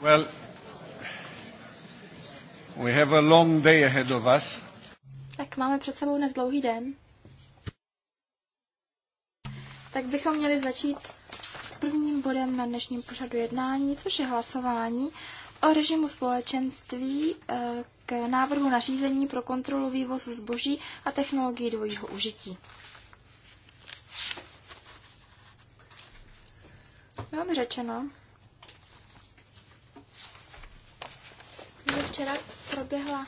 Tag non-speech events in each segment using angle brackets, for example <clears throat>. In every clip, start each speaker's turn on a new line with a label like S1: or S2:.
S1: Well,
S2: we have a long day ahead of us.
S3: Tak máme před sebou dnes dlouhý den. Tak bychom měli začít s prvním bodem na dnešním pořadu jednání, což je hlasování o režimu společenství eh, k návrhu nařízení pro kontrolu vývozu zboží a technologií dvojího užití. Bylo mi řečeno, Včera proběhla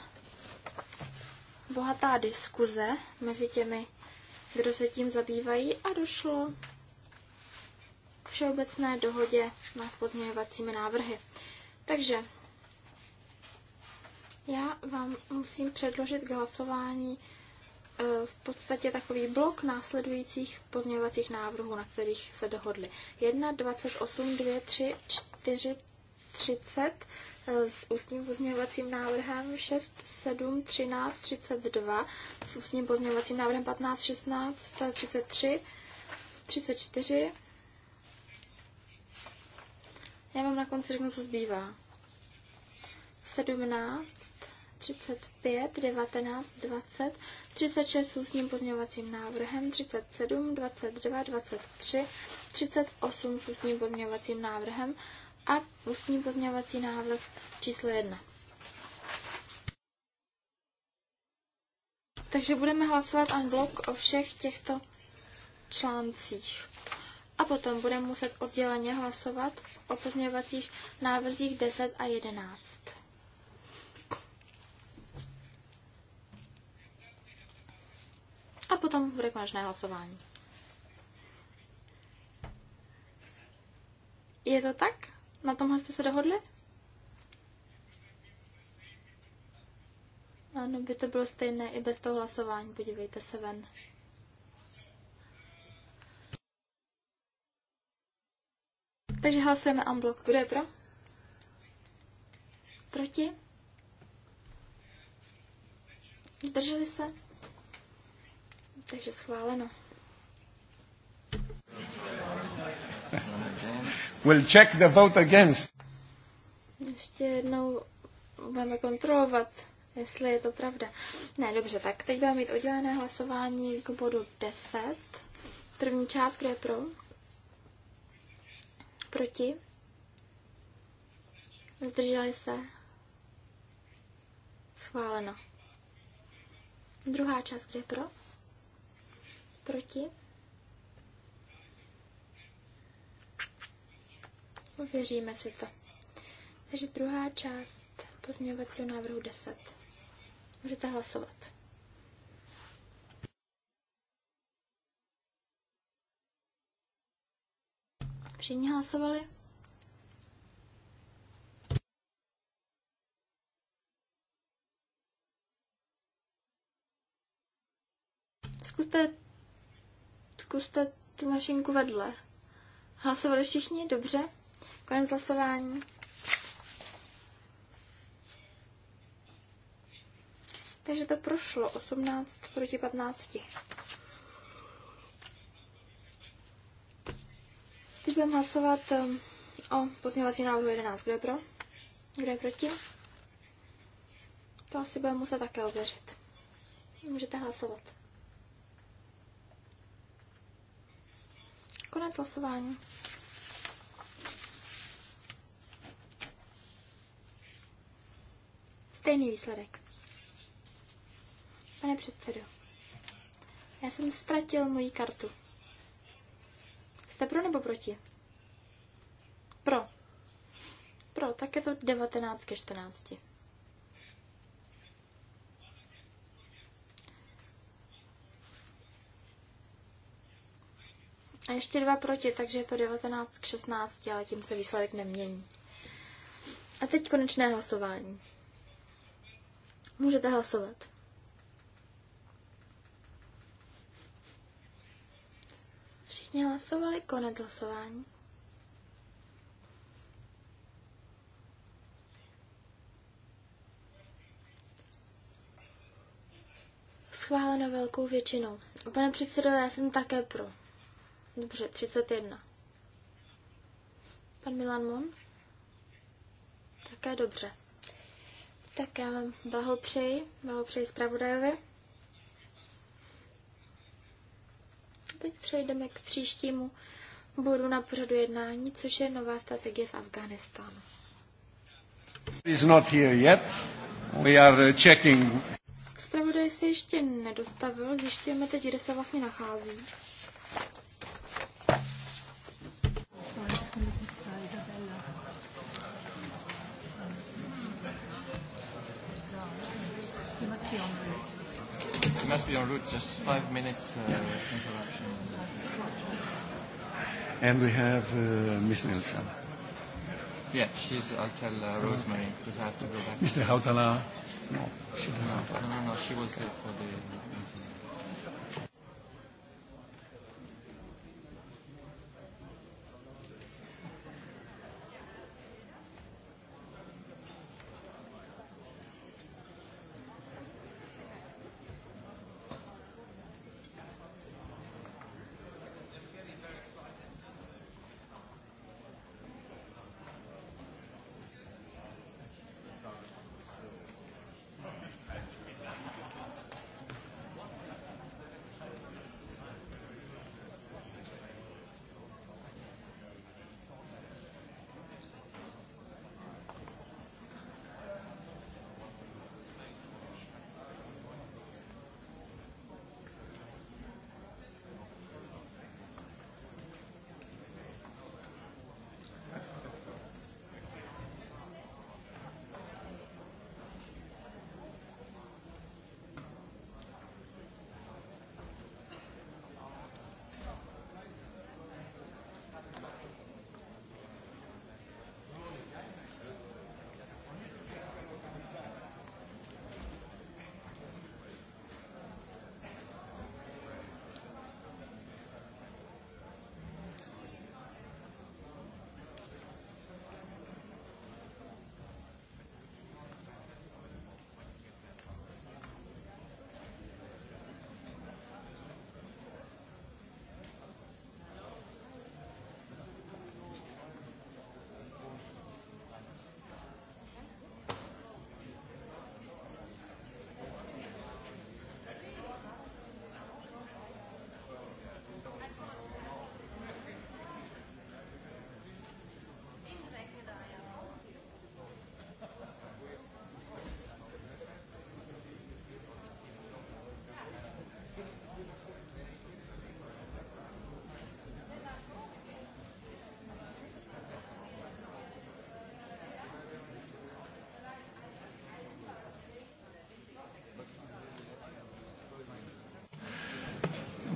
S3: bohatá diskuze mezi těmi, kdo se tím zabývají a došlo k všeobecné dohodě nad pozměňovacími návrhy. Takže já vám musím předložit k hlasování e, v podstatě takový blok následujících pozměňovacích návrhů, na kterých se dohodli. 1, 28, 2, 3, 4, 30, s ústním pozměňovacím návrhem 6, 7, 13, 32, s ústním pozměňovacím návrhem 15, 16, 33, 34. Já vám na konci řeknu, co zbývá. 17, 35, 19, 20, 36 s ústním pozměňovacím návrhem, 37, 22, 23, 38 s ústním pozměňovacím návrhem, a ústní pozměňovací návrh číslo 1. Takže budeme hlasovat unblock o všech těchto článcích. A potom budeme muset odděleně hlasovat o pozměňovacích návrzích 10 a 11. A potom bude konečné hlasování. Je to tak? Na tomhle jste se dohodli? Ano, by to bylo stejné i bez toho hlasování. Podívejte se ven. Takže hlasujeme unblock. Kdo je pro? Proti? Zdrželi se? Takže schváleno. We'll check the vote against. Ještě jednou budeme kontrolovat, jestli je to pravda. Ne, dobře, tak teď budeme mít oddělené hlasování k bodu 10. První část, kde je pro? Proti? Zdrželi se? Schváleno. Druhá část, kde je pro? Proti? Ověříme si to. Takže druhá část pozměňovacího návrhu 10. Můžete hlasovat. Všichni hlasovali? Zkuste, zkuste tu mašinku vedle. Hlasovali všichni? Dobře? Konec hlasování. Takže to prošlo 18 proti 15. Teď budeme hlasovat um, o pozměňovací návrhu 11. Kdo je pro? Kdo je proti? To asi budeme muset také ověřit. Můžete hlasovat. Konec hlasování. Stejný výsledek. Pane předsedo, já jsem ztratil moji kartu. Jste pro nebo proti? Pro. Pro, tak je to 19 ke 14. A ještě dva proti, takže je to 19 k 16, ale tím se výsledek nemění. A teď konečné hlasování. Můžete hlasovat. Všichni hlasovali, konec hlasování. Schváleno velkou většinou. Pane předsedo, já jsem také pro. Dobře, 31. Pan Milan Mon? Také dobře. Tak já vám blahopřeji, blahopřeji zpravodajovi. Teď přejdeme k příštímu bodu na pořadu jednání, což je nová strategie v Afganistánu.
S2: Is not here yet. We are uh, checking.
S3: se ještě nedostavil, zjišťujeme teď, kde se vlastně nachází.
S1: must be en route, just five minutes uh, interruption.
S2: And we have uh, Miss Nielsen.
S1: Yeah, she's, I'll tell uh, Rosemary, because I have to go back. Mr.
S2: Hautala? No, she doesn't. No,
S1: no, no, she was there for the...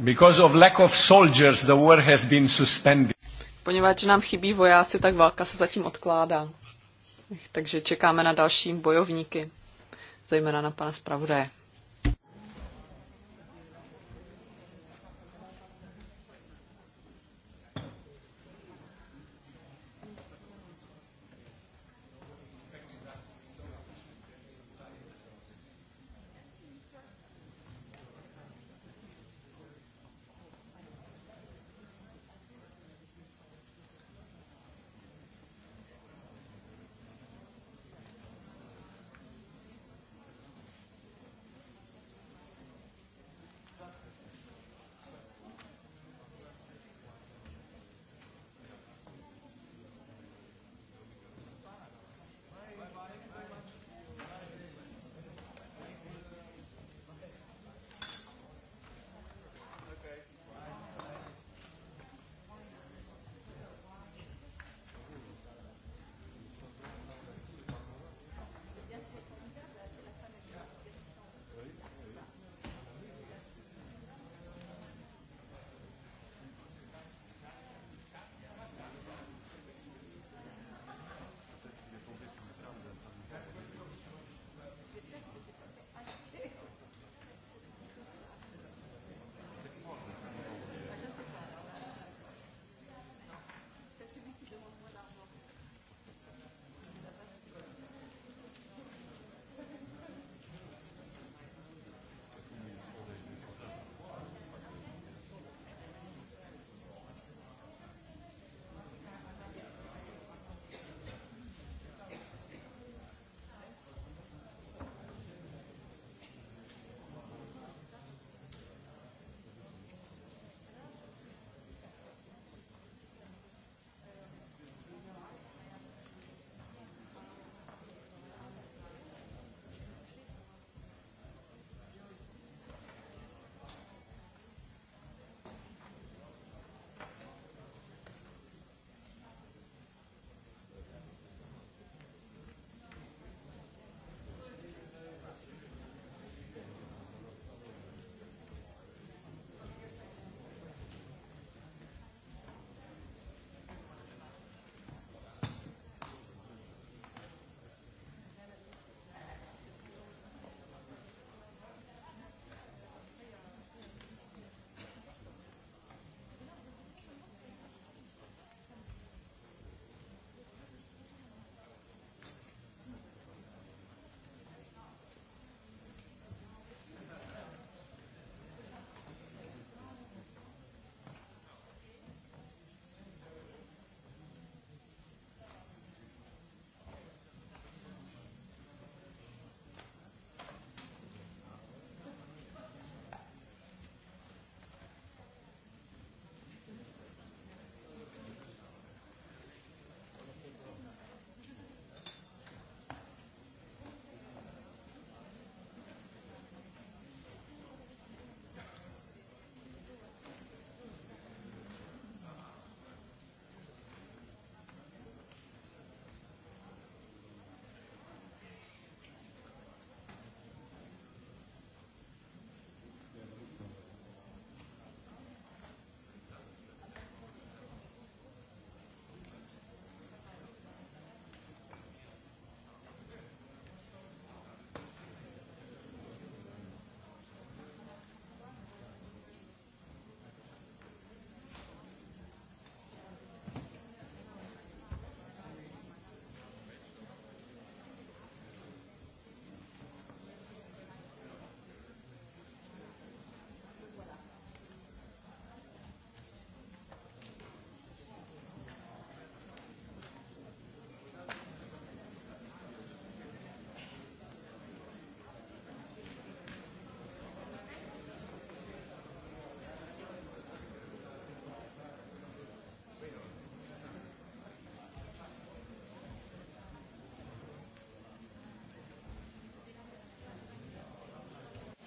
S2: Because of lack of soldiers, the war has been suspended.
S1: Poněvadž nám chybí vojáci, tak válka se zatím odkládá. Takže čekáme na další bojovníky, zejména na pana zpravodaje.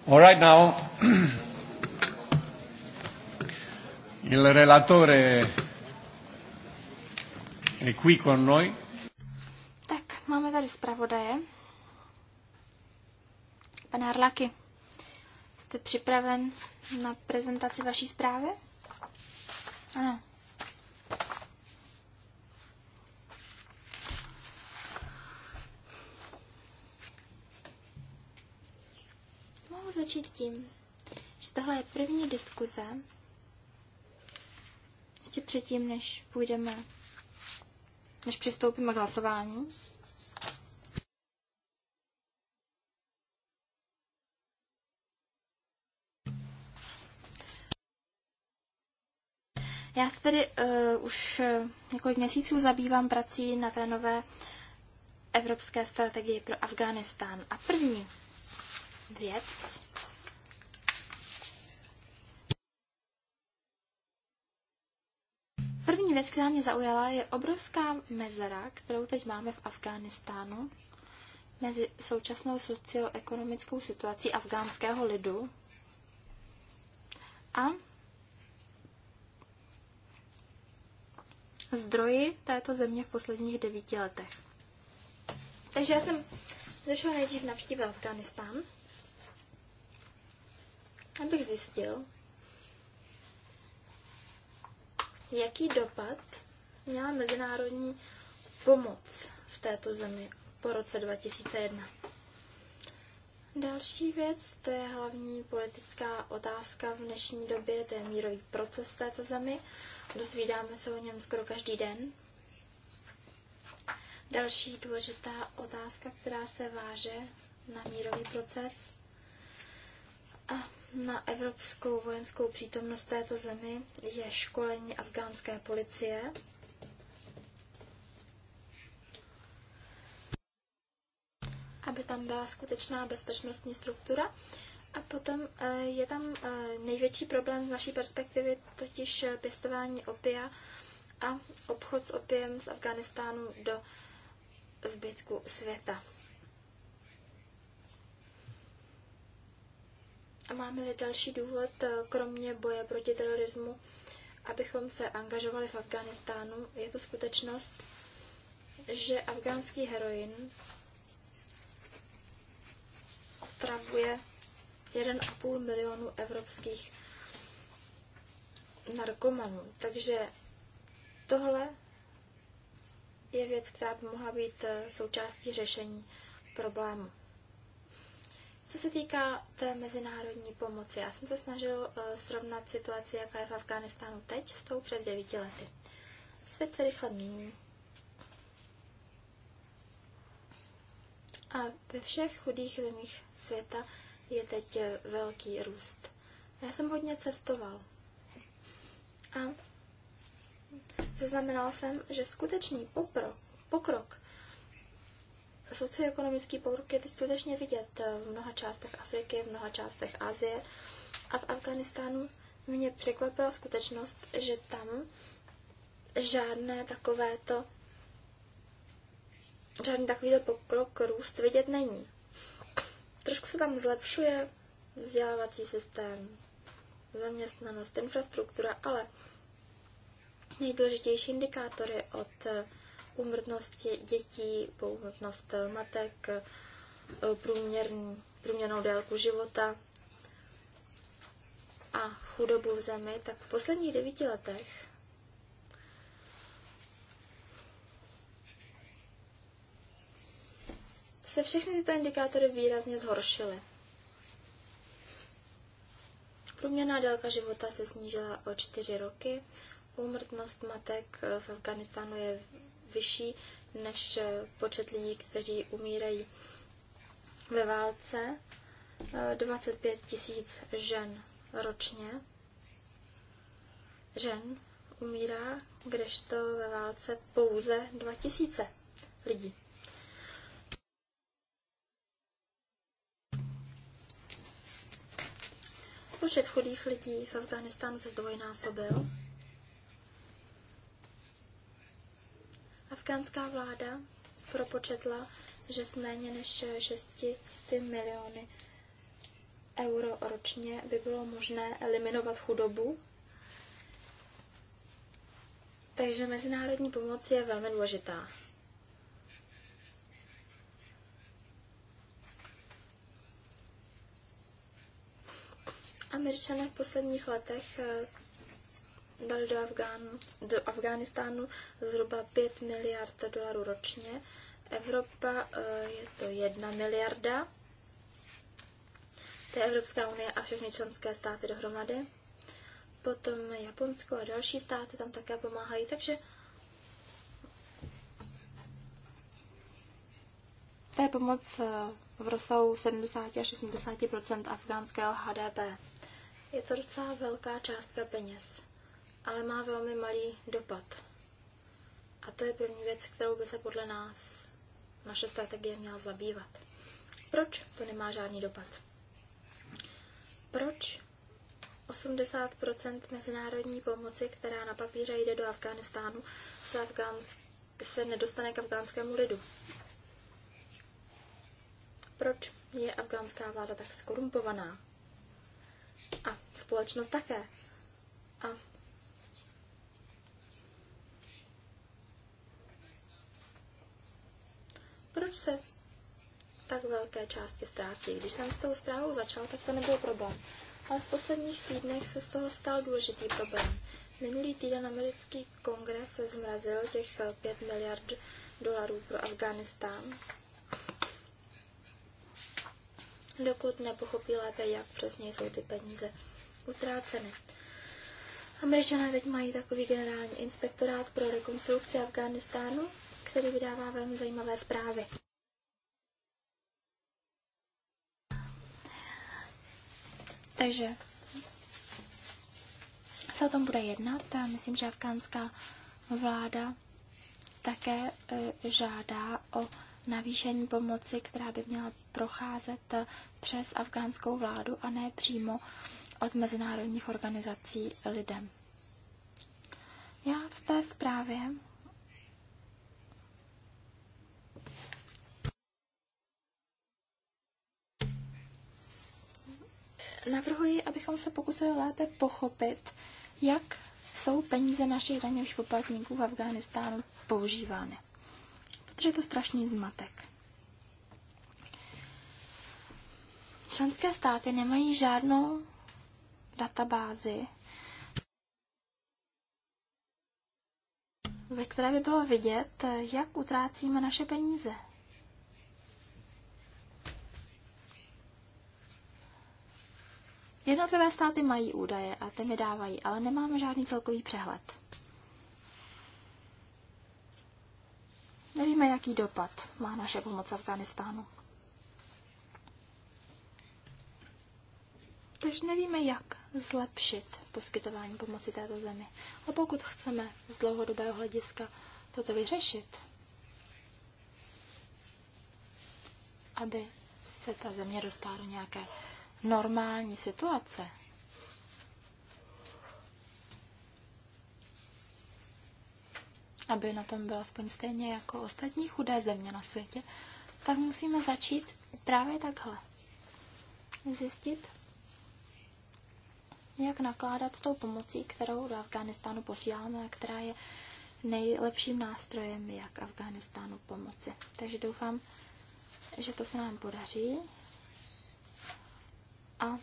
S1: All right now.
S2: <clears throat> Il relatore
S3: è qui con noi. Tak, máme tady zpravodaje. Pane Arlaki. jste připraven na prezentaci vaší zprávy? Ano. diskuze. Ještě předtím, než půjdeme, než přistoupíme k hlasování. Já se tedy uh, už eh, několik měsíců zabývám prací na té nové evropské strategii pro Afghánistán. A první věc, První věc, která mě zaujala, je obrovská mezera, kterou teď máme v Afghánistánu mezi současnou socioekonomickou situací afgánského lidu a zdroji této země v posledních devíti letech. Takže já jsem začala nejdřív navštívit Afganistán, abych zjistil, jaký dopad měla mezinárodní pomoc v této zemi po roce 2001. Další věc, to je hlavní politická otázka v dnešní době, to je mírový proces v této zemi. Dozvídáme se o něm skoro každý den. Další důležitá otázka, která se váže na mírový proces, a na evropskou vojenskou přítomnost této zemi je školení afgánské policie. aby tam byla skutečná bezpečnostní struktura. A potom eh, je tam eh, největší problém z naší perspektivy, totiž eh, pěstování opia a obchod s opiem z Afganistánu do zbytku světa. A máme-li další důvod, eh, kromě boje proti terorismu, abychom se angažovali v Afganistánu, je to skutečnost, že afgánský heroin otravuje 1,5 milionu evropských narkomanů. Takže tohle je věc, která by mohla být eh, součástí řešení problému. Co se týká té mezinárodní pomoci, já jsem se snažil eh, srovnat situaci, jaká je v Afghánistánu teď, s tou před devíti lety. Svět se rychle mění. A ve všech chudých zemích světa je teď eh, velký růst. Já jsem hodně cestoval. A zaznamenal jsem, že skutečný poprok, pokrok socioekonomický pokrok je teď skutečně vidět eh, v mnoha částech Afriky, v mnoha částech Asie a v Afganistánu mě překvapila skutečnost, že tam žádné takovéto žádný takovýto pokrok růst vidět není. Trošku se tam zlepšuje vzdělávací systém, zaměstnanost, infrastruktura, ale nejdůležitější indikátory od eh, úmrtnost dětí, po úmrtnost matek, eh, průměrný, průměrnou délku života a chudobu v zemi, tak v posledních devíti letech se všechny tyto indikátory výrazně zhoršily. Průměrná délka života se snížila o čtyři roky, úmrtnost matek v Afganistánu je vyšší než eh, počet lidí, kteří umírají ve válce. 25 eh, tisíc žen ročně. Žen umírá, kdežto ve válce pouze 2 tisíce lidí. Počet chudých lidí v Afganistánu se zdvojnásobil. Afgánská vláda propočetla, že s méně než 600 miliony euro ročně by bylo možné eliminovat chudobu. Takže mezinárodní pomoc je velmi důležitá. Američané v posledních letech eh, dali do, Afgán, do Afghánistánu zhruba 5 miliard dolarů ročně. Evropa eh, je to 1 miliarda. To je Evropská unie a všechny členské státy dohromady. Potom Japonsko a další státy tam také pomáhají, takže to je pomoc eh, v rozsahu 70 až 80 afgánského HDP. Je to docela velká částka peněz ale má velmi malý dopad. A to je první věc, kterou by se podle nás naše strategie měla zabývat. Proč to nemá žádný dopad? Proč 80 mezinárodní pomoci, která na papíře jde do Afganistánu, se, Afgánsk, se nedostane k afgánskému lidu? Proč je afgánská vláda tak skorumpovaná? A společnost také. A proč se tak velké části ztrácí. Když jsem s tou zprávou začal, tak to nebyl problém. Ale v posledních týdnech se z toho stal důležitý problém. Minulý týden americký kongres zmrazil těch 5 eh, miliard dolarů pro Afganistán, dokud nepochopí lépe, jak přesně jsou ty peníze utráceny. Američané teď mají takový generální inspektorát pro rekonstrukci Afghánistánu který vydává velmi zajímavé zprávy. Takže se o tom bude jednat. Myslím, že afgánská vláda také e, žádá o navýšení pomoci, která by měla procházet e, přes afgánskou vládu a ne přímo od mezinárodních organizací lidem. Já v té zprávě navrhuji, abychom se pokusili lépe pochopit, jak jsou peníze našich daňových poplatníků v Afghánistánu používány. Protože je to strašný zmatek. Členské státy nemají žádnou databázi, ve které by bylo vidět, jak utrácíme naše peníze. Jednotlivé státy mají údaje a ty mi dávají, ale nemáme žádný celkový přehled. Nevíme, jaký dopad má naše pomoc Afganistánu. Takže nevíme, jak zlepšit poskytování pomoci této zemi. A pokud chceme z dlouhodobého hlediska toto vyřešit, aby se ta země dostala do nějaké normální situace, aby na tom byla aspoň stejně jako ostatní chudé země na světě, tak musíme začít právě takhle. Zjistit, jak nakládat s tou pomocí, kterou do Afganistánu posíláme a která je nejlepším nástrojem, jak Afganistánu pomoci. Takže doufám, že to se nám podaří a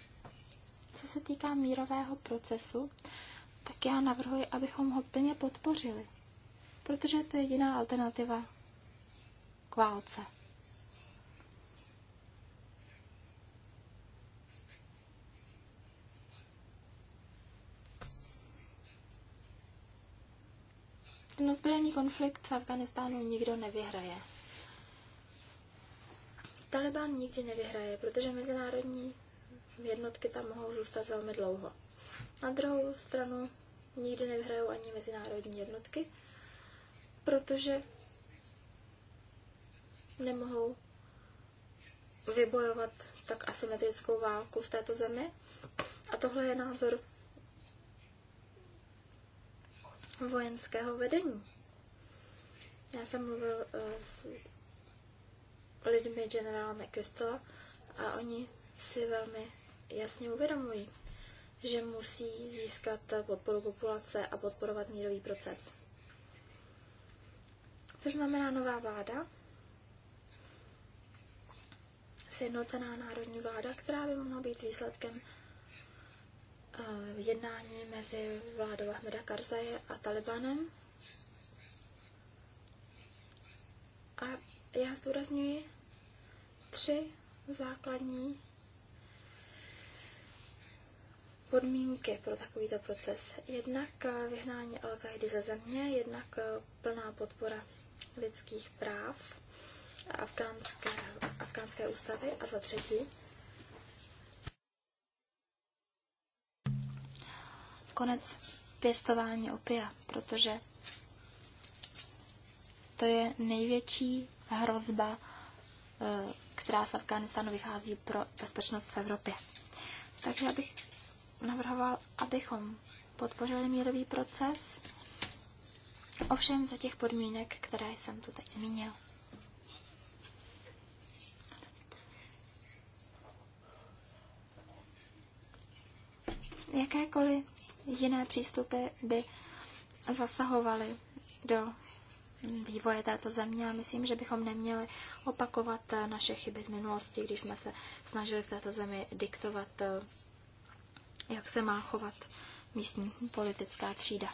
S3: co se týká mírového procesu, tak já navrhuji, abychom ho plně podpořili, protože to je jediná alternativa k válce. Ten ozbrojený konflikt v Afganistánu nikdo nevyhraje. Taliban nikdy nevyhraje, protože mezinárodní jednotky tam mohou zůstat velmi dlouho. Na druhou stranu nikdy nevyhrajou ani mezinárodní jednotky, protože nemohou vybojovat tak asymetrickou válku v této zemi. A tohle je názor vojenského vedení. Já jsem mluvil eh, s lidmi generála McChrystala a oni si velmi jasně uvědomují, že musí získat podporu populace a podporovat mírový proces. Což znamená nová vláda, sjednocená národní vláda, která by mohla být výsledkem eh, jednání mezi vládou Ahmeda Karzaje a Talibanem. A já zdůraznuju tři základní podmínky pro takovýto proces. Jednak eh, vyhnání al ze země, jednak eh, plná podpora lidských práv a afgánské, afgánské ústavy a za třetí konec pěstování opia, protože to je největší hrozba, eh, která z Afganistánu vychází pro bezpečnost v Evropě. Takže abych navrhoval, abychom podpořili mírový proces, ovšem za těch podmínek, které jsem tu teď zmínil. Jakékoliv jiné přístupy by zasahovaly do vývoje této země a myslím, že bychom neměli opakovat naše chyby z minulosti, když jsme se snažili v této zemi diktovat eh, jak se má chovat místní politická třída.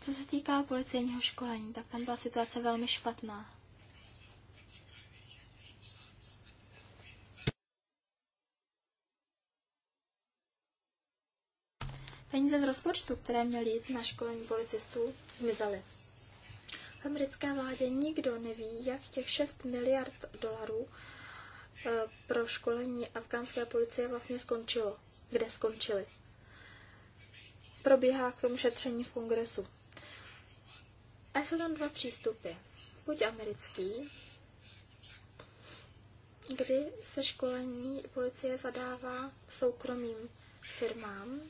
S3: Co se týká policejního školení, tak tam byla situace velmi špatná. Peníze z rozpočtu, které měly jít na školení policistů, zmizely. V americké vládě nikdo neví, jak těch 6 miliard dolarů Eh, pro školení afgánské policie vlastně skončilo. Kde skončili? Probíhá k tomu šetření v kongresu. A jsou tam dva přístupy. Buď americký, kdy se školení policie zadává soukromým firmám.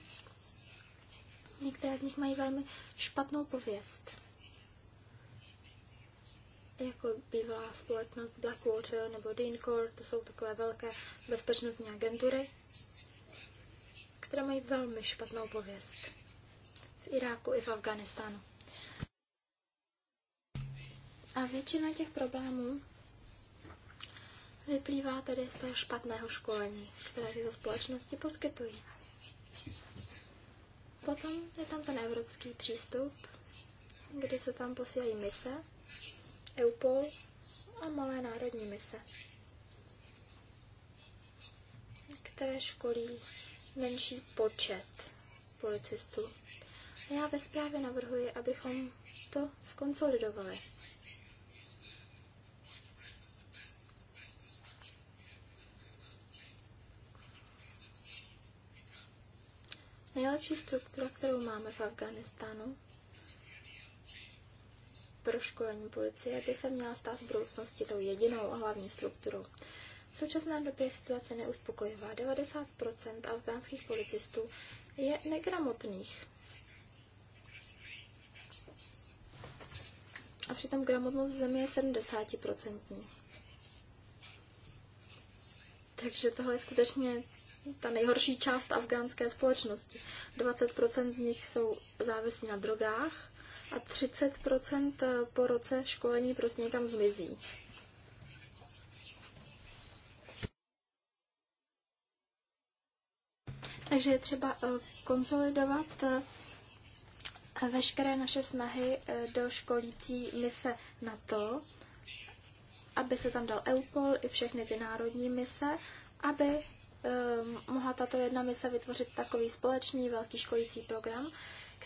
S3: Některé z nich mají velmi špatnou pověst jako bývalá společnost Blackwater nebo Deancore, to jsou takové velké bezpečnostní agentury, které mají velmi špatnou pověst v Iráku i v Afganistánu. A většina těch problémů vyplývá tedy z toho špatného školení, které tyto společnosti poskytují. Potom je tam ten evropský přístup, kdy se tam posílají mise EUPOL a malé národní mise, které školí menší počet policistů. Já ve zprávě navrhuji, abychom to skonsolidovali. Nejlepší struktura, kterou máme v Afganistánu, pro školení policie by se měla stát v budoucnosti tou jedinou a hlavní strukturou. V současné době situace neuspokojivá. 90% afgánských policistů je negramotných. A přitom gramotnost země je 70%. Takže tohle je skutečně ta nejhorší část afgánské společnosti. 20% z nich jsou závislí na drogách a 30 eh, po roce školení prostě někam zmizí. Takže je třeba eh, konsolidovat eh, veškeré naše snahy do školící mise na to, aby se tam dal EUPOL i všechny ty národní mise, aby mohla tato jedna mise vytvořit takový společný velký školící program,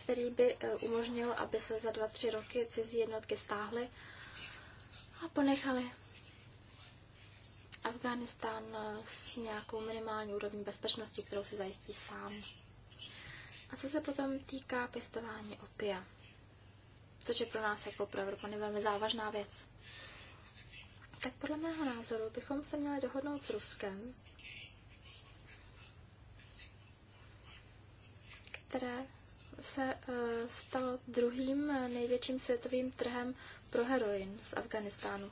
S3: který by eh, umožnil, aby se za dva, tři roky cizí jednotky stáhly a ponechali Afganistán eh, s nějakou minimální úrovní bezpečnosti, kterou si zajistí sám. A co se potom týká pěstování opia, což je pro nás jako pro Evropany velmi závažná věc, tak podle mého názoru bychom se měli dohodnout s Ruskem, které se eh, stalo druhým eh, největším světovým trhem pro heroin z Afganistánu.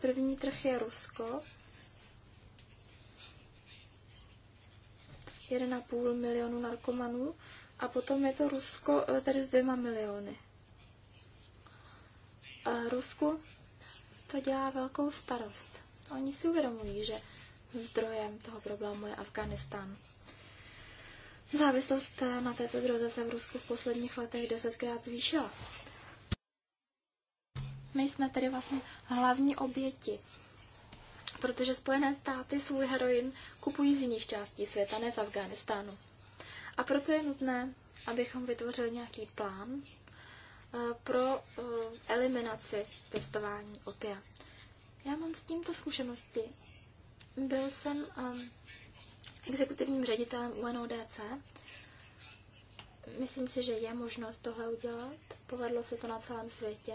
S3: První trh je Rusko. 1,5 milionu narkomanů a potom je to Rusko eh, tady s dvěma miliony. A Rusku to dělá velkou starost. Oni si uvědomují, že zdrojem toho problému je Afganistán. Závislost eh, na této droze se v Rusku v posledních letech desetkrát zvýšila. My jsme tedy vlastně hlavní oběti, protože Spojené státy svůj heroin kupují z jiných částí světa, ne z Afghánistánu. A proto je nutné, abychom vytvořili nějaký plán eh, pro eh, eliminaci testování opia. Já mám s tímto zkušenosti. Byl jsem exekutivním ředitelem UNODC. Myslím si, že je možnost tohle udělat. Povedlo se to na celém světě.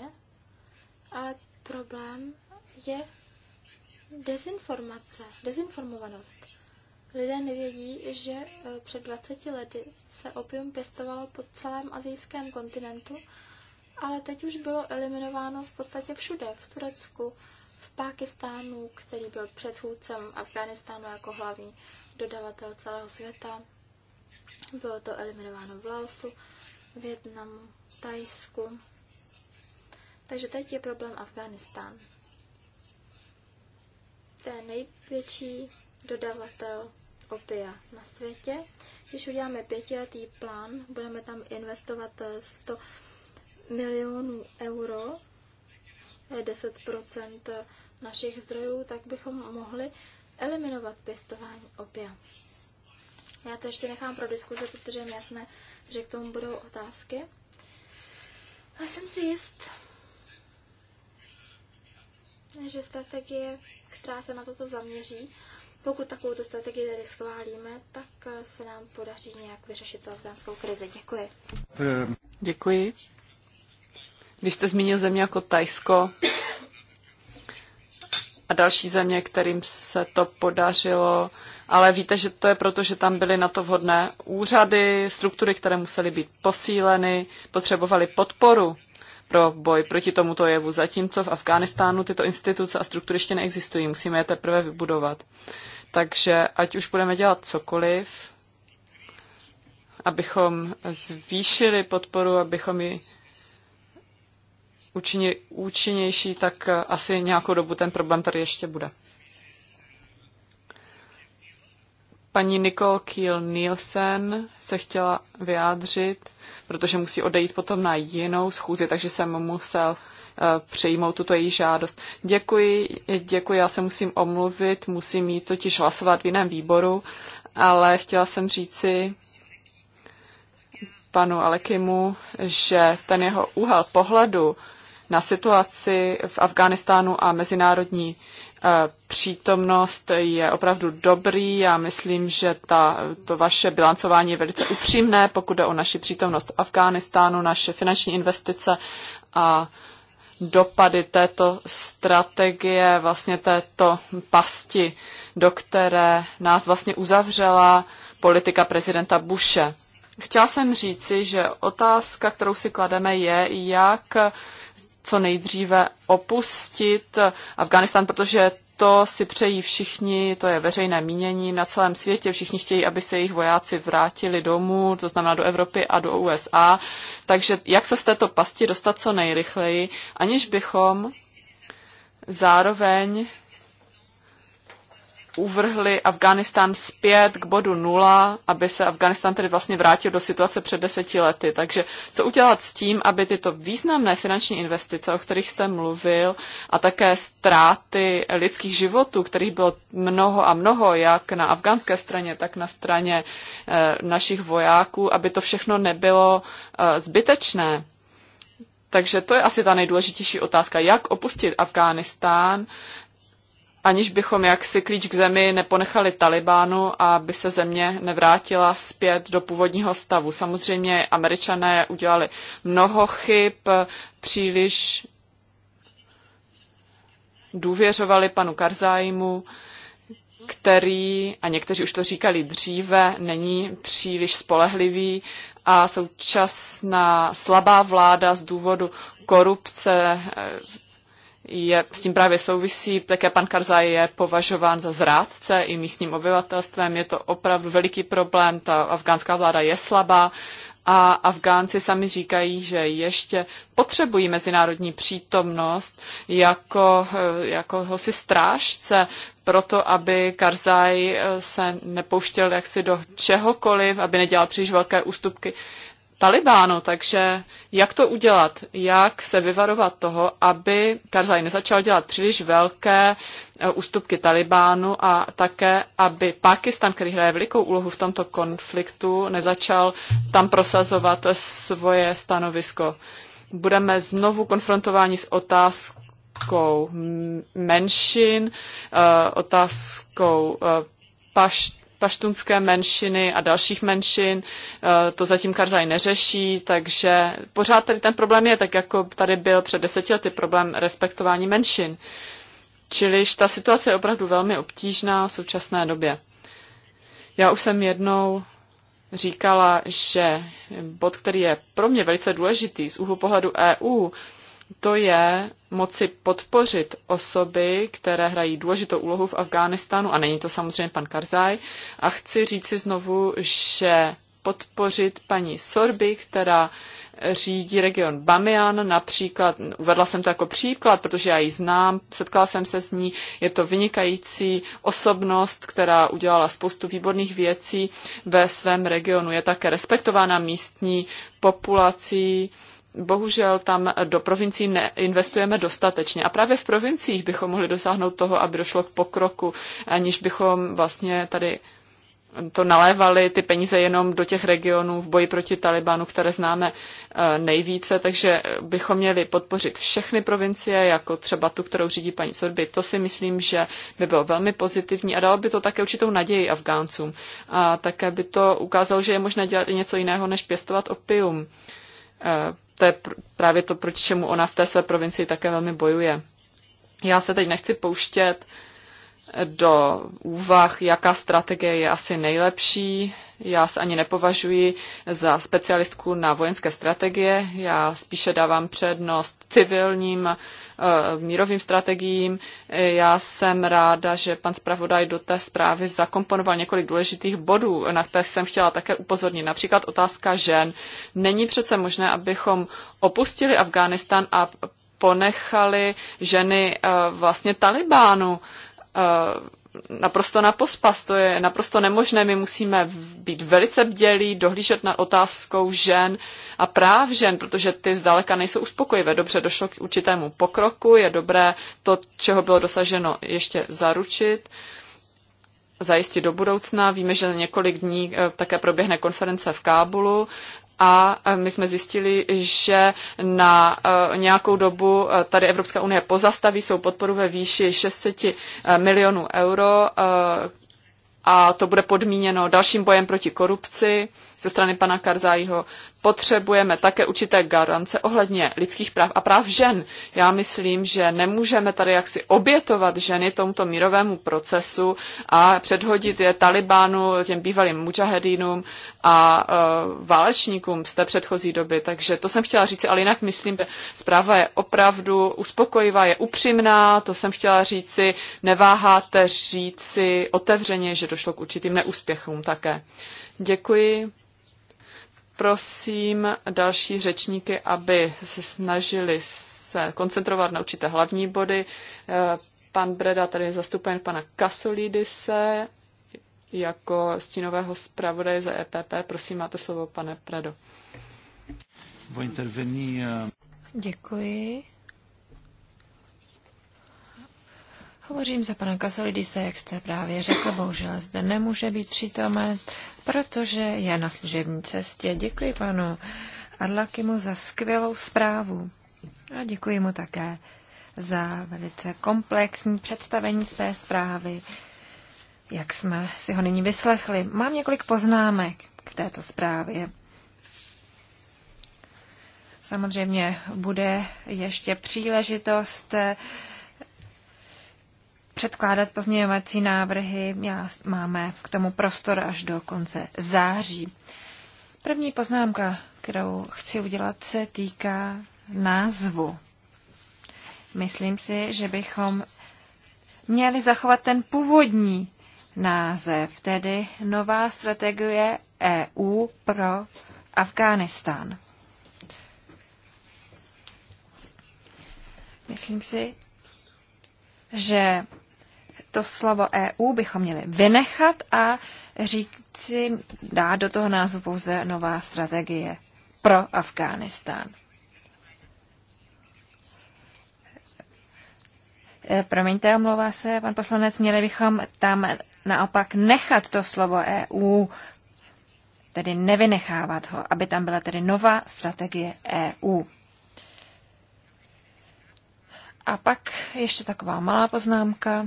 S3: Ale problém je dezinformace, dezinformovanost. Lidé nevědí, že e, před 20 lety se opium pěstovalo po celém azijském kontinentu, ale teď už bylo eliminováno v podstatě všude. V Turecku, v Pákistánu, který byl předchůdcem Afganistánu jako hlavní dodavatel celého světa. Bylo to eliminováno v Laosu, Větnamu, Tajsku. Takže teď je problém Afganistán. To je největší dodavatel opia na světě. Když uděláme pětiletý plán, budeme tam investovat 100 eh, milionů euro, 10 eh, eh, našich zdrojů, tak bychom mohli eliminovat pěstování opia. Já to ještě nechám pro diskuze, protože je jasné, že k tomu budou otázky. A jsem si jist, že strategie, která se na toto zaměří, pokud takovou strategii tedy schválíme, tak eh, se nám podaří nějak vyřešit afgánskou krizi. Děkuji.
S1: Děkuji. Vy jste zmínil země jako Tajsko, a další země, kterým se to podařilo, ale víte, že to je proto, že tam byly na to vhodné úřady, struktury, které musely být posíleny, potřebovaly podporu pro boj proti tomuto jevu. Zatímco v Afghánistánu tyto instituce a struktury ještě neexistují, musíme je teprve vybudovat. Takže ať už budeme dělat cokoliv, abychom zvýšili podporu, abychom ji účinnější, tak eh, asi nějakou dobu ten problém tady ještě bude. Paní Nicole Kiel Nielsen se chtěla vyjádřit, protože musí odejít potom na jinou schůzi, takže jsem musel eh, přejmout tuto její žádost. Děkuji, děkuji, já se musím omluvit, musím jít totiž hlasovat v jiném výboru, ale chtěla jsem říci panu Alekimu, že ten jeho úhel pohledu na situaci v Afghánistánu a mezinárodní eh, přítomnost je opravdu dobrý. Já myslím, že ta, to vaše bilancování je velice upřímné, pokud jde o naši přítomnost v Afghánistánu, naše finanční investice a dopady této strategie, vlastně této pasti, do které nás vlastně uzavřela politika prezidenta Bushe. Chtěla jsem říci, že otázka, kterou si klademe, je, jak co nejdříve opustit Afganistán, protože to si přejí všichni, to je veřejné mínění na celém světě, všichni chtějí, aby se jejich vojáci vrátili domů, to znamená do Evropy a do USA. Takže jak se z této pasti dostat co nejrychleji, aniž bychom zároveň uvrhli Afghánistán zpět k bodu nula, aby se Afghánistán tedy vlastně vrátil do situace před deseti lety. Takže co udělat s tím, aby tyto významné finanční investice, o kterých jste mluvil, a také ztráty lidských životů, kterých bylo mnoho a mnoho, jak na afgánské straně, tak na straně e, našich vojáků, aby to všechno nebylo e, zbytečné. Takže to je asi ta nejdůležitější otázka, jak opustit Afghánistán aniž bychom jaksi klíč k zemi neponechali Talibánu a by se země nevrátila zpět do původního stavu. Samozřejmě američané udělali mnoho chyb, příliš důvěřovali panu Karzájmu, který, a někteří už to říkali dříve, není příliš spolehlivý a současná slabá vláda z důvodu korupce eh, je, s tím právě souvisí. Také pan Karzaj je považován za zrádce i místním obyvatelstvem. Je to opravdu veliký problém, ta afgánská vláda je slabá a Afgánci sami říkají, že ještě potřebují mezinárodní přítomnost jako, eh, jako hosi strážce proto, aby Karzaj eh, se nepouštěl jaksi do čehokoliv, aby nedělal příliš velké ústupky Talibánu, takže jak to udělat? Jak se vyvarovat toho, aby Karzaj nezačal dělat příliš velké eh, ústupky Talibánu a také, aby Pakistan, který hraje velikou úlohu v tomto konfliktu, nezačal tam prosazovat svoje stanovisko. Budeme znovu konfrontováni s otázkou menšin, eh, otázkou eh, pašt paštunské menšiny a dalších menšin. Eh, to zatím Karzaj neřeší, takže pořád tady ten problém je, tak jako tady byl před deseti lety problém respektování menšin. Čiliž ta situace je opravdu velmi obtížná v současné době. Já už jsem jednou říkala, že bod, který je pro mě velice důležitý z úhlu pohledu EU, to je moci podpořit osoby, které hrají důležitou úlohu v Afghánistánu, a není to samozřejmě pan Karzaj. A chci říci znovu, že podpořit paní Sorby, která řídí region Bamian, například, uvedla jsem to jako příklad, protože já ji znám, setkala jsem se s ní, je to vynikající osobnost, která udělala spoustu výborných věcí ve svém regionu, je také respektována místní populací, bohužel tam do provincií neinvestujeme dostatečně. A právě v provinciích bychom mohli dosáhnout toho, aby došlo k pokroku, aniž bychom vlastně tady to nalévali ty peníze jenom do těch regionů v boji proti Talibanu, které známe eh, nejvíce, takže bychom měli podpořit všechny provincie, jako třeba tu, kterou řídí paní Sorby. To si myslím, že by bylo velmi pozitivní a dalo by to také určitou naději Afgáncům. A také by to ukázalo, že je možné dělat i něco jiného, než pěstovat opium eh, to je právě to, proti čemu ona v té své provincii také velmi bojuje. Já se teď nechci pouštět do úvah, jaká strategie je asi nejlepší. Já se ani nepovažuji za specialistku na vojenské strategie, já spíše dávám přednost civilním eh, mírovým strategiím. Já jsem ráda, že pan zpravodaj do té zprávy zakomponoval několik důležitých bodů, na které jsem chtěla také upozornit. Například otázka žen. Není přece možné, abychom opustili Afghánistán a ponechali ženy eh, vlastně Talibánu eh, naprosto na pospas, to je naprosto nemožné. My musíme být velice bdělí, dohlížet nad otázkou žen a práv žen, protože ty zdaleka nejsou uspokojivé. Dobře došlo k určitému pokroku, je dobré to, čeho bylo dosaženo, ještě zaručit zajistit do budoucna. Víme, že za několik dní eh, také proběhne konference v Kábulu a e, my jsme zjistili, že na e, nějakou dobu e, tady Evropská unie pozastaví svou podporu ve výši 600 milionů euro a to bude podmíněno dalším bojem proti korupci ze strany pana Karzájího. Potřebujeme také určité garance ohledně lidských práv a práv žen. Já myslím, že nemůžeme tady jaksi obětovat ženy tomuto mírovému procesu a předhodit je Talibánu, těm bývalým mučahedínům a uh, válečníkům z té předchozí doby. Takže to jsem chtěla říct, ale jinak myslím, že zpráva je opravdu uspokojivá, je upřímná, to jsem chtěla říci, neváháte říci otevřeně, že došlo k určitým neúspěchům také. Děkuji prosím další řečníky, aby se snažili se koncentrovat na určité hlavní body. Eh, pan Breda tady je zastupen pana Kasolidise jako stínového zpravodaje za EPP. Prosím, máte slovo, pane Predo. Eh,
S2: Děkuji. Hovořím za pana Kasolidise, jak jste právě řekl, bohužel zde nemůže být přítomen, protože je na služební cestě. Děkuji panu Arlakimu za skvělou zprávu a děkuji mu také za velice komplexní představení své zprávy, jak jsme si ho nyní vyslechli. Mám několik poznámek k této zprávě. Samozřejmě bude ještě příležitost předkládat pozměňovací návrhy. Já, máme k tomu prostor až do konce září. První poznámka, kterou chci udělat, se týká názvu. Myslím si, že bychom měli zachovat ten původní název, tedy nová strategie EU pro Afghánistán. Myslím si, že to slovo EU bychom měli vynechat a říci, dát do toho názvu pouze nová strategie pro Afghánistán. E, promiňte, omlouvá se pan poslanec, měli bychom tam naopak nechat to slovo EU, tedy nevynechávat ho, aby tam byla tedy nová strategie EU. A pak ještě taková malá poznámka.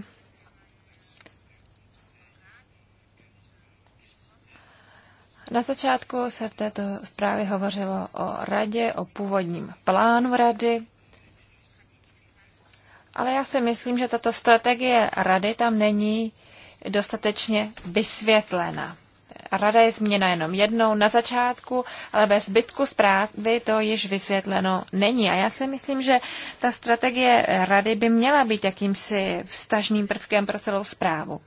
S2: Na začátku se v této zprávě hovořilo o radě, o původním plánu rady, ale já si myslím, že tato strategie rady tam není dostatečně vysvětlena. Rada je změna jenom jednou na začátku, ale bez zbytku zprávy to již vysvětleno není. A já si myslím, že ta strategie rady by měla být jakýmsi vstažným prvkem pro celou zprávu.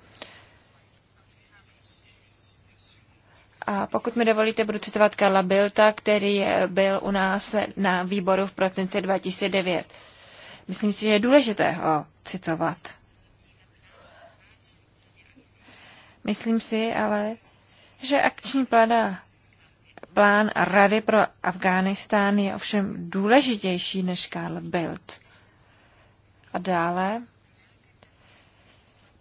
S2: A pokud mi dovolíte, budu citovat Karla Bilta, který byl u nás na výboru v procence 2009. Myslím si, že je důležité ho citovat. Myslím si ale, že akční plada, plán Rady pro Afghánistán je ovšem důležitější než Karl Bild. A dále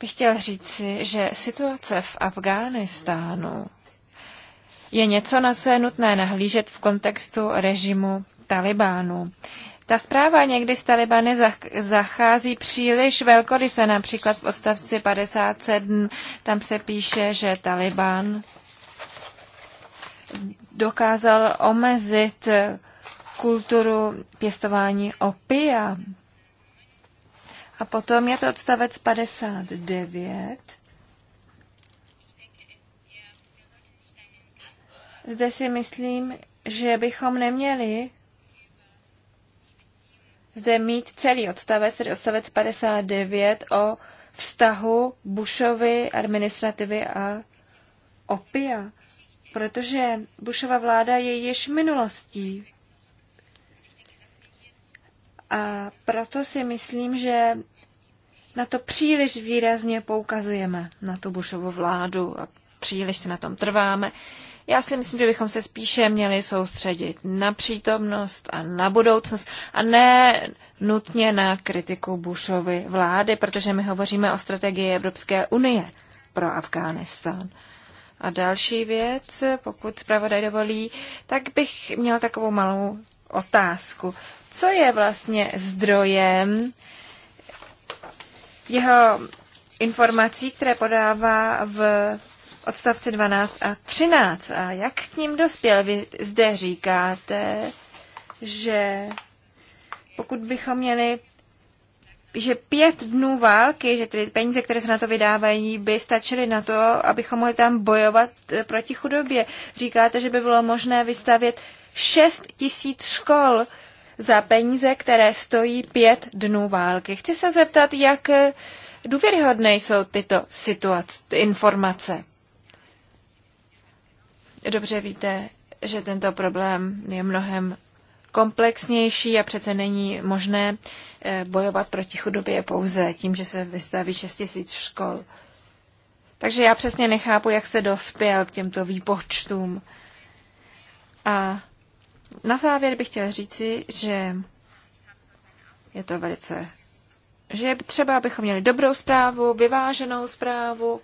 S2: bych chtěl říci, že situace v Afghánistánu je něco, na co je nutné nahlížet v kontextu režimu Talibánu. Ta zpráva někdy z Talibany zachází příliš velkoryse, například v odstavci 57, tam se píše, že Taliban dokázal omezit kulturu pěstování opia. A potom je to odstavec 59, Zde si myslím, že bychom neměli zde mít celý odstavec, tedy odstavec 59 o vztahu Bushovy administrativy a opia, protože Bushova vláda je již minulostí. A proto si myslím, že na to příliš výrazně poukazujeme, na tu Bushovu vládu a příliš se na tom trváme. Já si myslím, že bychom se spíše měli soustředit na přítomnost a na budoucnost a ne nutně na kritiku Bushovy vlády, protože my hovoříme o strategii Evropské unie pro Afghánistán. A další věc, pokud zpravodaj dovolí, tak bych měla takovou malou otázku. Co je vlastně zdrojem jeho informací, které podává v Odstavce 12 a 13. A jak k ním dospěl? Vy zde říkáte, že pokud bychom měli že pět dnů války, že ty peníze, které se na to vydávají, by stačily na to, abychom mohli tam bojovat eh, proti chudobě. Říkáte, že by bylo možné vystavět šest tisíc škol za peníze, které stojí pět dnů války. Chci se zeptat, jak eh, důvěryhodné jsou tyto situace, informace. Dobře víte, že tento problém je mnohem komplexnější a přece není možné eh, bojovat proti chudobě pouze tím, že se vystaví 6 tisíc škol. Takže já přesně nechápu, jak se dospěl k těmto výpočtům. A na závěr bych chtěl říci, že je to velice že je třeba, abychom měli dobrou zprávu, vyváženou zprávu,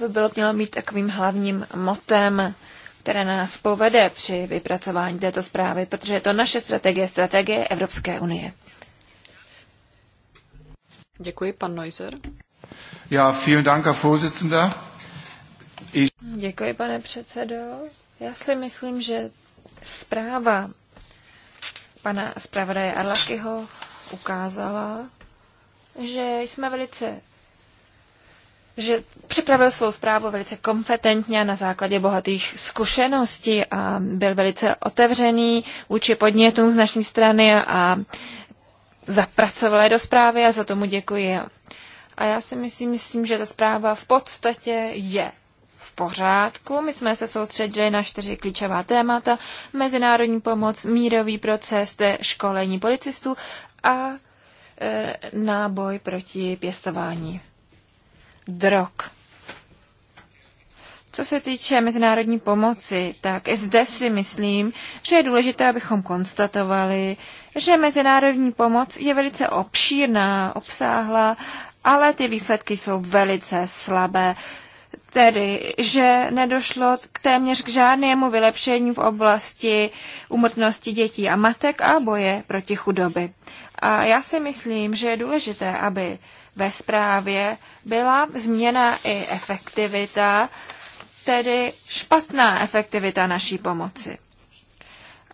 S2: by bylo mělo mít takovým hlavním motem, které nás povede při vypracování této zprávy, protože je to naše strategie, strategie Evropské unie. Děkuji, pan Neuser. Ja, vielen Dank, Herr Vorsitzender. Ich... Děkuji, pane předsedo. Já si myslím, že zpráva pana zpravodaje Arlakyho ukázala, že jsme velice že připravil svou zprávu velice kompetentně na základě bohatých zkušeností a byl velice otevřený vůči podnětům z naší strany a zapracoval je do zprávy a za tomu děkuji. A já si myslím, myslím, že ta zpráva v podstatě je v pořádku. My jsme se soustředili na čtyři klíčová témata. Mezinárodní pomoc, mírový proces, školení policistů a e, náboj proti pěstování drog. Co se týče mezinárodní pomoci, tak i zde si myslím, že je důležité, abychom konstatovali, že mezinárodní pomoc je velice obšírná, obsáhla, ale ty výsledky jsou velice slabé. Tedy, že nedošlo k téměř k žádnému vylepšení v oblasti umrtnosti dětí a matek a boje proti chudoby. A já si myslím, že je důležité, aby ve zprávě, byla změna i efektivita, tedy špatná efektivita naší pomoci.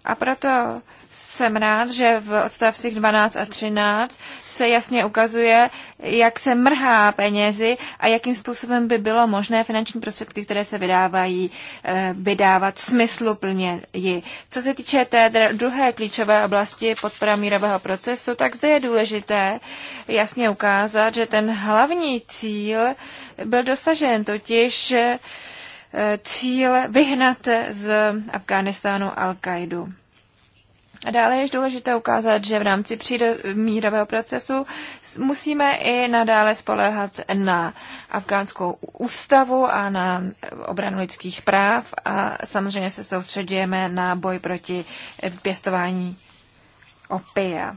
S2: A proto jsem rád, že v odstavcích 12 a 13 se jasně ukazuje, jak se mrhá penězi a jakým způsobem by bylo možné finanční prostředky, které se vydávají, eh, vydávat smysluplně ji. Co se týče té druhé klíčové oblasti podpora mírového procesu, tak zde je důležité jasně ukázat, že ten hlavní cíl byl dosažen, totiž eh, cíl vyhnat z Afghánistánu al qaidu a dále je důležité ukázat, že v rámci mírového procesu musíme i nadále spoléhat na afgánskou ústavu a na obranu lidských práv a samozřejmě se soustředujeme na boj proti pěstování opia.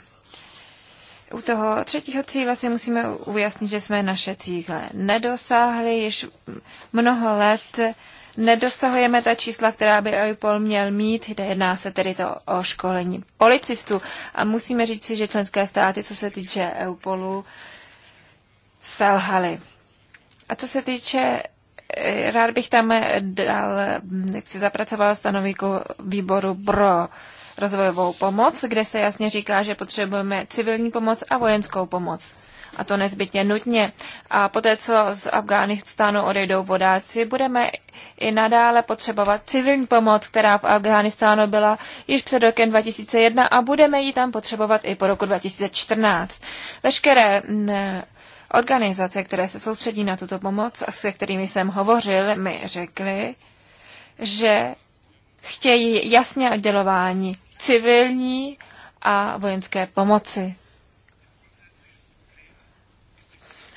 S2: U toho třetího cíle si musíme ujasnit, že jsme naše cíle nedosáhli. Již mnoho let nedosahujeme ta čísla, která by EUPOL měl mít. Jedná se tedy to o školení policistů. A musíme říct si, že členské státy, co se týče EUPOLu, selhaly. A co se týče eh, rád bych tam eh, dal, hm, jak si zapracoval stanovíku výboru pro rozvojovou pomoc, kde se jasně říká, že potřebujeme civilní pomoc a vojenskou pomoc a to nezbytně nutně. A poté, co z Afghánistánu odejdou vodáci, budeme i nadále potřebovat civilní pomoc, která v Afghánistánu byla již před rokem 2001 a budeme ji tam potřebovat i po roku 2014. Veškeré organizace, které se soustředí na tuto pomoc a se kterými jsem hovořil, mi řekly, že chtějí jasně oddělování civilní a vojenské pomoci.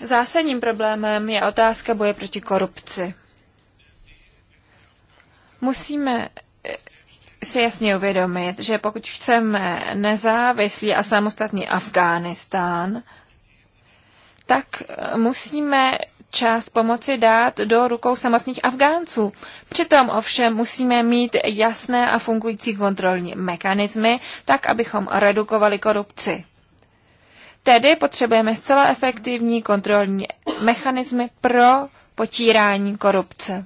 S2: Zásadním problémem je otázka boje proti korupci. Musíme eh, si jasně uvědomit, že pokud chceme nezávislý a samostatný Afghánistán, tak eh, musíme část pomoci dát do rukou samotných Afgánců. Přitom ovšem musíme mít jasné a fungující kontrolní mechanismy, tak abychom redukovali korupci. Tedy potřebujeme zcela efektivní kontrolní mechanismy pro potírání korupce.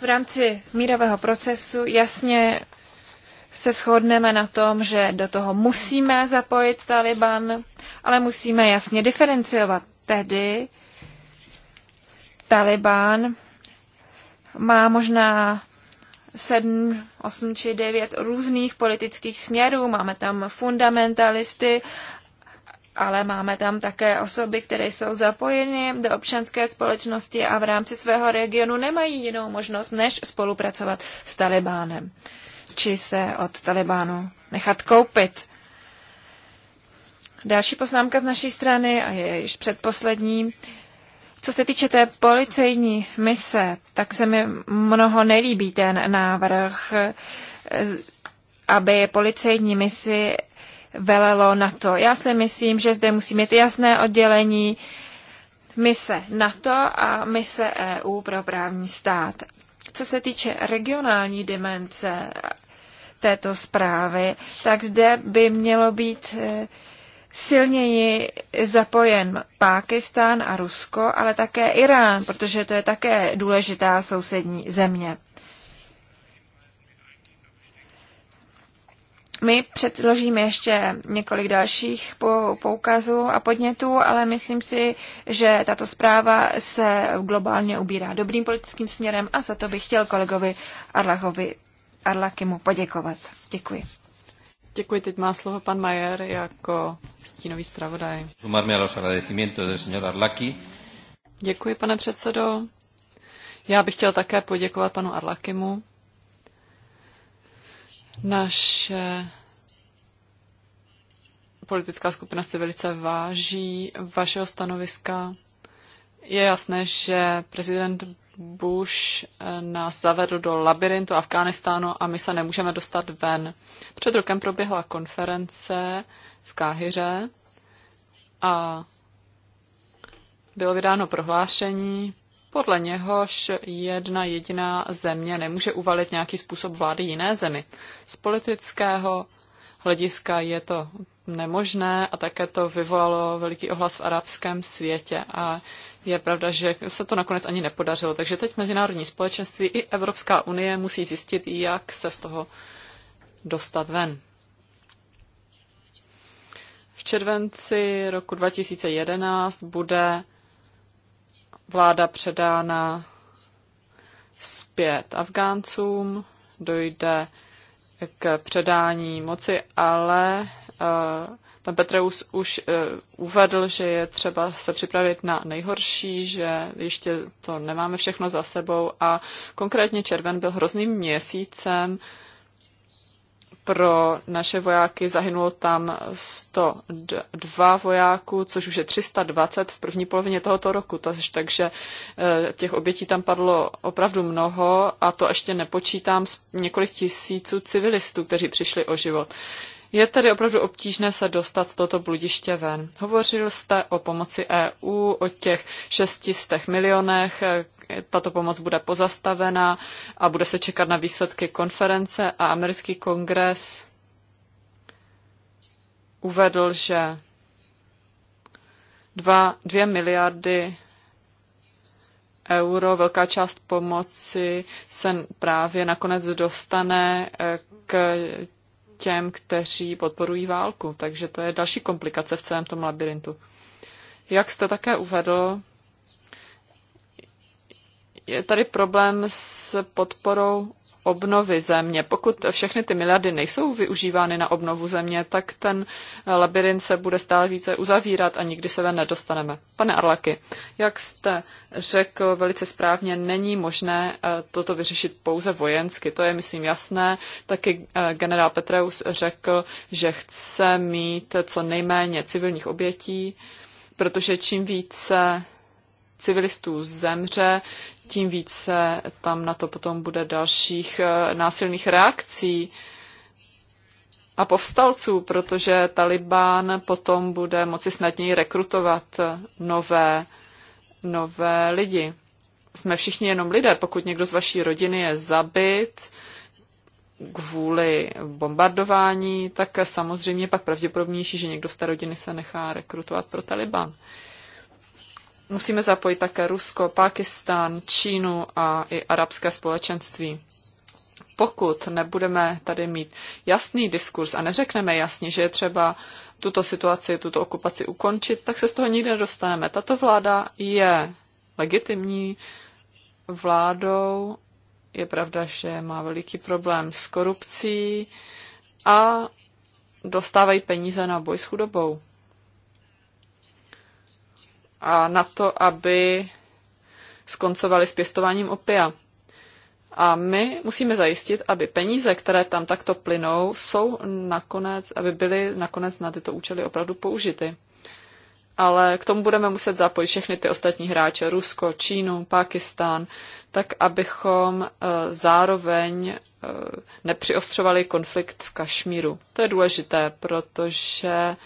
S2: V rámci mírového procesu jasně se shodneme na tom, že do toho musíme zapojit Taliban, ale musíme jasně diferenciovat. Tedy Taliban má možná sedm, osm či devět různých politických směrů. Máme tam fundamentalisty ale máme tam také osoby, které jsou zapojeny do občanské společnosti a v rámci svého regionu nemají jinou možnost, než spolupracovat s Talibánem, či se od Talibánu nechat koupit. Další poznámka z naší strany, a je již předposlední, co se týče té policejní mise, tak se mi mnoho nelíbí ten návrh, eh, aby policejní misi velelo na to. Já si myslím, že zde musí mít jasné oddělení mise NATO a mise EU pro právní stát. Co se týče regionální dimenze této zprávy, tak zde by mělo být eh, silněji zapojen Pákistán a Rusko, ale také Irán, protože to je také důležitá sousední země. My předložíme ještě několik dalších poukazů a podnětů, ale myslím si, že tato zpráva se globálně ubírá dobrým politickým směrem a za to bych chtěl kolegovi Arlachovi Arlakimu poděkovat.
S1: Děkuji. Děkuji, teď má slovo pan Majer jako stínový zpravodaj.
S3: los señor Arlaki.
S1: Děkuji, pane předsedo. Já bych chtěl také poděkovat panu Arlakimu naše politická skupina se velice váží vašeho stanoviska. Je jasné, že prezident Bush eh, nás zavedl do labirintu Afghánistánu a my se nemůžeme dostat ven. Před rokem proběhla konference v Káhyře a bylo vydáno prohlášení podle něhož jedna jediná země nemůže uvalit nějaký způsob vlády jiné zemi. Z politického hlediska je to nemožné a také to vyvolalo veliký ohlas v arabském světě a je pravda, že se to nakonec ani nepodařilo. Takže teď mezinárodní společenství i Evropská unie musí zjistit, jak se z toho dostat ven. V červenci roku 2011 bude vláda předána zpět Afgáncům, dojde k předání moci, ale uh, pan Petreus už uh, uvedl, že je třeba se připravit na nejhorší, že ještě to nemáme všechno za sebou a konkrétně červen byl hrozným měsícem uh, pro naše vojáky. Zahynulo tam 102 vojáků, což už je 320 v první polovině tohoto roku. Takže eh, těch obětí tam padlo opravdu mnoho a to ještě nepočítám několik tisíců civilistů, kteří přišli o život. Je tedy opravdu obtížné se dostat z tohoto bludiště ven. Hovořil jste o pomoci EU, o těch 600 milionech. Tato pomoc bude pozastavena a bude se čekat na výsledky konference a americký kongres uvedl, že 2, 2 miliardy euro, velká část pomoci se právě nakonec dostane eh, k těm, kteří podporují válku. Takže to je další komplikace v celém tom labirintu. Jak jste také uvedl, je tady problém s podporou obnovy země. Pokud všechny ty miliardy nejsou využívány na obnovu země, tak ten labirint se bude stále více uzavírat a nikdy se ven nedostaneme. Pane Arlaky, jak jste řekl velice správně, není možné eh, toto vyřešit pouze vojensky. To je, myslím, jasné. Taky eh, generál Petreus řekl, že chce mít co nejméně civilních obětí, protože čím více civilistů zemře, tím více tam na to potom bude dalších eh, násilných reakcí a povstalců, protože Taliban potom bude moci snadněji rekrutovat nové, nové lidi. Jsme všichni jenom lidé. Pokud někdo z vaší rodiny je zabit kvůli bombardování, tak samozřejmě pak pravděpodobnější, že někdo z té rodiny se nechá rekrutovat pro Taliban musíme zapojit také Rusko, Pákistán, Čínu a i arabské společenství. Pokud nebudeme tady mít jasný diskurs a neřekneme jasně, že je třeba tuto situaci, tuto okupaci ukončit, tak se z toho nikdy nedostaneme. Tato vláda je legitimní vládou. Je pravda, že má veliký problém s korupcí a dostávají peníze na boj s chudobou a na to, aby skoncovali s pěstováním opia. A my musíme zajistit, aby peníze, které tam takto plynou, jsou nakonec, aby byly nakonec na tyto účely opravdu použity. Ale k tomu budeme muset zapojit všechny ty ostatní hráče, Rusko, Čínu, Pakistán, tak abychom eh, zároveň eh, nepřiostřovali konflikt v Kašmíru. To je důležité, protože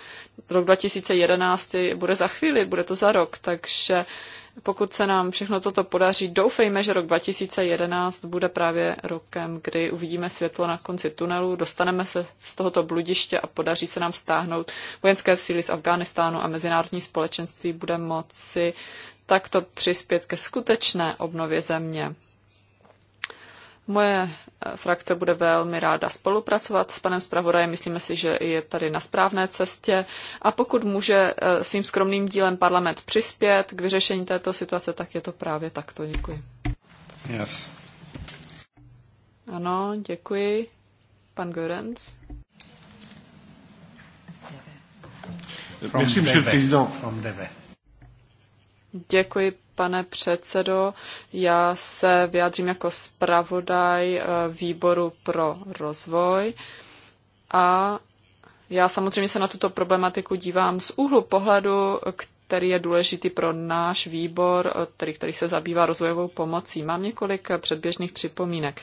S1: rok 2011 bude za chvíli, bude to za rok, takže pokud se nám všechno toto podaří, doufejme, že rok 2011 bude právě rokem, kdy uvidíme světlo na konci tunelu, dostaneme se z tohoto bludiště a podaří se nám stáhnout vojenské síly z Afghánistánu a mezinárodní společenství bude moci takto přispět ke skutečné obnově země. Moje eh, frakce bude velmi ráda spolupracovat s panem zpravodajem. Myslíme si, že je tady na správné cestě. A pokud může eh, svým skromným dílem parlament přispět k vyřešení této situace, tak je to právě takto. Děkuji. Yes. Ano, děkuji. Pan Görens.
S3: Myslím, že
S2: le
S1: Děkuji, pane předsedo. Já se vyjádřím jako zpravodaj eh, výboru pro rozvoj a já samozřejmě se na tuto problematiku dívám z úhlu pohledu, který je důležitý pro náš výbor, eh, který, který se zabývá rozvojovou pomocí. Mám několik eh, předběžných připomínek.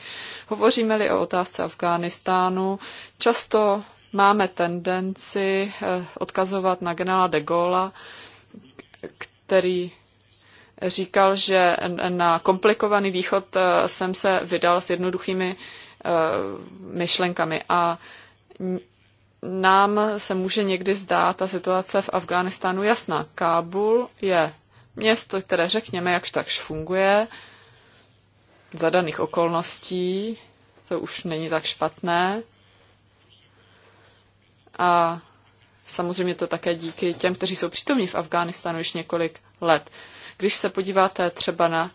S1: Hovoříme-li o otázce Afghánistánu, často máme tendenci odkazovat na generála de Gaulle, který říkal, že na komplikovaný východ jsem eh, se vydal s jednoduchými eh, myšlenkami a nám se může někdy zdát ta situace v Afghánistánu jasná. Kábul je město, které řekněme, jakž takž funguje za daných okolností, to už není tak špatné. A Samozřejmě to také díky těm, kteří jsou přítomní v Afghánistánu již několik let. Když se podíváte třeba na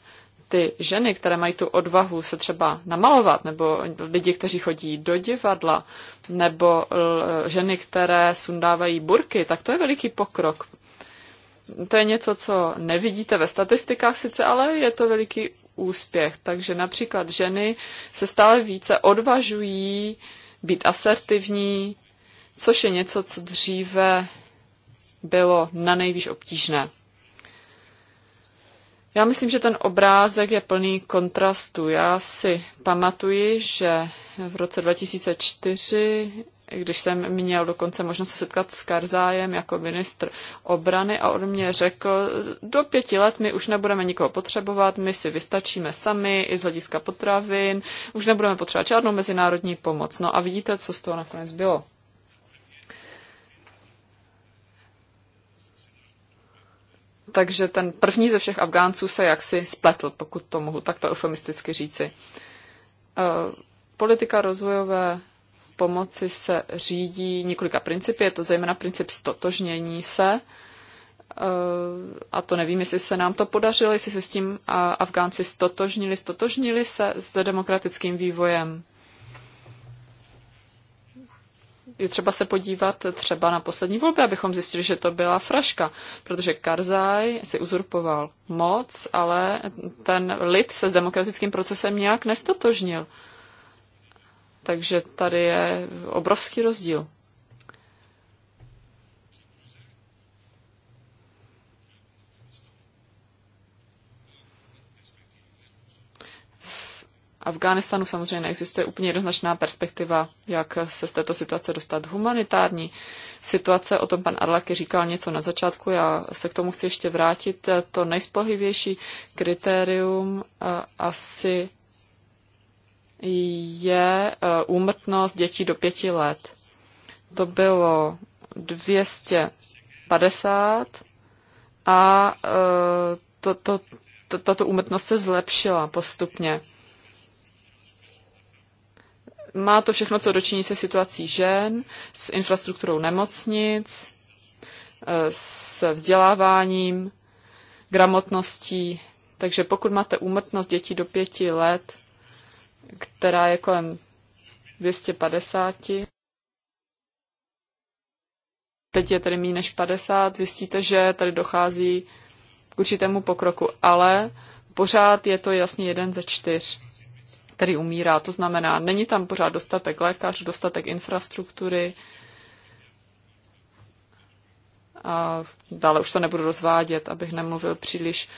S1: ty ženy, které mají tu odvahu se třeba namalovat, nebo lidi, kteří chodí do divadla, nebo ženy, které sundávají burky, tak to je veliký pokrok. To je něco, co nevidíte ve statistikách sice, ale je to veliký úspěch. Takže například ženy se stále více odvažují být asertivní, což je něco, co dříve bylo na nejvíc obtížné. Já myslím, že ten obrázek je plný kontrastu. Já si pamatuji, že v roce 2004, když jsem měl dokonce možnost se setkat s Karzájem jako ministr obrany a on mě řekl, do pěti let my už nebudeme nikoho potřebovat, my si vystačíme sami i z hlediska potravin, už nebudeme potřebovat žádnou mezinárodní pomoc. No a vidíte, co z toho nakonec bylo. Takže ten první ze všech Afgánců se jaksi spletl, pokud to mohu takto eufemisticky říci. E, politika rozvojové pomoci se řídí několika principy, je to zejména princip stotožnění se, e, a to nevím, jestli se nám to podařilo, jestli se s tím Afgánci stotožnili, stotožnili se s demokratickým vývojem je třeba se podívat třeba na poslední volby, abychom zjistili, že to byla fraška, protože Karzaj si uzurpoval moc, ale ten lid se s demokratickým procesem nějak nestotožnil. Takže tady je obrovský rozdíl. Afghánistánu samozřejmě neexistuje úplně jednoznačná perspektiva, jak se z této situace dostat. Humanitární situace, o tom pan Arlaky říkal něco na začátku, já se k tomu chci ještě vrátit. To nejspohyvější kritérium eh, asi je eh, úmrtnost dětí do pěti let. To bylo 250 a eh, to, to, to, tato úmrtnost se zlepšila postupně. Má to všechno, co dočiní se situací žen, s infrastrukturou nemocnic, eh, s vzděláváním, gramotností. Takže pokud máte úmrtnost dětí do pěti let, která je kolem 250, teď je tedy méně než 50, zjistíte, že tady dochází k určitému pokroku, ale pořád je to jasně jeden ze čtyř který umírá. To znamená, není tam pořád dostatek lékařů, dostatek infrastruktury. A dále už to nebudu rozvádět, abych nemluvil příliš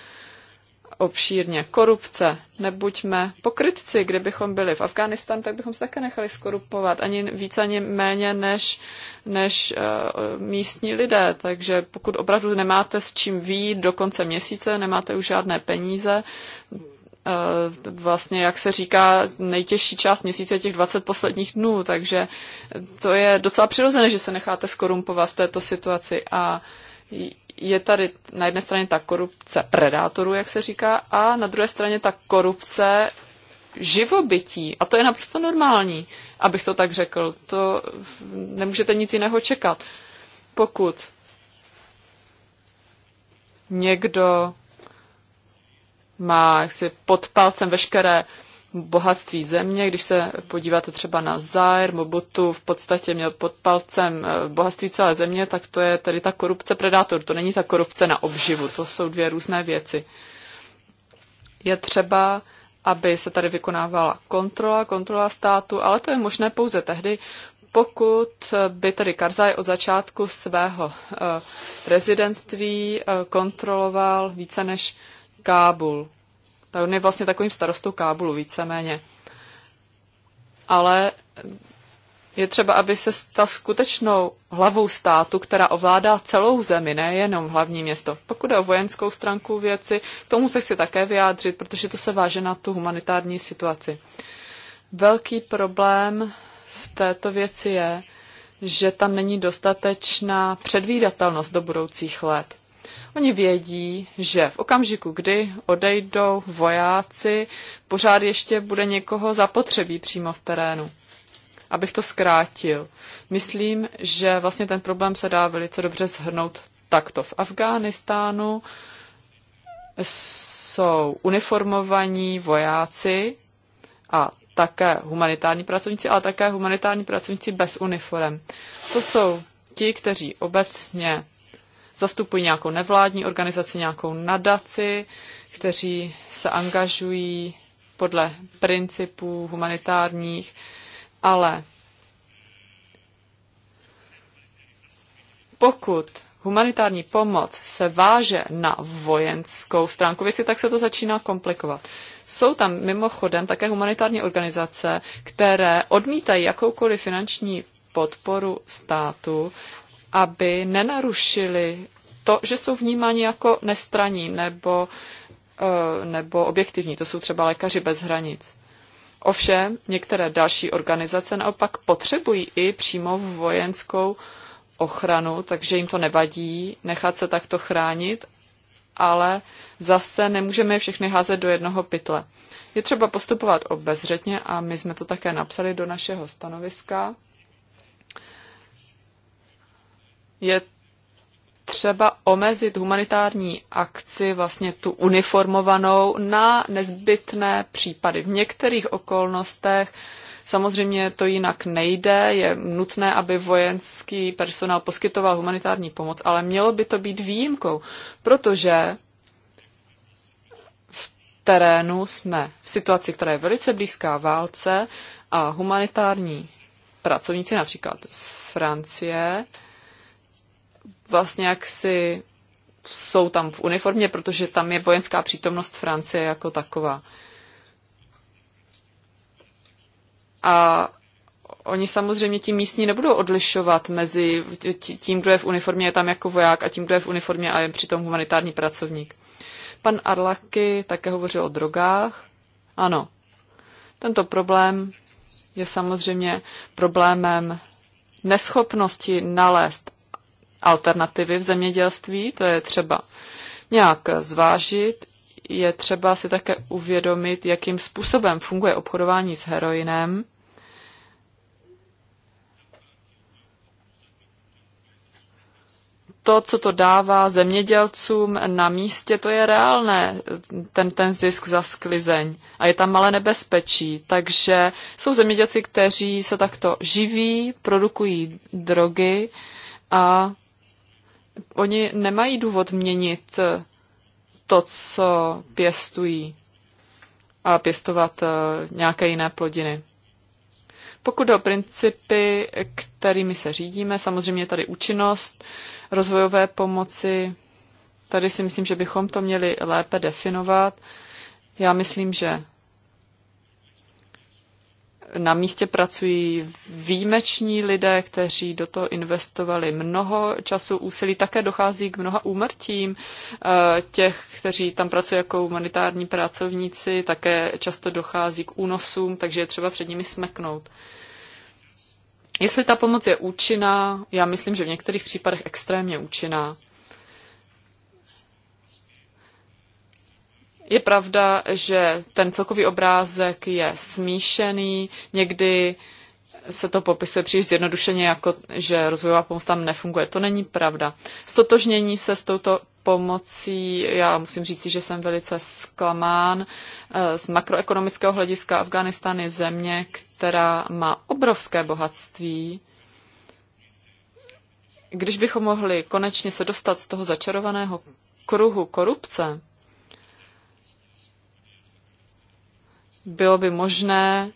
S1: obšírně. Korupce. Nebuďme pokrytci, kdybychom byli v Afghánistánu, tak bychom se také nechali skorupovat. Ani více, ani méně než, než uh, místní lidé. Takže pokud opravdu nemáte s čím výjít do konce měsíce, nemáte už žádné peníze, Eh, vlastně, jak se říká, nejtěžší část měsíce těch 20 posledních dnů, takže to je docela přirozené, že se necháte skorumpovat v této situaci a je tady na jedné straně ta korupce predátorů, jak se říká, a na druhé straně ta korupce živobytí. A to je naprosto normální, abych to tak řekl. To nemůžete nic jiného čekat. Pokud někdo má jaksi pod palcem veškeré bohatství země. Když se podíváte třeba na Zair, Mobutu v podstatě měl pod palcem eh, bohatství celé země, tak to je tedy ta korupce predátor. To není ta korupce na obživu, to jsou dvě různé věci. Je třeba, aby se tady vykonávala kontrola, kontrola státu, ale to je možné pouze tehdy, pokud by tedy Karzaj od začátku svého eh, rezidentství eh, kontroloval více než Kábul. Tak on je vlastně takovým starostou Kábulu víceméně. Ale je třeba, aby se ta skutečnou hlavou státu, která ovládá celou zemi, nejenom hlavní město. Pokud je o vojenskou stránku věci, tomu se chci také vyjádřit, protože to se váže na tu humanitární situaci. Velký problém v této věci je, že tam není dostatečná předvídatelnost do budoucích let. Oni vědí, že v okamžiku, kdy odejdou vojáci, pořád ještě bude někoho zapotřebí přímo v terénu. Abych to zkrátil. Myslím, že vlastně ten problém se dá velice dobře zhrnout takto. V Afghánistánu jsou uniformovaní vojáci a také humanitární pracovníci, ale také humanitární pracovníci bez uniform. To jsou ti, kteří obecně zastupují nějakou nevládní organizaci, nějakou nadaci, kteří se angažují podle principů humanitárních, ale pokud humanitární pomoc se váže na vojenskou stránku věci, tak se to začíná komplikovat. Jsou tam mimochodem také humanitární organizace, které odmítají jakoukoliv finanční podporu státu, aby nenarušili to, že jsou vnímáni jako nestraní nebo, eh, nebo objektivní. To jsou třeba lékaři bez hranic. Ovšem, některé další organizace naopak potřebují i přímo vojenskou ochranu, takže jim to nevadí nechat se takto chránit, ale zase nemůžeme je všechny házet do jednoho pytle. Je třeba postupovat obezřetně a my jsme to také napsali do našeho stanoviska. je třeba omezit humanitární akci, vlastně tu uniformovanou, na nezbytné případy. V některých okolnostech samozřejmě to jinak nejde, je nutné, aby vojenský personál poskytoval humanitární pomoc, ale mělo by to být výjimkou, protože v terénu jsme v situaci, která je velice blízká válce a humanitární pracovníci například z Francie, vlastně jak si jsou tam v uniformě, protože tam je vojenská přítomnost Francie jako taková. A oni samozřejmě tím místní nebudou odlišovat mezi tím, kdo je v uniformě, je tam jako voják a tím, kdo je v uniformě a je přitom humanitární pracovník. Pan Arlaky také hovořil o drogách. Ano, tento problém je samozřejmě problémem neschopnosti nalézt alternativy v zemědělství, to je třeba nějak zvážit, je třeba si také uvědomit, jakým způsobem funguje obchodování s heroinem. To, co to dává zemědělcům na místě, to je reálné, ten, ten zisk za sklizeň. A je tam ale nebezpečí. Takže jsou zemědělci, kteří se takto živí, produkují drogy a oni nemají důvod měnit to, co pěstují a pěstovat eh, nějaké jiné plodiny. Pokud o principy, kterými se řídíme, samozřejmě tady účinnost rozvojové pomoci, tady si myslím, že bychom to měli lépe definovat. Já myslím, že na místě pracují výjimeční lidé, kteří do toho investovali mnoho času, úsilí. Také dochází k mnoha úmrtím eh, těch, kteří tam pracují jako humanitární pracovníci. Také často dochází k únosům, takže je třeba před nimi smeknout. Jestli ta pomoc je účinná, já myslím, že v některých případech extrémně účinná. Je pravda, že ten celkový obrázek je smíšený, někdy se to popisuje příliš zjednodušeně, jako že rozvojová pomoc tam nefunguje. To není pravda. Stotožnění se s touto pomocí, já musím říct, že jsem velice zklamán. Eh, z makroekonomického hlediska Afganistán je země, která má obrovské bohatství. Když bychom mohli konečně se dostat z toho začarovaného kruhu korupce, bylo by možné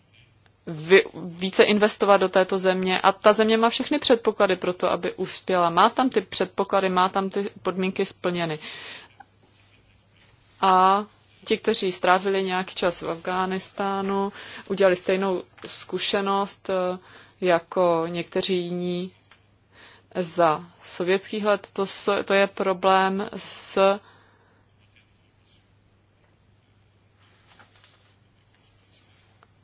S1: více investovat do této země a ta země má všechny předpoklady pro to, aby uspěla. Má tam ty předpoklady, má tam ty podmínky splněny. A ti, kteří strávili nějaký čas v Afghánistánu, udělali stejnou zkušenost eh, jako někteří jiní za sovětských let. To, to je problém s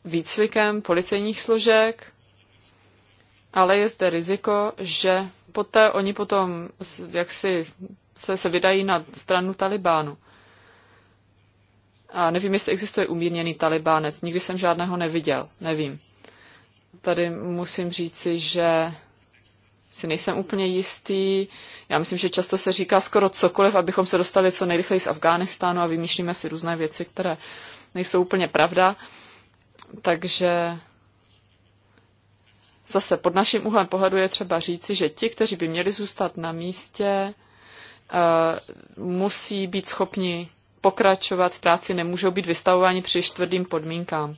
S1: výcvikem policejních složek, ale je zde riziko, že poté oni potom jaksi se, se vydají na stranu Talibánu. A nevím, jestli existuje umírněný talibánec. Nikdy jsem žádného neviděl. Nevím. Tady musím říci, že si nejsem úplně jistý. Já myslím, že často se říká skoro cokoliv, abychom se dostali co nejrychleji z Afghánistánu a vymýšlíme si různé věci, které nejsou úplně pravda. Takže zase pod naším úhlem pohledu je třeba říci, že ti, kteří by měli zůstat na místě, eh, musí být schopni pokračovat v práci, nemůžou být vystavováni při tvrdým podmínkám.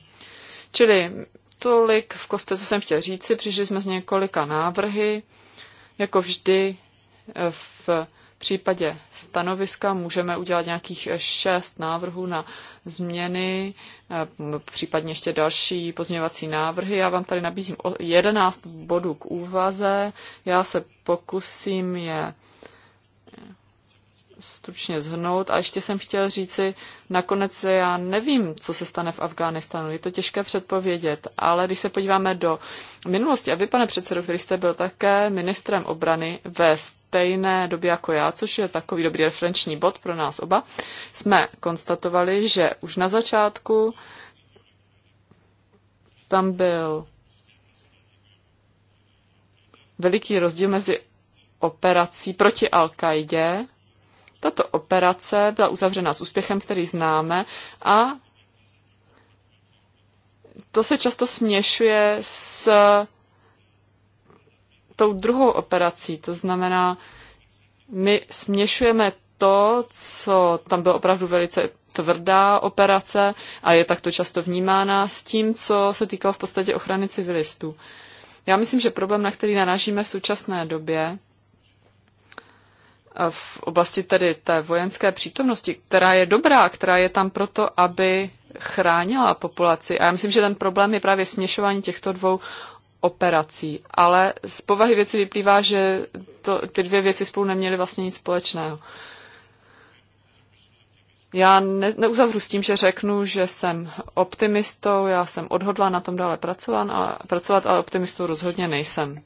S1: Čili tolik v kostce, co jsem chtěl říci, přišli jsme z několika návrhy, jako vždy eh, v případě stanoviska můžeme udělat nějakých šest návrhů na změny, eh, případně ještě další pozměňovací návrhy. Já vám tady nabízím 11 bodů k úvaze. Já se pokusím je eh, stručně zhrnout. A ještě jsem chtěl říci, nakonec já nevím, co se stane v Afghánistánu. Je to těžké předpovědět, ale když se podíváme do minulosti, a vy, pane předsedo, který jste byl také ministrem obrany, ve stejné době jako já, což je takový dobrý referenční bod pro nás oba, jsme konstatovali, že už na začátku tam byl veliký rozdíl mezi operací proti al qaidě Tato operace byla uzavřena s úspěchem, který známe, a to se často směšuje s tou druhou operací. To znamená, my směšujeme to, co tam bylo opravdu velice tvrdá operace a je takto často vnímána s tím, co se týkalo v podstatě ochrany civilistů. Já myslím, že problém, na který narážíme v současné době, v oblasti tedy té vojenské přítomnosti, která je dobrá, která je tam proto, aby chránila populaci. A já myslím, že ten problém je právě směšování těchto dvou operací, ale z povahy věci vyplývá, že to, ty dvě věci spolu neměly vlastně nic společného. Já ne, neuzavřu s tím, že řeknu, že jsem optimistou, já jsem odhodla na tom dále pracovat, ale, pracovat, ale optimistou rozhodně nejsem.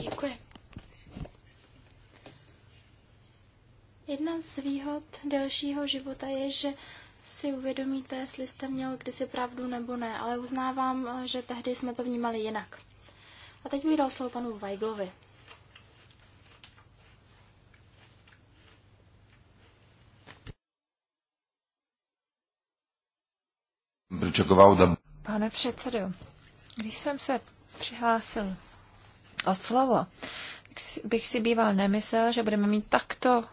S3: Děkuji. Jedna z výhod delšího života je, že si uvědomíte, jestli jste měl kdysi pravdu nebo ne, ale uznávám, že tehdy jsme to vnímali jinak. A teď bych dal slovo panu Weiglovi.
S2: Pane předsedo, když jsem se přihlásil o slovo, bych si býval nemyslel, že budeme mít takto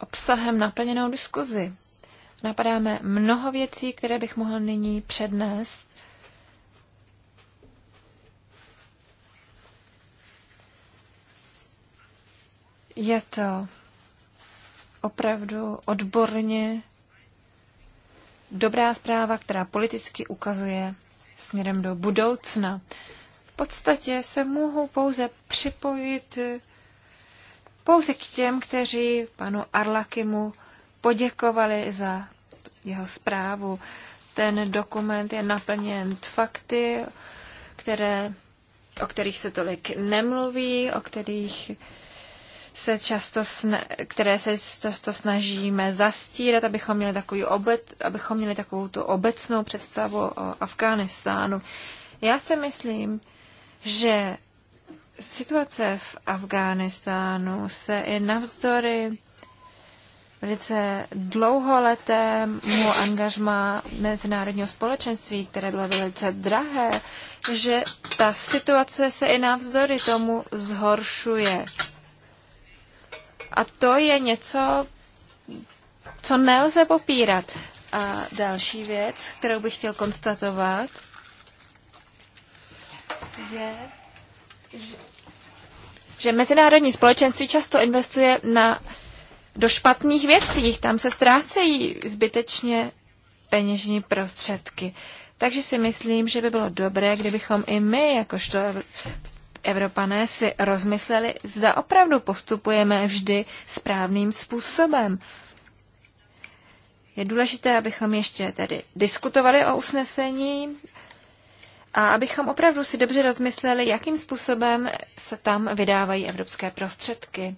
S2: obsahem naplněnou diskuzi. Napadáme mnoho věcí, které bych mohl nyní přednést. Je to opravdu odborně dobrá zpráva, která politicky ukazuje směrem do budoucna. V podstatě se mohu pouze připojit pouze k těm, kteří panu Arlakimu poděkovali za jeho zprávu. Ten dokument je naplněn fakty, které, o kterých se tolik nemluví, o kterých se často sna- které se často snažíme zastírat, abychom měli, takový obec, abychom měli takovou tu obecnou představu o Afghánistánu. Já si myslím, že situace v Afghánistánu se i navzdory velice dlouholetému angažma mezinárodního společenství, které bylo velice drahé, že ta situace se i navzdory tomu zhoršuje. A to je něco, co nelze popírat. A další věc, kterou bych chtěl konstatovat, je, že, že mezinárodní společenství často investuje na do špatných věcí. Tam se ztrácejí zbytečně peněžní prostředky. Takže si myslím, že by bylo dobré, kdybychom i my, jakožto Evropané, si rozmysleli, zda opravdu postupujeme vždy správným způsobem. Je důležité, abychom ještě tedy diskutovali o usnesení a abychom opravdu si dobře rozmysleli, jakým způsobem se tam vydávají evropské prostředky.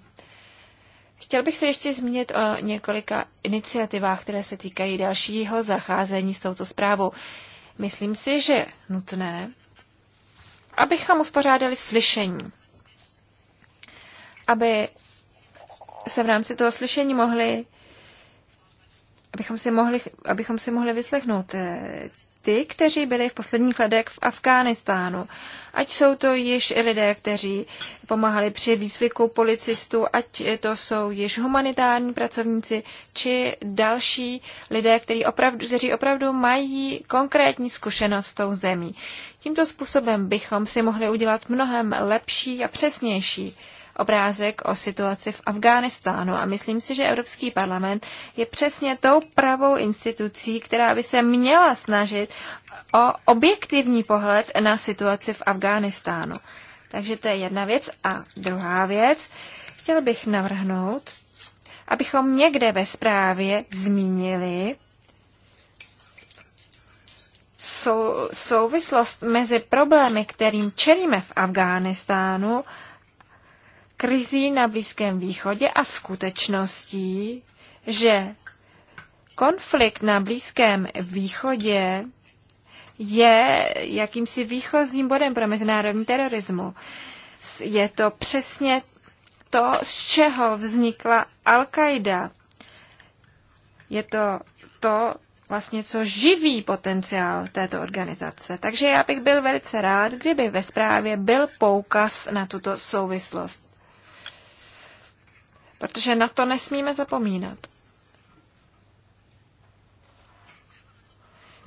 S2: Chtěl bych se ještě zmínit o několika iniciativách, které se týkají dalšího zacházení s touto zprávou. Myslím si, že je nutné, abychom uspořádali slyšení, aby se v rámci toho slyšení mohli abychom si mohli, abychom si mohli vyslechnout eh, ty, kteří byli v posledních letech v Afghánistánu. Ať jsou to již lidé, kteří pomáhali při výcviku policistů, ať to jsou již humanitární pracovníci, či další lidé, kteří opravdu, kteří opravdu mají konkrétní zkušenost s tou zemí. Tímto způsobem bychom si mohli udělat mnohem lepší a přesnější obrázek o situaci v Afghánistánu. A myslím si, že Evropský parlament je přesně tou pravou institucí, která by se měla snažit o objektivní pohled na situaci v Afghánistánu. Takže to je jedna věc. A druhá věc, chtěl bych navrhnout, abychom někde ve zprávě zmínili sou, souvislost mezi problémy, kterým čelíme v Afghánistánu krizí na Blízkém východě a skutečností, že konflikt na Blízkém východě je jakýmsi výchozím bodem pro mezinárodní terorismu. Je to přesně to, z čeho vznikla Al-Qaida. Je to to, vlastně co živí potenciál této organizace. Takže já bych byl velice rád, kdyby ve zprávě byl poukaz na tuto souvislost protože na to nesmíme zapomínat.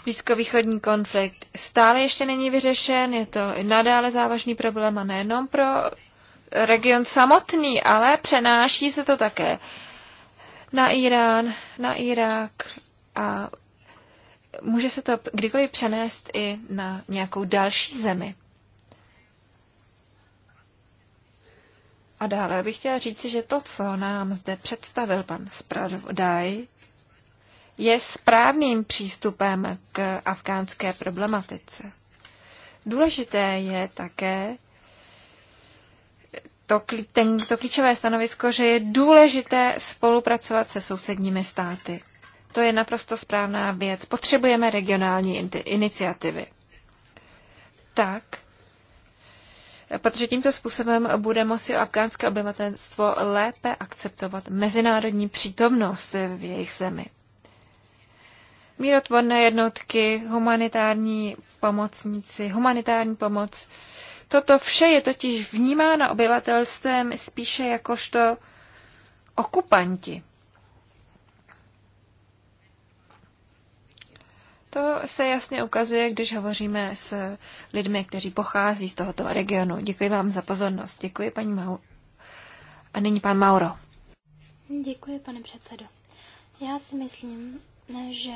S2: Blízkovýchodní konflikt stále ještě není vyřešen, je to nadále závažný problém a nejenom pro region samotný, ale přenáší se to také na Irán, na Irák a může se to kdykoliv přenést i na nějakou další zemi. A dále bych chtěla říci, že to, co nám zde představil pan Spravodaj, je správným přístupem k afgánské problematice. Důležité je také to, ten, to klíčové stanovisko, že je důležité spolupracovat se sousedními státy. To je naprosto správná věc. Potřebujeme regionální iniciativy. Tak, protože tímto způsobem bude moci afgánské obyvatelstvo lépe akceptovat mezinárodní přítomnost v jejich zemi. Mírotvorné jednotky, humanitární pomocníci, humanitární pomoc. Toto vše je totiž vnímáno obyvatelstvem spíše jakožto okupanti. To se jasně ukazuje, když hovoříme s lidmi, kteří pochází z tohoto regionu. Děkuji vám za pozornost. Děkuji, paní Mau. A nyní pan Mauro.
S3: Děkuji, pane předsedo. Já si myslím, že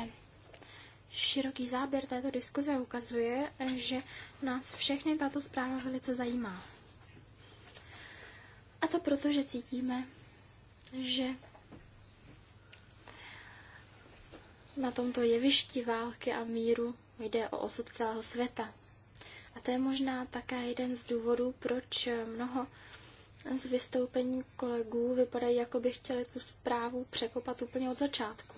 S3: široký záběr této diskuze ukazuje, že nás všechny tato zpráva velice zajímá. A to proto, že cítíme, že na tomto jevišti války a míru jde o osud celého světa. A to je možná také jeden z důvodů, proč mnoho z vystoupení kolegů vypadají, jako by chtěli tu zprávu překopat úplně od začátku.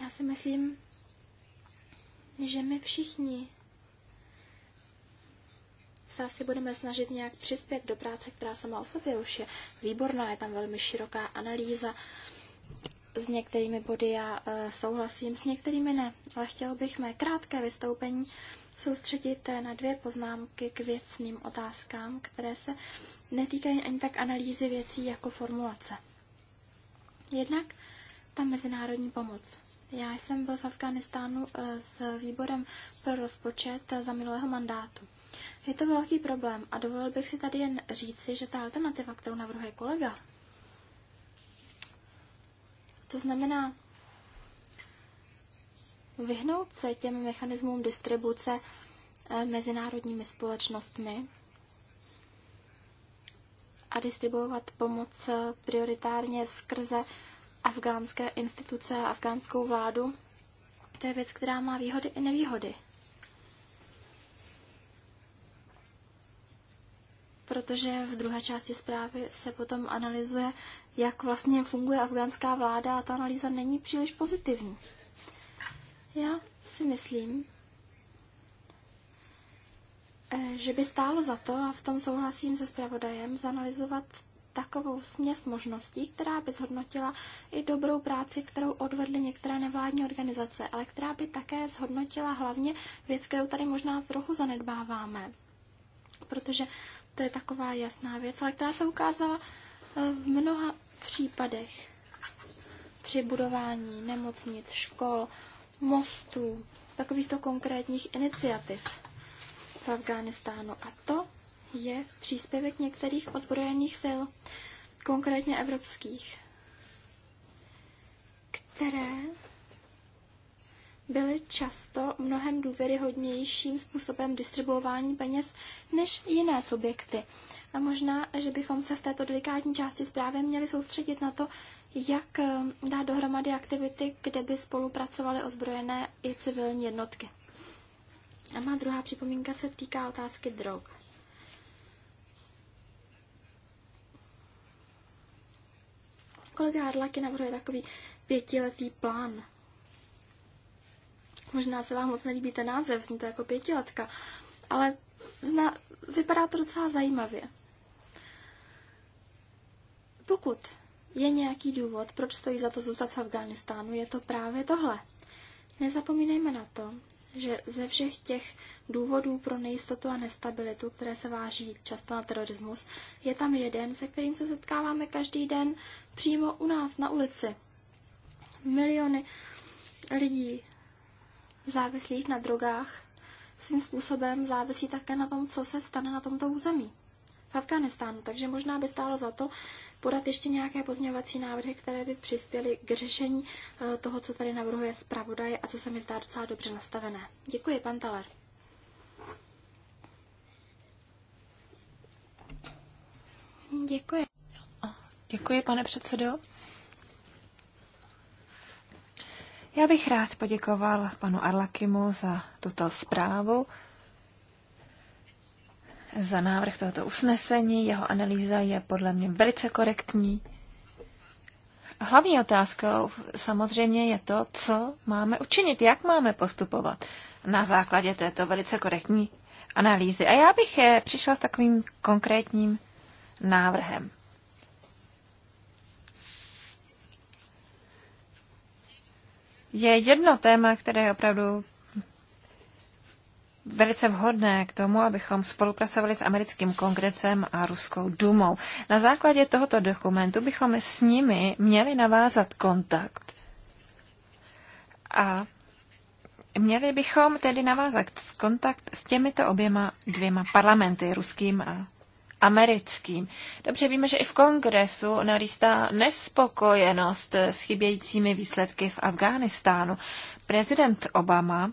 S3: Já si myslím, že my všichni se asi budeme snažit nějak přispět do práce, která sama o sobě už je výborná, je tam velmi široká analýza s některými body já e, souhlasím, s některými ne, ale chtěl bych mé krátké vystoupení soustředit e, na dvě poznámky k věcným otázkám, které se netýkají ani tak analýzy věcí jako formulace. Jednak ta mezinárodní pomoc. Já jsem byl v Afganistánu e, s výborem pro rozpočet za minulého mandátu. Je to velký problém a dovolil bych si tady jen říci, že ta alternativa, kterou navrhuje kolega, to znamená, vyhnout se těm mechanismům distribuce eh, mezinárodními společnostmi a distribuovat pomoc eh, prioritárně skrze afgánské instituce a afgánskou vládu, to je věc, která má výhody i nevýhody. Protože v druhé části zprávy se potom analyzuje, jak vlastně funguje afgánská vláda a ta analýza není příliš pozitivní. Já si myslím, eh, že by stálo za to, a v tom souhlasím se zpravodajem, zanalizovat takovou směs možností, která by zhodnotila i dobrou práci, kterou odvedly některé nevládní organizace, ale která by také zhodnotila hlavně věc, kterou tady možná trochu zanedbáváme. Protože to je taková jasná věc, ale která se ukázala eh, v mnoha případech při budování nemocnic, škol, mostů, takovýchto konkrétních iniciativ v Afghánistánu. A to je příspěvek některých ozbrojených sil, konkrétně evropských, které byly často mnohem důvěryhodnějším způsobem distribuování peněz než jiné subjekty. A možná, že bychom se v této delikátní části zprávy měli soustředit na to, jak eh, dát dohromady aktivity, kde by spolupracovaly ozbrojené i civilní jednotky. A má druhá připomínka se týká otázky drog. Kolega Harlaky navrhuje takový pětiletý plán Možná se vám moc nelíbí ten název, zní to jako pětiletka, ale zna, vypadá to docela zajímavě. Pokud je nějaký důvod, proč stojí za to zůstat v Afganistánu, je to právě tohle. Nezapomínejme na to, že ze všech těch důvodů pro nejistotu a nestabilitu, které se váží často na terorismus, je tam jeden, se kterým se setkáváme každý den přímo u nás na ulici. Miliony lidí závislých na drogách svým způsobem závisí také na tom, co se stane na tomto území v Afganistánu. Takže možná by stálo za to podat ještě nějaké pozměňovací návrhy, které by přispěly k řešení eh, toho, co tady navrhuje zpravodaj a co se mi zdá docela dobře nastavené. Děkuji, pan Taler. Děkuji. Děkuji, pane předsedo. Já
S2: bych rád poděkoval panu Arlakimu za tuto zprávu, za návrh tohoto usnesení. Jeho analýza je podle mě velice korektní. Hlavní otázkou samozřejmě je to, co máme učinit, jak máme postupovat na základě této velice korektní analýzy. A já bych eh, přišla s takovým konkrétním návrhem. je jedno téma, které je opravdu velice vhodné k tomu, abychom spolupracovali s americkým kongresem a ruskou dumou. Na základě tohoto dokumentu bychom s nimi měli navázat kontakt a měli bychom tedy navázat kontakt s těmito oběma dvěma parlamenty, ruským a americkým. Dobře víme, že i v kongresu narýstá nespokojenost s chybějícími výsledky v Afghánistánu. Prezident Obama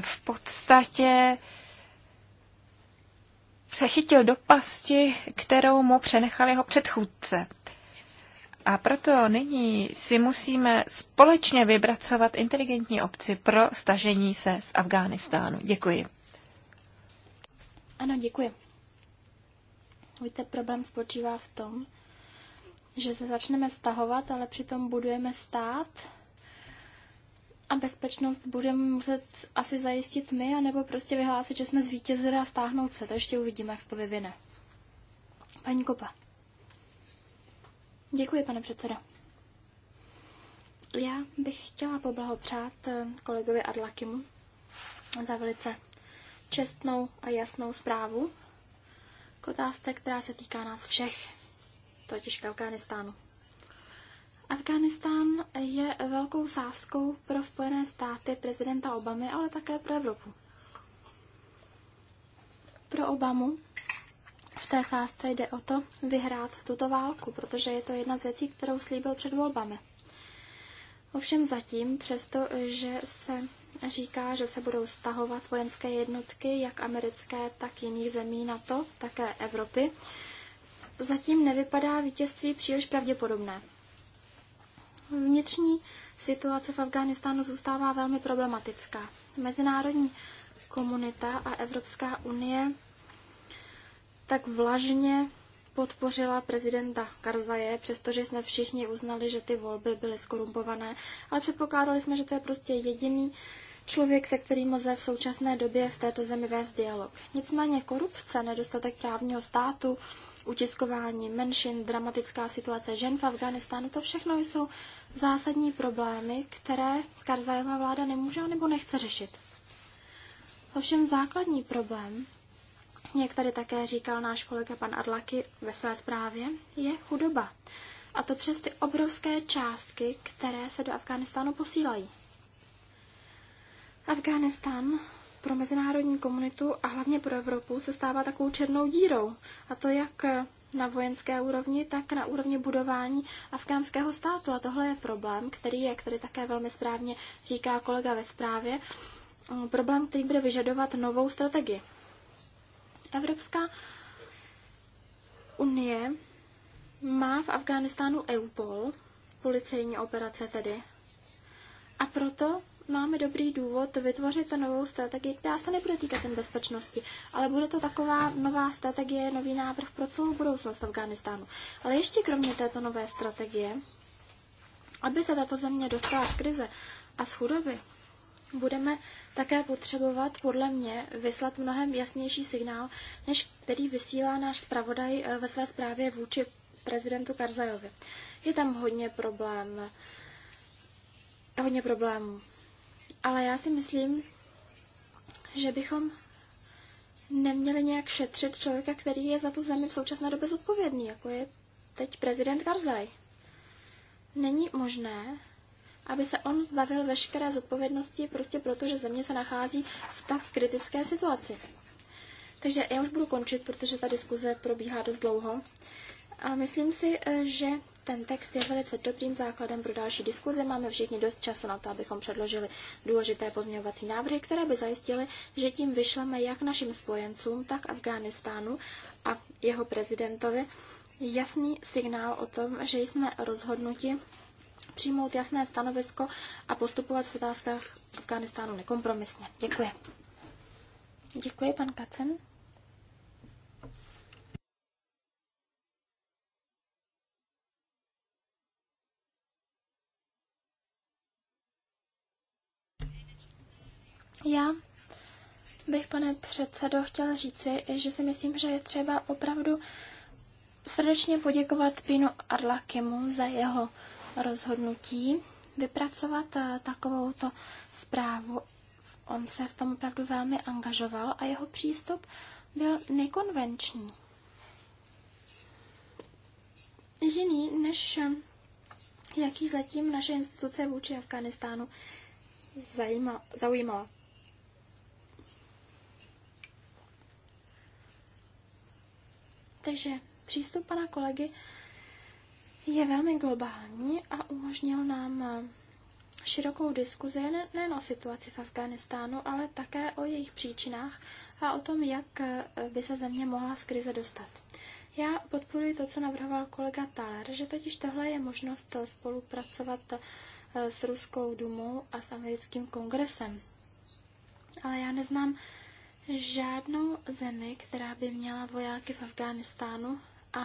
S2: v podstatě se chytil do pasti, kterou mu přenechal jeho předchůdce. A proto nyní si musíme společně vybracovat inteligentní obci pro stažení se z Afghánistánu. Děkuji.
S3: Ano, děkuji. Víte, problém spočívá v tom, že se začneme stahovat, ale přitom budujeme stát a bezpečnost budeme muset asi zajistit my, anebo prostě vyhlásit, že jsme zvítězili a stáhnout se. To ještě uvidíme, jak se to vyvine. Paní Kopa. Děkuji, pane předsedo. Já bych chtěla poblahopřát eh, kolegovi Adlakimu za velice čestnou a jasnou zprávu otázce, která se týká nás všech, totiž k Afganistánu. Afganistán je velkou sázkou pro Spojené státy prezidenta Obamy, ale také pro Evropu. Pro Obamu v té sázce jde o to vyhrát tuto válku, protože je to jedna z věcí, kterou slíbil před volbami. Ovšem zatím, přesto, že se říká, že se budou stahovat vojenské jednotky, jak americké, tak jiných zemí NATO, také Evropy. Zatím nevypadá vítězství příliš pravděpodobné. Vnitřní situace v Afghánistánu zůstává velmi problematická. Mezinárodní komunita a Evropská unie tak vlažně podpořila prezidenta Karzaje, přestože jsme všichni uznali, že ty volby byly skorumpované, ale předpokládali jsme, že to je prostě jediný člověk, se kterým lze v současné době v této zemi vést dialog. Nicméně korupce, nedostatek právního státu, utiskování menšin, dramatická situace žen v Afganistánu, to všechno jsou zásadní problémy, které Karzajová vláda nemůže nebo nechce řešit. Ovšem základní problém jak tady také říkal náš kolega pan Adlaky ve své zprávě, je chudoba. A to přes ty obrovské částky, které se do Afghánistánu posílají. Afghánistán pro mezinárodní komunitu a hlavně pro Evropu se stává takovou černou dírou. A to jak na vojenské úrovni, tak na úrovni budování afgánského státu. A tohle je problém, který, jak tady také velmi správně říká kolega ve zprávě, mm, problém, který bude vyžadovat novou strategii. Evropská unie má v Afghánistánu EUPOL, policejní operace tedy, a proto máme dobrý důvod vytvořit novou strategii, která se nebude týkat ten bezpečnosti, ale bude to taková nová strategie, nový návrh pro celou budoucnost Afghánistánu. Ale ještě kromě této nové strategie, aby se tato země dostala z krize a z chudoby, budeme také potřebovat podle mě vyslat mnohem jasnější signál, než který vysílá náš zpravodaj eh, ve své zprávě vůči prezidentu Karzajovi. Je tam hodně problém, hodně problémů. Ale já si myslím, že bychom neměli nějak šetřit člověka, který je za tu zemi v současné době zodpovědný, jako je teď prezident Karzaj. Není možné, aby se on zbavil veškeré zodpovědnosti prostě proto, že země se nachází v tak kritické situaci. Takže já už budu končit, protože ta diskuze probíhá dost dlouho. A myslím si, eh, že ten text je velice dobrým základem pro další diskuze. Máme všichni dost času na to, abychom předložili důležité pozměňovací návrhy, které by zajistily, že tím vyšleme jak našim spojencům, tak Afghánistánu a jeho prezidentovi jasný signál o tom, že jsme rozhodnuti přijmout jasné stanovisko a postupovat v otázkách Afganistánu nekompromisně. Děkuji. Děkuji, pan Kacen. Já bych, pane předsedo, chtěla říci, že si myslím, že je třeba opravdu srdečně poděkovat Pínu Arlakemu za jeho rozhodnutí vypracovat eh, takovouto zprávu. On se v tom opravdu velmi angažoval a jeho přístup byl nekonvenční. Jiný než eh, jaký zatím naše instituce vůči Afganistánu zajímalo. zaujímala. Takže přístup pana kolegy je velmi globální a umožnil nám eh, širokou diskuzi nejen o situaci v Afghánistánu, ale také o jejich příčinách a o tom, jak eh, by se země mohla z krize dostat. Já podporuji to, co navrhoval kolega Taler, že totiž tohle je možnost eh, spolupracovat s Ruskou dumou a s americkým kongresem. Ale já neznám žádnou zemi, která by měla vojáky v Afghánistánu a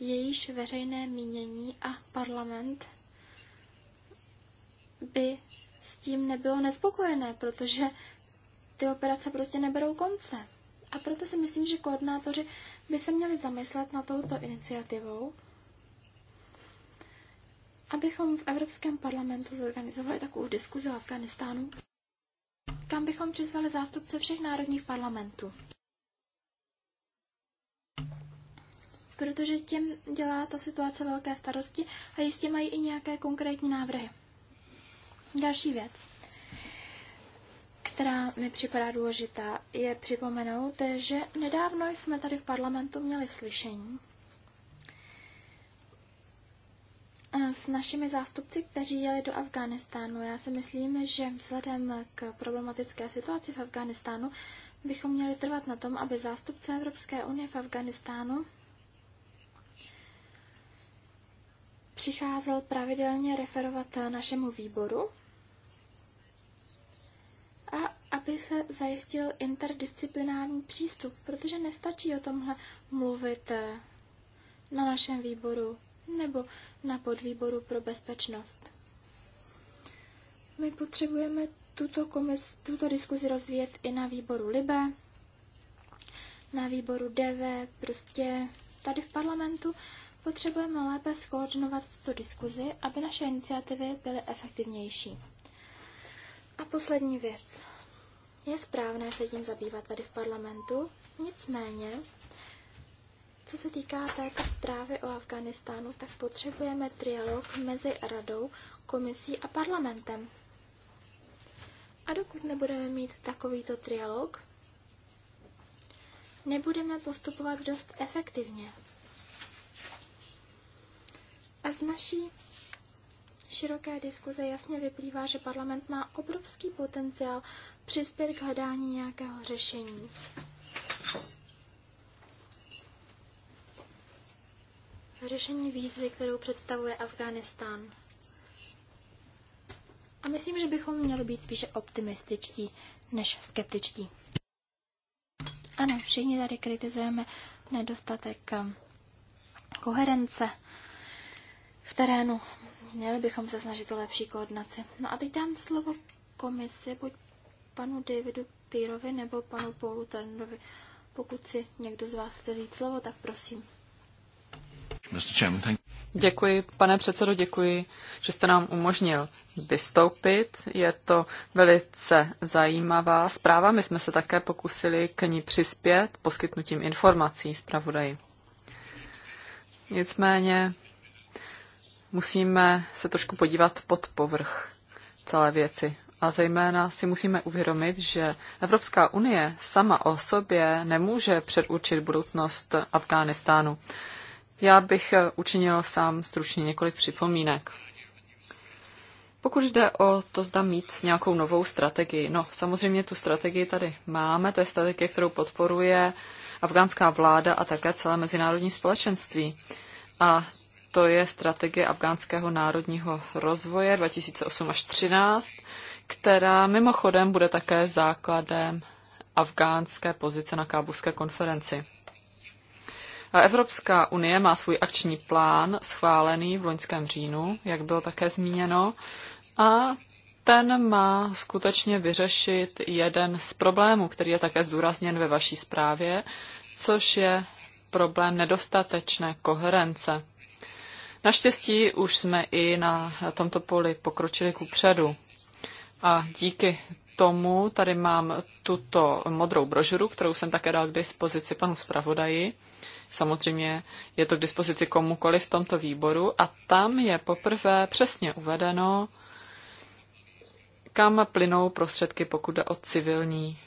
S3: jejíž veřejné mínění a parlament by s tím nebylo nespokojené, protože ty operace prostě neberou konce. A proto si myslím, že koordinátoři by se měli zamyslet na touto iniciativou, abychom v Evropském parlamentu zorganizovali takovou diskuzi o Afganistánu, kam bychom přizvali zástupce všech národních parlamentů. protože těm dělá ta situace velké starosti a jistě mají i nějaké konkrétní návrhy. Další věc, která mi připadá důležitá, je připomenout, že nedávno jsme tady v parlamentu měli slyšení eh, s našimi zástupci, kteří jeli do Afghánistánu. Já si myslím, že vzhledem k problematické situaci v Afghánistánu bychom měli trvat na tom, aby zástupce Evropské unie v Afganistánu přicházel pravidelně referovat našemu výboru a aby se zajistil interdisciplinární přístup, protože nestačí o tomhle mluvit eh, na našem výboru nebo na podvýboru pro bezpečnost. My potřebujeme tuto, komis, tuto diskuzi rozvíjet i na výboru LIBE, na výboru DV, prostě tady v parlamentu Potřebujeme lépe skoordinovat tuto diskuzi, aby naše iniciativy byly efektivnější. A poslední věc. Je správné se tím zabývat tady v parlamentu, nicméně, co se týká této zprávy o Afganistánu, tak potřebujeme trialog mezi radou, komisí a parlamentem. A dokud nebudeme mít takovýto trialog, nebudeme postupovat dost efektivně. A z naší široké diskuze jasně vyplývá, že parlament má obrovský potenciál přispět k hledání nějakého řešení. Řešení výzvy, kterou představuje Afghánistán. A myslím, že bychom měli být spíše optimističtí než skeptičtí. Ano, všichni tady kritizujeme nedostatek um, koherence v terénu. Měli bychom se snažit o lepší koordinaci. No a teď dám slovo komisi, buď panu Davidu Pírovi nebo panu Paulu Turnerovi. Pokud si někdo z vás chce říct slovo, tak prosím.
S1: Děkuji, pane předsedo, děkuji, že jste nám umožnil vystoupit. Je to velice zajímavá zpráva. My jsme se také pokusili k ní přispět poskytnutím informací zpravodaji. Nicméně musíme se trošku podívat pod povrch celé věci. A zejména si musíme uvědomit, že Evropská unie sama o sobě nemůže předurčit budoucnost Afghánistánu. Já bych učinil sám stručně několik připomínek. Pokud jde o to, zda mít nějakou novou strategii, no samozřejmě tu strategii tady máme, to je strategie, kterou podporuje afgánská vláda a také celé mezinárodní společenství. A to je strategie afgánského národního rozvoje 2008 až 13, která mimochodem bude také základem afgánské pozice na kábuské konferenci. A Evropská unie má svůj akční plán schválený v loňském říjnu, jak bylo také zmíněno, a ten má skutečně vyřešit jeden z problémů, který je také zdůrazněn ve vaší zprávě, což je problém nedostatečné koherence Naštěstí už jsme i na tomto poli pokročili ku předu. A díky tomu tady mám tuto modrou brožuru, kterou jsem také dal k dispozici panu zpravodaji. Samozřejmě je to k dispozici komukoli v tomto výboru a tam je poprvé přesně uvedeno, kam plynou prostředky, pokud jde o civilní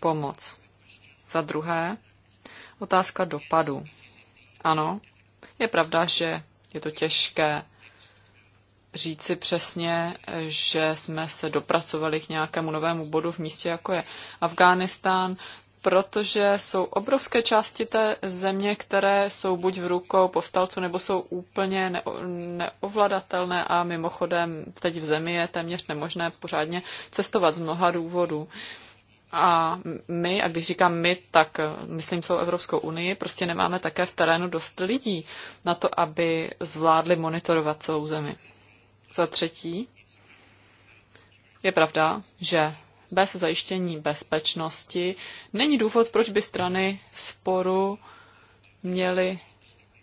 S1: pomoc. Za druhé, otázka dopadu. Ano, je pravda, že je to těžké říci přesně, že jsme se dopracovali k nějakému novému bodu v místě, jako je Afghánistán, protože jsou obrovské části té země, které jsou buď v rukou povstalců, nebo jsou úplně neovladatelné a mimochodem teď v zemi je téměř nemožné pořádně cestovat z mnoha důvodů. Um, a my, a když říkám my, tak eh, myslím celou Evropskou unii, prostě nemáme také v terénu dost lidí na to, aby zvládli monitorovat celou zemi. Za třetí, je pravda, že bez zajištění bezpečnosti není důvod, proč by strany sporu měly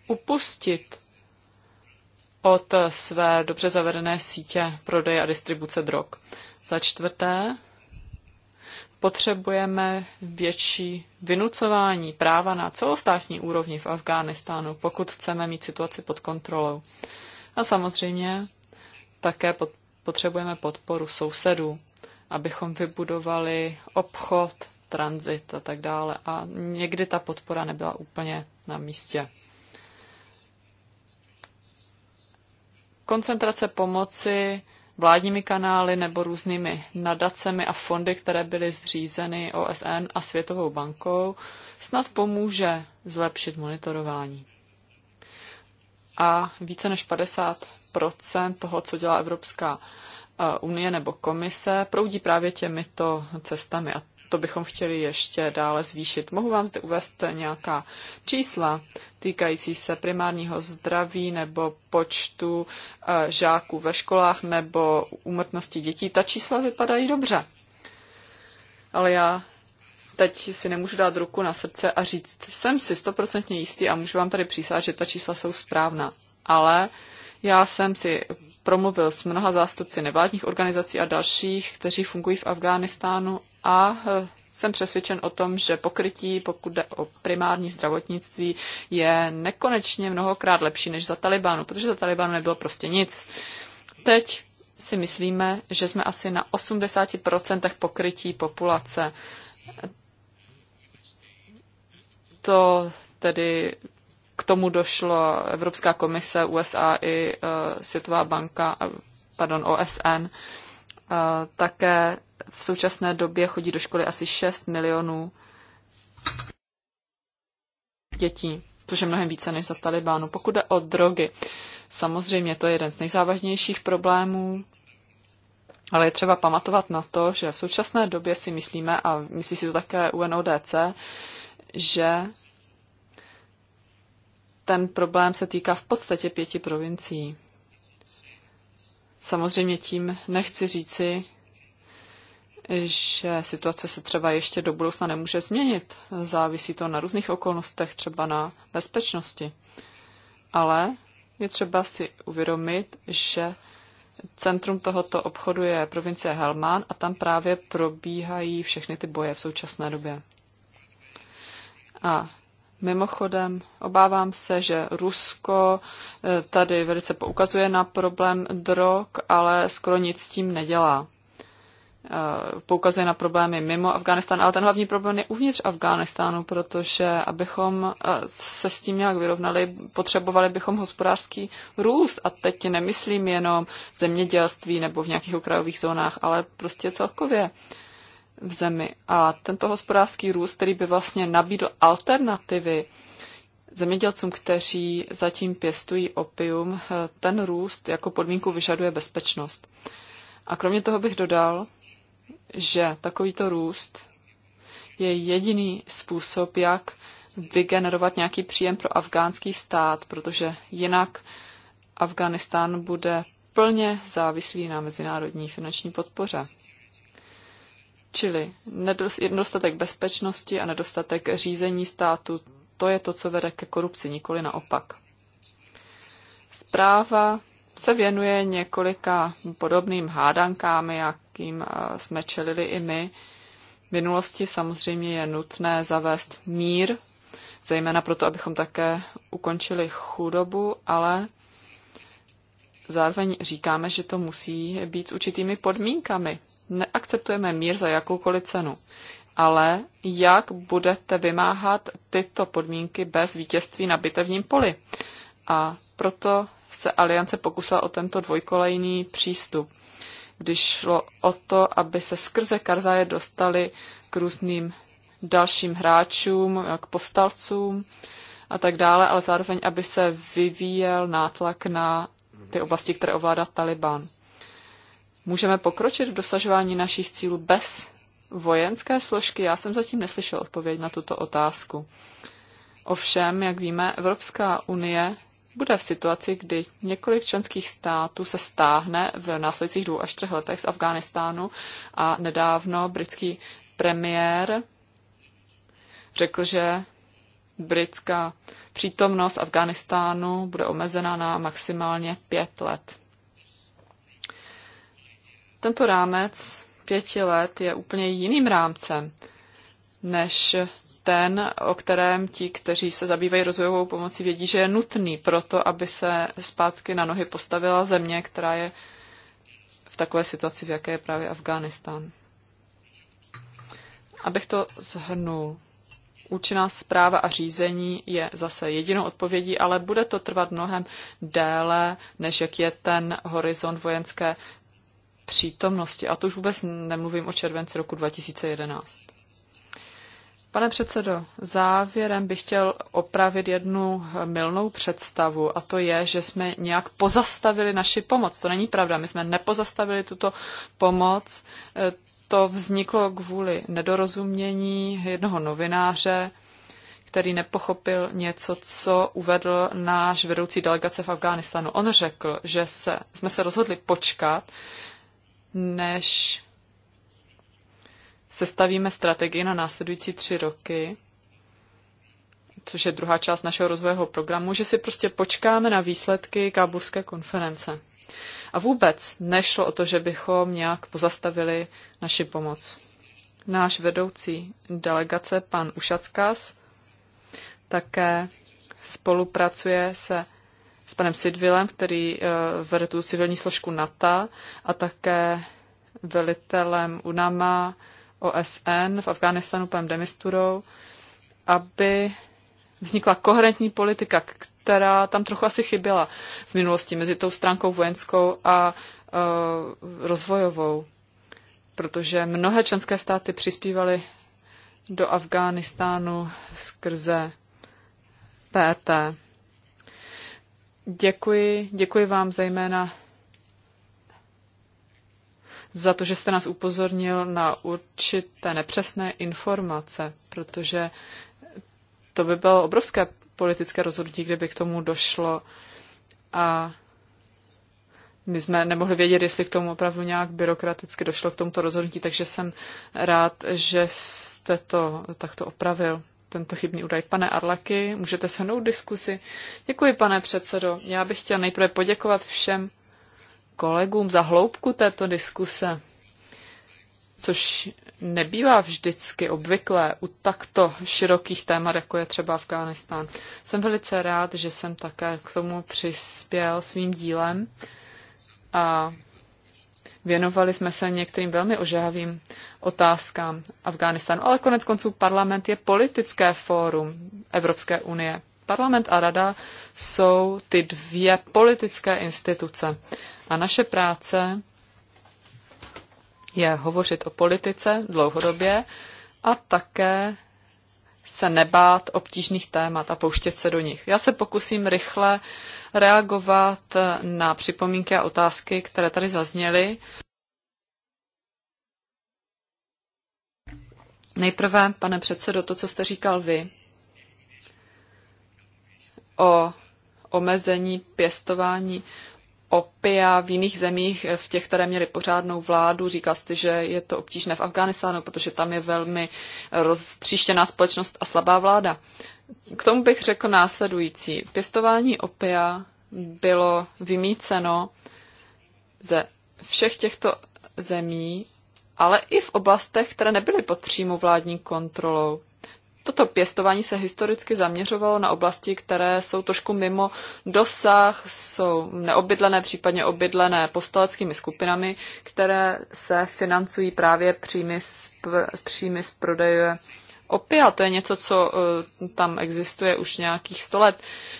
S1: upustit od své dobře zavedené sítě prodeje a distribuce drog. Za čtvrté, potřebujeme větší vynucování práva na celostátní úrovni v Afghánistánu, pokud chceme mít situaci pod kontrolou. A samozřejmě také potřebujeme podporu sousedů, abychom vybudovali obchod, tranzit a tak dále. A někdy ta podpora nebyla úplně na místě. Koncentrace pomoci vládními kanály nebo různými nadacemi a fondy, které byly zřízeny OSN a Světovou bankou, snad pomůže zlepšit monitorování. A více než 50 toho, co dělá Evropská eh, unie nebo komise, proudí právě těmito cestami. A to bychom chtěli ještě dále zvýšit. Mohu vám zde uvést nějaká čísla týkající se primárního zdraví nebo počtu eh, žáků ve školách nebo úmrtnosti dětí. Ta čísla vypadají dobře. Ale já teď si nemůžu dát ruku na srdce a říct, jsem si stoprocentně jistý a můžu vám tady přísát, že ta čísla jsou správná. Ale já jsem si promluvil s mnoha zástupci nevládních organizací a dalších, kteří fungují v Afghánistánu a e, jsem přesvědčen o tom, že pokrytí, pokud jde o primární zdravotnictví, je nekonečně mnohokrát lepší než za Talibánu, protože za Talibánu nebylo prostě nic. Teď si myslíme, že jsme asi na 80% pokrytí populace. To tedy k tomu došlo Evropská komise, USA i uh, Světová banka, pardon, OSN. Uh, e, také v současné době chodí do školy asi 6 milionů dětí, což je mnohem více než za Talibánu. Pokud jde o drogy, samozřejmě to je jeden z nejzávažnějších problémů, ale je třeba pamatovat na to, že v současné době si myslíme, a myslí si to také UNODC, že ten problém se týká v podstatě pěti provincií. Samozřejmě tím nechci říci, že situace se třeba ještě do budoucna nemůže změnit. Závisí to na různých okolnostech, třeba na bezpečnosti. Ale je třeba si uvědomit, že centrum tohoto obchodu je provincie Helmán a tam právě probíhají všechny ty boje v současné době. A Mimochodem, obávám se, že Rusko eh, tady velice poukazuje na problém drog, ale skoro nic s tím nedělá. Eh, poukazuje na problémy mimo Afghánistán, ale ten hlavní problém je uvnitř Afghánistánu, protože abychom eh, se s tím nějak vyrovnali, potřebovali bychom hospodářský růst. A teď nemyslím jenom zemědělství nebo v nějakých okrajových zónách, ale prostě celkově v zemi. A tento hospodářský růst, který by vlastně nabídl alternativy zemědělcům, kteří zatím pěstují opium, eh, ten růst jako podmínku vyžaduje bezpečnost. A kromě toho bych dodal, že takovýto růst je jediný způsob, jak vygenerovat nějaký příjem pro afgánský stát, protože jinak Afganistán bude plně závislý na mezinárodní finanční podpoře. Čili nedostatek bezpečnosti a nedostatek řízení státu, to je to, co vede ke korupci, nikoli naopak. Zpráva se věnuje několika podobným hádankám, jakým eh, jsme čelili i my. V minulosti samozřejmě je nutné zavést mír, zejména proto, abychom také ukončili chudobu, ale zároveň říkáme, že to musí být s určitými podmínkami. Neakceptujeme mír za jakoukoliv cenu. Ale jak budete vymáhat tyto podmínky bez vítězství na bitevním poli? A proto se aliance pokusila o tento dvojkolejný přístup, když šlo o to, aby se skrze Karzaje dostali k různým dalším hráčům, k povstalcům a tak dále, ale zároveň, aby se vyvíjel nátlak na ty oblasti, které ovládá Taliban. Můžeme pokročit v dosažování našich cílů bez vojenské složky? Já jsem zatím neslyšel odpověď na tuto otázku. Ovšem, jak víme, Evropská unie bude v situaci, kdy několik členských států se stáhne v následujících dvou až třech letech z Afghánistánu a nedávno britský premiér řekl, že britská přítomnost Afghánistánu bude omezena na maximálně pět let. Tento rámec pěti let je úplně jiným rámcem než ten, o kterém ti, kteří se zabývají rozvojovou pomocí, vědí, že je nutný proto, aby se zpátky na nohy postavila země, která je v takové situaci, v jaké je právě Afghánistán. Abych to zhrnul. Účinná zpráva a řízení je zase jedinou odpovědí, ale bude to trvat mnohem déle, než jak je ten horizont vojenské přítomnosti. A to už vůbec nemluvím o červenci roku 2011. Pane předsedo, závěrem bych chtěl opravit jednu milnou představu a to je, že jsme nějak pozastavili naši pomoc. To není pravda, my jsme nepozastavili tuto pomoc. To vzniklo kvůli nedorozumění jednoho novináře, který nepochopil něco, co uvedl náš vedoucí delegace v Afghánistánu. On řekl, že se, jsme se rozhodli počkat, než sestavíme strategii na následující tři roky, což je druhá část našeho rozvojového programu, že si prostě počkáme na výsledky kábulské konference. A vůbec nešlo o to, že bychom nějak pozastavili naši pomoc. Náš vedoucí delegace, pan Ušackas, také spolupracuje se s panem Sidvilem, který eh, vede tu civilní složku NATO a také velitelem UNAMA OSN v Afghánistánu panem Demisturou, aby vznikla koherentní politika, která tam trochu asi chyběla v minulosti mezi tou stránkou vojenskou a uh, rozvojovou, protože mnohé členské státy přispívaly do Afghánistánu skrze PEP. E děkuji, děkuji vám zejména za to, že jste nás upozornil na určité nepřesné informace, protože to by bylo obrovské politické rozhodnutí, kdyby k tomu došlo. A my jsme nemohli vědět, jestli k tomu opravdu nějak byrokraticky došlo k tomuto rozhodnutí, takže jsem rád, že jste to takto opravil, tento chybný údaj. Pane Arlaky, můžete se mnou diskusi. Děkuji, pane předsedo. Já bych chtěl nejprve poděkovat všem kolegům za hloubku této diskuse, což nebývá vždycky obvyklé u takto širokých témat, jako je třeba Afghánistán. Jsem velice rád, že jsem také k tomu přispěl svým dílem a věnovali jsme se některým velmi ožehavým otázkám Afghánistánu. Ale konec konců parlament je politické fórum Evropské unie. Parlament a rada jsou ty dvě politické instituce. A naše práce je hovořit o politice dlouhodobě a také se nebát obtížných témat a pouštět se do nich. Já se pokusím rychle reagovat na připomínky a otázky, které tady zazněly. Nejprve, pane předsedo, to, co jste říkal vy o omezení pěstování opia v jiných zemích, eh, v těch, které měly pořádnou vládu. Říkal jste, že je to obtížné v Afghánistánu, protože tam je velmi eh, roztříštěná společnost a slabá vláda. K tomu bych řekl následující. Pěstování opia bylo vymíceno ze všech těchto zemí, ale i v oblastech, které nebyly pod přímou vládní kontrolou. Toto pěstování se historicky zaměřovalo na oblasti, které jsou trošku mimo dosah, jsou neobydlené, případně obydlené postaleckými skupinami, které se financují právě příjmy z, příjmy z prodeje opia. To je něco, co eh, tam existuje už nějakých sto let.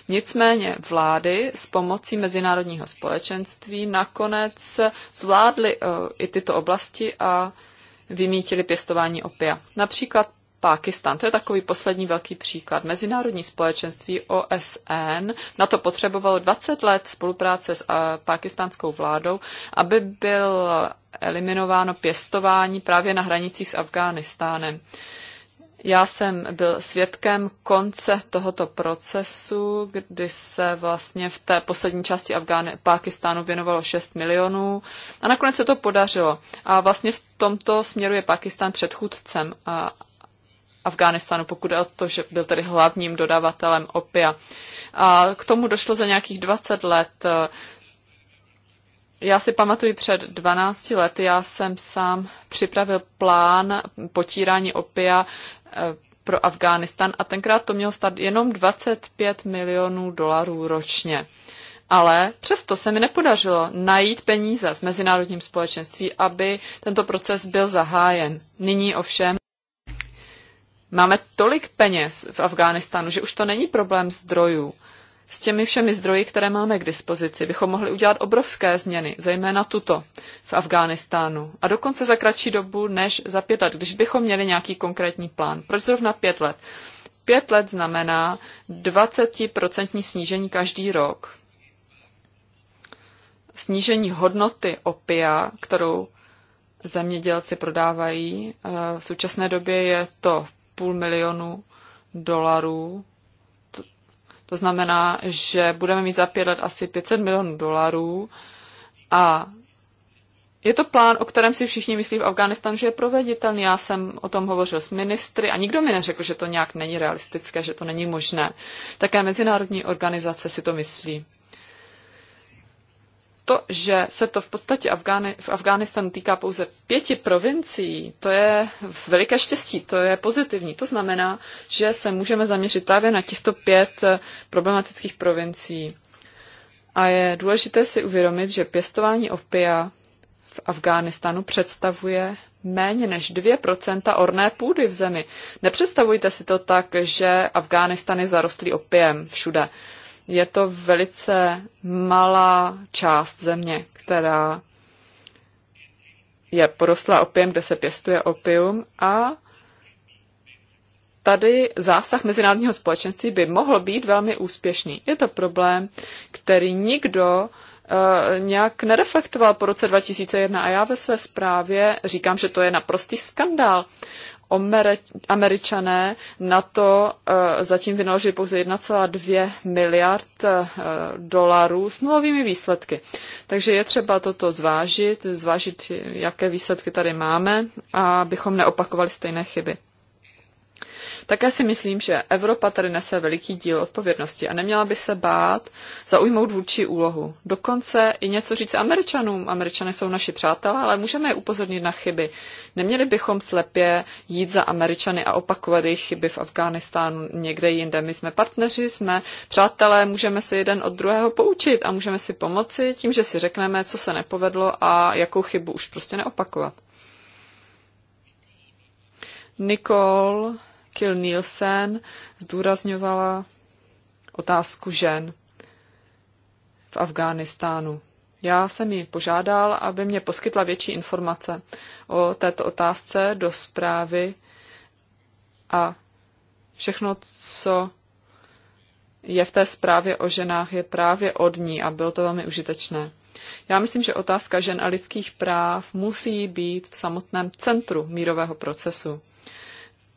S1: Nicméně vlády s pomocí mezinárodního společenství nakonec zvládly eh, i tyto oblasti a vymítili pěstování opia. Například Pákistán. To je takový poslední velký příklad. Mezinárodní společenství OSN na to potřebovalo 20 let spolupráce s eh, pákistánskou vládou, aby byl eliminováno pěstování právě na hranicích s Afghánistánem. Já jsem byl svědkem konce tohoto procesu, kdy se vlastně v té poslední části Afgány, Pákistánu věnovalo 6 milionů a nakonec se to podařilo. A vlastně v tomto směru je Pákistán předchůdcem Afghánistánu, pokud je o to, že byl tedy hlavním dodavatelem opia. A k tomu došlo za nějakých 20 let. Já si pamatuju před 12 lety, já jsem sám připravil plán potírání opia eh, pro Afghánistán a tenkrát to mělo stát jenom 25 milionů dolarů ročně. Ale přesto se mi nepodařilo najít peníze v mezinárodním společenství, aby tento proces byl zahájen. Nyní ovšem Máme tolik peněz v Afghánistánu, že už to není problém zdrojů. S těmi všemi zdroji, které máme k dispozici, bychom mohli udělat obrovské změny, zejména tuto v Afghánistánu. A dokonce za kratší dobu než za pět let, když bychom měli nějaký konkrétní plán. Proč zrovna pět let? Pět let znamená 20% snížení každý rok. Snížení hodnoty opia, kterou zemědělci prodávají. Eh, v současné době je to půl milionu dolarů. To, to znamená, že budeme mít za pět let asi 500 milionů dolarů a je to plán, o kterém si všichni myslí v Afghánistánu, že je proveditelný. Já jsem o tom hovořil s ministry a nikdo mi neřekl, že to nějak není realistické, že to není možné. Také mezinárodní organizace si to myslí to, že se to v podstatě Afgány, v Afghánistánu týká pouze pěti provincií, to je veliké štěstí, to je pozitivní. To znamená, že se můžeme zaměřit právě na těchto pět eh, problematických provincií. A je důležité si uvědomit, že pěstování opia v Afghánistánu představuje méně než 2% orné půdy v zemi. Nepředstavujte si to tak, že Afghánistán je zarostlý opiem všude je to velice malá část země, která je porostlá opium, kde se pěstuje opium a tady zásah mezinárodního společenství by mohl být velmi úspěšný. Je to problém, který nikdo eh, nějak nereflektoval po roce 2001 a já ve své zprávě říkám, že to je naprostý skandál američané na to eh, zatím vynaložili pouze 1,2 miliard eh, dolarů s nulovými výsledky. Takže je třeba toto zvážit, zvážit, jaké výsledky tady máme, abychom neopakovali stejné chyby. Také si myslím, že Evropa tady nese veliký díl odpovědnosti a neměla by se bát zaujmout vůči úlohu. Dokonce i něco říct Američanům. Američané jsou naši přátelé, ale můžeme je upozornit na chyby. Neměli bychom slepě jít za Američany a opakovat jejich chyby v Afghánistánu někde jinde. My jsme partneři, jsme přátelé, můžeme se jeden od druhého poučit a můžeme si pomoci tím, že si řekneme, co se nepovedlo a jakou chybu už prostě neopakovat. Nicole. Kill Nielsen zdůrazňovala otázku žen v Afghánistánu. Já jsem ji požádal, aby mě poskytla větší informace o této otázce do zprávy a všechno, co je v té zprávě o ženách, je právě od ní a bylo to velmi užitečné. Já myslím, že otázka žen a lidských práv musí být v samotném centru mírového procesu.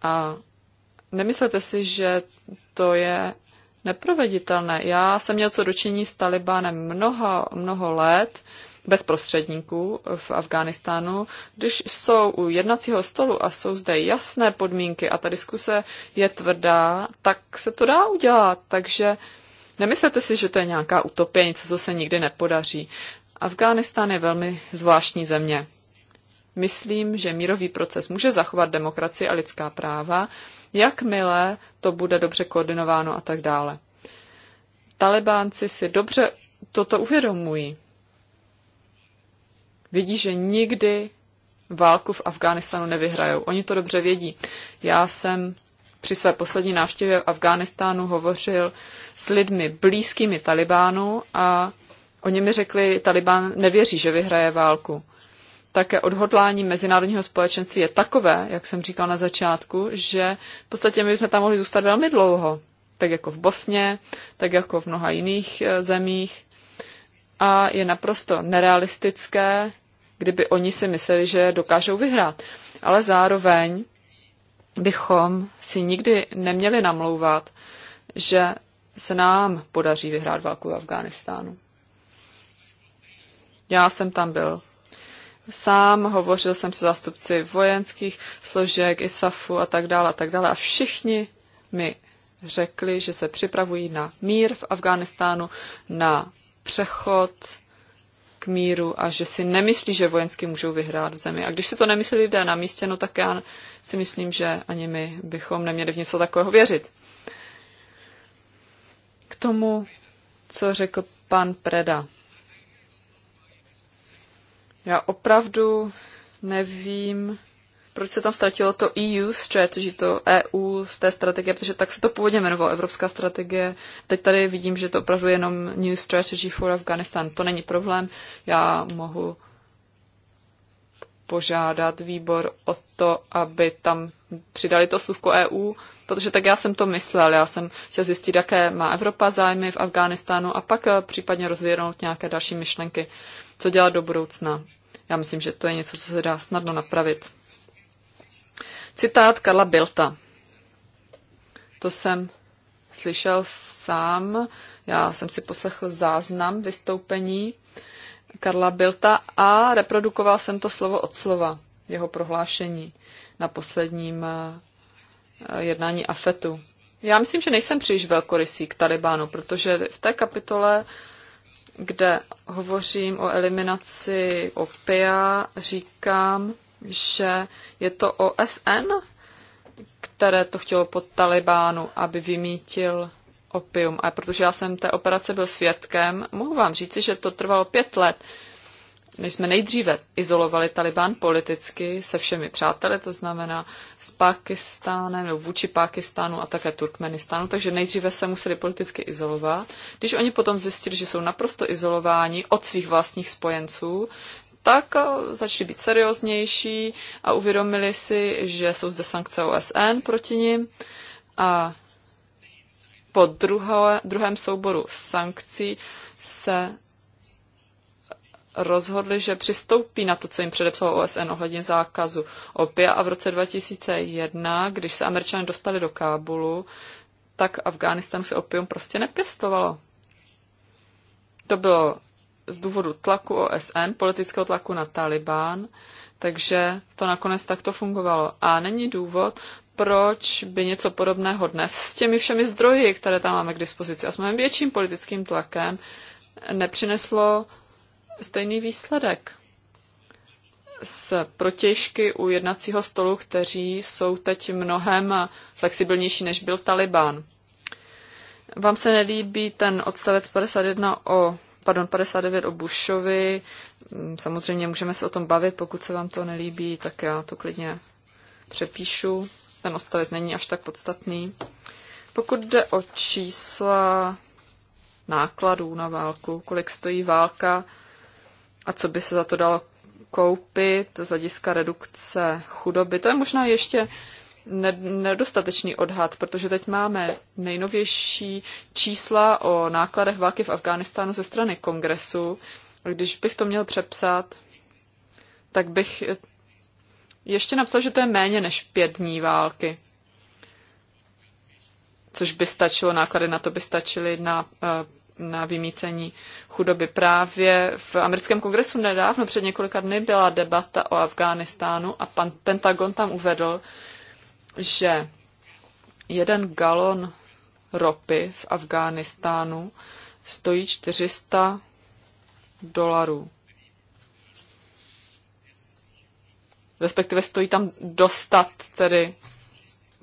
S1: A nemyslete si, že to je neproveditelné. Já jsem měl co dočení s Talibánem mnoho, mnoho let, bez prostředníků v Afghánistánu. Když jsou u jednacího stolu a jsou zde jasné podmínky a ta diskuse je tvrdá, tak se to dá udělat. Takže nemyslete si, že to je nějaká utopie, něco, co se nikdy nepodaří. Afghánistán je velmi zvláštní země myslím, že mírový proces může zachovat demokracii a lidská práva, jakmile to bude dobře koordinováno a tak dále. Talibánci si dobře toto uvědomují. Vidí, že nikdy válku v Afghánistánu nevyhrajou. Oni to dobře vědí. Já jsem při své poslední návštěvě v Afghánistánu hovořil s lidmi blízkými Talibánu a oni mi řekli, Talibán nevěří, že vyhraje válku také odhodlání mezinárodního společenství je takové, jak jsem říkal na začátku, že v podstatě my jsme tam mohli zůstat velmi dlouho, tak jako v Bosně, tak jako v mnoha jiných eh, zemích. A je naprosto nerealistické, kdyby oni si mysleli, že dokážou vyhrát. Ale zároveň bychom si nikdy neměli namlouvat, že se nám podaří vyhrát válku v Afghánistánu. Já jsem tam byl sám, hovořil jsem se zástupci vojenských složek, ISAFu a tak dále a tak dále a všichni mi řekli, že se připravují na mír v Afghánistánu, na přechod k míru a že si nemyslí, že vojensky můžou vyhrát v zemi. A když si to nemyslí lidé na místě, no tak já si myslím, že ani my bychom neměli v něco takového věřit. K tomu, co řekl pan Preda. Já opravdu nevím, proč se tam ztratilo to EU strategy, to EU z té strategie, protože tak se to původně jmenovalo, Evropská strategie. Teď tady vidím, že to opravdu je jenom New Strategy for Afghanistan. To není problém, já mohu požádat výbor o to, aby tam přidali to slůvko EU, protože tak já jsem to myslel. Já jsem chtěl zjistit, jaké má Evropa zájmy v Afghánistánu a pak eh, případně rozvěrnout nějaké další myšlenky co dělat do budoucna. Já myslím, že to je něco, co se dá snadno napravit. Citát Karla Bilta. To jsem slyšel sám. Já jsem si poslechl záznam vystoupení Karla Bilta a reprodukoval jsem to slovo od slova, jeho prohlášení na posledním eh, jednání AFETu. Já myslím, že nejsem příliš velkorysý k Talibánu, protože v té kapitole kde hovořím o eliminaci opia, říkám, že je to OSN, které to chtělo pod Talibánu, aby vymítil opium. A protože já jsem té operace byl svědkem, mohu vám říci, že to trvalo pět let, my jsme nejdříve izolovali Taliban politicky se všemi přáteli, to znamená s Pakistánem, nebo vůči Pakistánu a také Turkmenistánu, takže nejdříve se museli politicky izolovat. Když oni potom zjistili, že jsou naprosto izolováni od svých vlastních spojenců, tak eh, začali být serióznější a uvědomili si, že jsou zde sankce OSN proti nim a po druhé, druhém souboru sankcí se rozhodli, že přistoupí na to, co jim předepsalo OSN ohledně zákazu opia a v roce 2001, když se američané dostali do Kábulu, tak Afghánistán se opium prostě nepěstovalo. To bylo z důvodu tlaku OSN, politického tlaku na Taliban, takže to nakonec takto fungovalo. A není důvod, proč by něco podobného dnes s těmi všemi zdroji, které tam máme k dispozici a s mnohem větším politickým tlakem, nepřineslo stejný výsledek s protěžky u jednacího stolu, kteří jsou teď mnohem flexibilnější, než byl Taliban. Vám se nelíbí ten odstavec 51 o, pardon, 59 o Bushovi. Mm, samozřejmě můžeme se o tom bavit, pokud se vám to nelíbí, tak já to klidně přepíšu. Ten odstavec není až tak podstatný. Pokud jde o čísla nákladů na válku, kolik stojí válka, a co by se za to dalo koupit z hlediska redukce chudoby. To je možná ještě nedostatečný odhad, protože teď máme nejnovější čísla o nákladech války v Afghánistánu ze strany kongresu. Když bych to měl přepsat, tak bych ještě napsal, že to je méně než pět dní války. Což by stačilo, náklady na to by stačily na eh, na vymícení chudoby. Právě v americkém kongresu nedávno, před několika dny, byla debata o Afghánistánu a pan Pentagon tam uvedl, že jeden galon ropy v Afghánistánu stojí 400 dolarů. Respektive stojí tam dostat tedy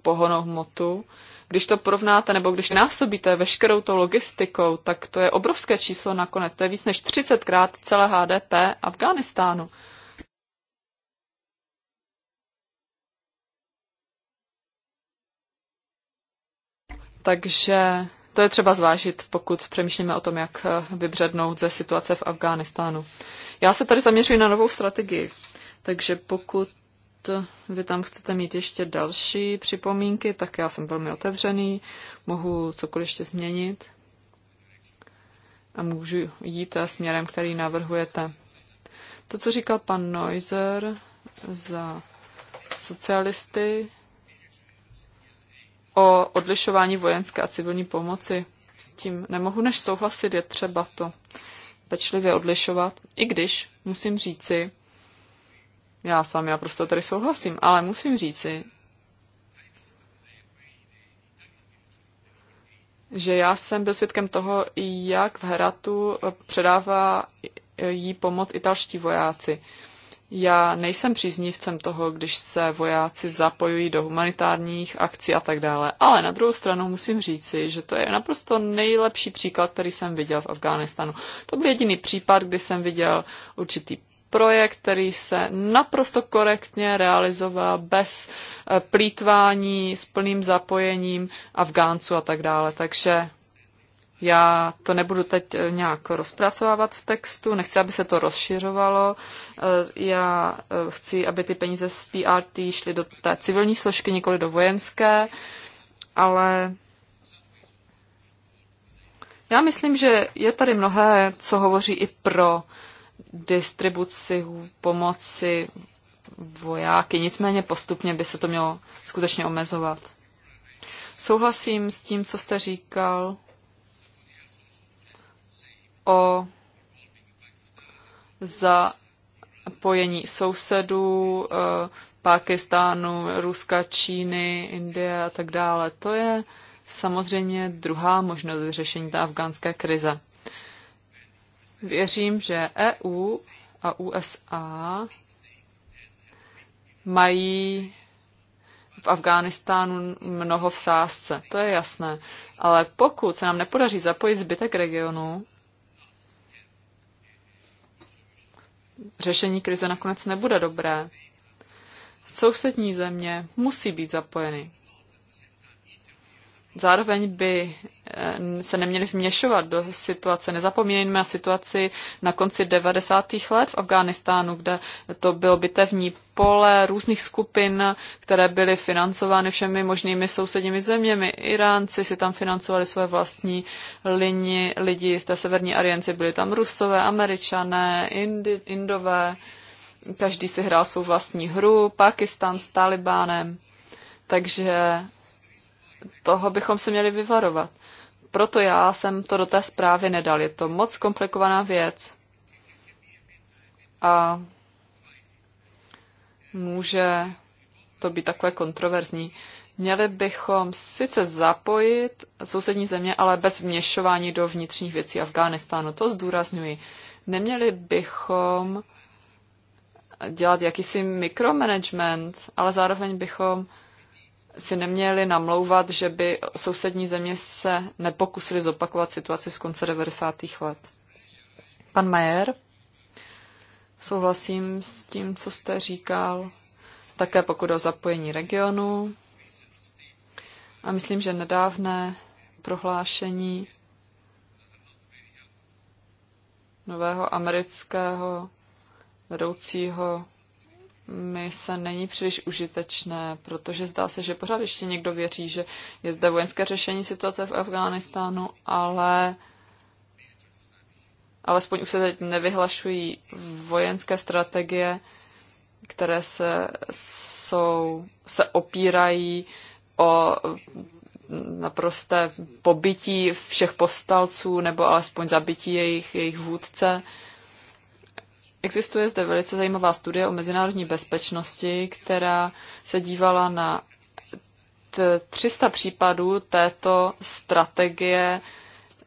S1: pohonou hmotu, když to porovnáte nebo když násobíte veškerou tou logistikou, tak to je obrovské číslo nakonec. To je víc než 30 krát celé HDP Afganistánu. Takže to je třeba zvážit, pokud přemýšlíme o tom, jak eh, vybřednout ze situace v Afghánistánu. Já se tady zaměřuji na novou strategii. Takže pokud vy tam chcete mít ještě další připomínky, tak já jsem velmi otevřený, mohu cokoliv ještě změnit a můžu jít eh, směrem, který navrhujete. To, co říkal pan Neuser za socialisty o odlišování vojenské a civilní pomoci, s tím nemohu než souhlasit, je třeba to pečlivě odlišovat, i když musím říci, já s vámi naprosto tady souhlasím, ale musím říci, že já jsem byl svědkem toho, jak v Heratu předává jí pomoc italští vojáci. Já nejsem příznivcem toho, když se vojáci zapojují do humanitárních akcí a tak dále, ale na druhou stranu musím říci, že to je naprosto nejlepší příklad, který jsem viděl v Afghánistánu. To byl jediný případ, kdy jsem viděl určitý projekt, který se naprosto korektně realizoval bez eh, plítvání, s plným zapojením Afgánců a tak dále. Takže já to nebudu teď eh, nějak rozpracovávat v textu, nechci, aby se to rozšiřovalo. Eh, já chci, aby ty peníze z PRT šly do té civilní složky, nikoli do vojenské, ale já myslím, že je tady mnohé, co hovoří i pro distribuci pomoci vojáky. Nicméně postupně by se to mělo skutečně omezovat. Souhlasím s tím, co jste říkal o zapojení sousedů, eh, Pákistánu, Ruska, Číny, Indie a tak dále. To je samozřejmě druhá možnost vyřešení té afgánské krize. Věřím, že EU a USA mají v Afghánistánu mnoho v sázce, to je jasné. Ale pokud se nám nepodaří zapojit zbytek regionu, řešení krize nakonec nebude dobré. Sousední země musí být zapojeny. Zároveň by eh, se neměli vměšovat do situace. Nezapomínejme na situaci na konci 90. let v Afghánistánu, kde to bylo bitevní pole různých skupin, které byly financovány všemi možnými sousedními zeměmi. Iránci si tam financovali své vlastní lini, lidi z té severní aliance, byli tam rusové, američané, indi, indové, každý si hrál svou vlastní hru, Pakistan s Talibánem. Takže toho bychom se měli vyvarovat. Proto já jsem to do té zprávy nedal. Je to moc komplikovaná věc a může to být takové kontroverzní. Měli bychom sice zapojit sousední země, ale bez vměšování do vnitřních věcí Afghánistánu. To zdůrazňuji. Neměli bychom dělat jakýsi mikromanagement, ale zároveň bychom si neměli namlouvat, že by sousední země se nepokusili zopakovat situaci z konce 90. let. Pan Majer, souhlasím s tím, co jste říkal, také pokud o zapojení regionu. A myslím, že nedávné prohlášení nového amerického vedoucího mise není příliš užitečné, protože zdá se, že pořád ještě někdo věří, že je zde vojenské řešení situace v Afghánistánu, ale alespoň už se teď nevyhlašují vojenské strategie, které se, jsou, se opírají o naprosté pobytí všech povstalců nebo alespoň zabití jejich, jejich vůdce. Existuje zde velice zajímavá studie o mezinárodní bezpečnosti, která se dívala na 300 případů této strategie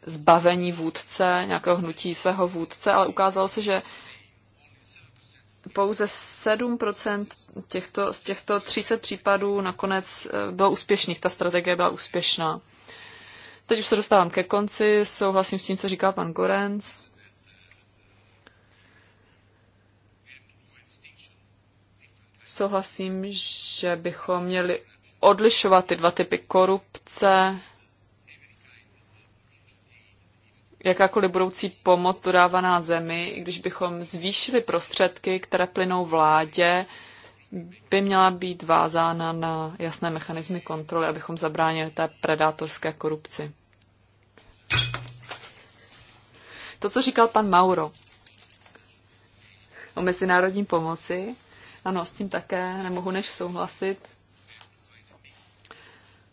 S1: zbavení vůdce, nějakého hnutí svého vůdce, ale ukázalo se, že pouze 7% těchto, z těchto 30 případů nakonec eh, bylo úspěšných, ta strategie byla úspěšná. Teď už se dostávám ke konci, souhlasím s tím, co říká pan Gorenc. souhlasím, že bychom měli odlišovat ty dva typy korupce. Jakákoliv budoucí pomoc dodávaná zemi, i když bychom zvýšili prostředky, které plynou vládě, by měla být vázána na jasné mechanismy kontroly, abychom zabránili té predátorské korupci. To, co říkal pan Mauro o mezinárodní pomoci, ano, s tím také nemohu než souhlasit.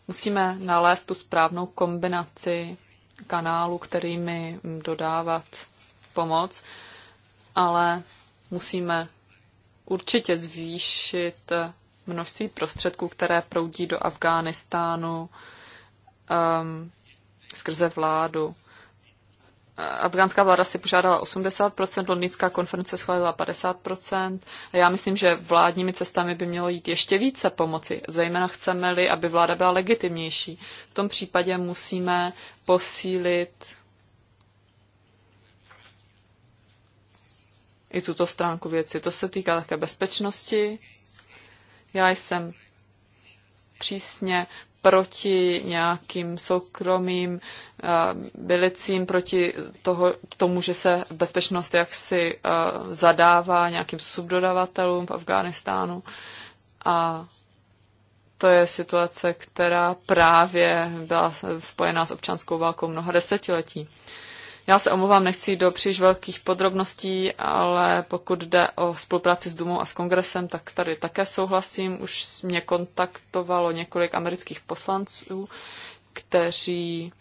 S1: Musíme nalézt tu správnou kombinaci kanálu, kterými dodávat pomoc, ale musíme určitě zvýšit množství prostředků, které proudí do Afghánistánu um, skrze vládu afgánská vláda si požádala 80%, londýnská konference schválila 50%. A já myslím, že vládními cestami by mělo jít ještě více pomoci, zejména chceme-li, aby vláda byla legitimnější. V tom případě musíme posílit i tuto stránku věci. To se týká také bezpečnosti. Já jsem přísně proti nějakým soukromým eh, bylicím, proti toho, tomu, že se bezpečnost jaksi eh, zadává nějakým subdodavatelům v Afghánistánu. A to je situace, která právě byla spojená s občanskou válkou mnoha desetiletí. Já se omluvám, nechci do příliš velkých podrobností, ale pokud jde o spolupráci s Dumou a s kongresem, tak tady také souhlasím. Už mě kontaktovalo několik amerických poslanců, kteří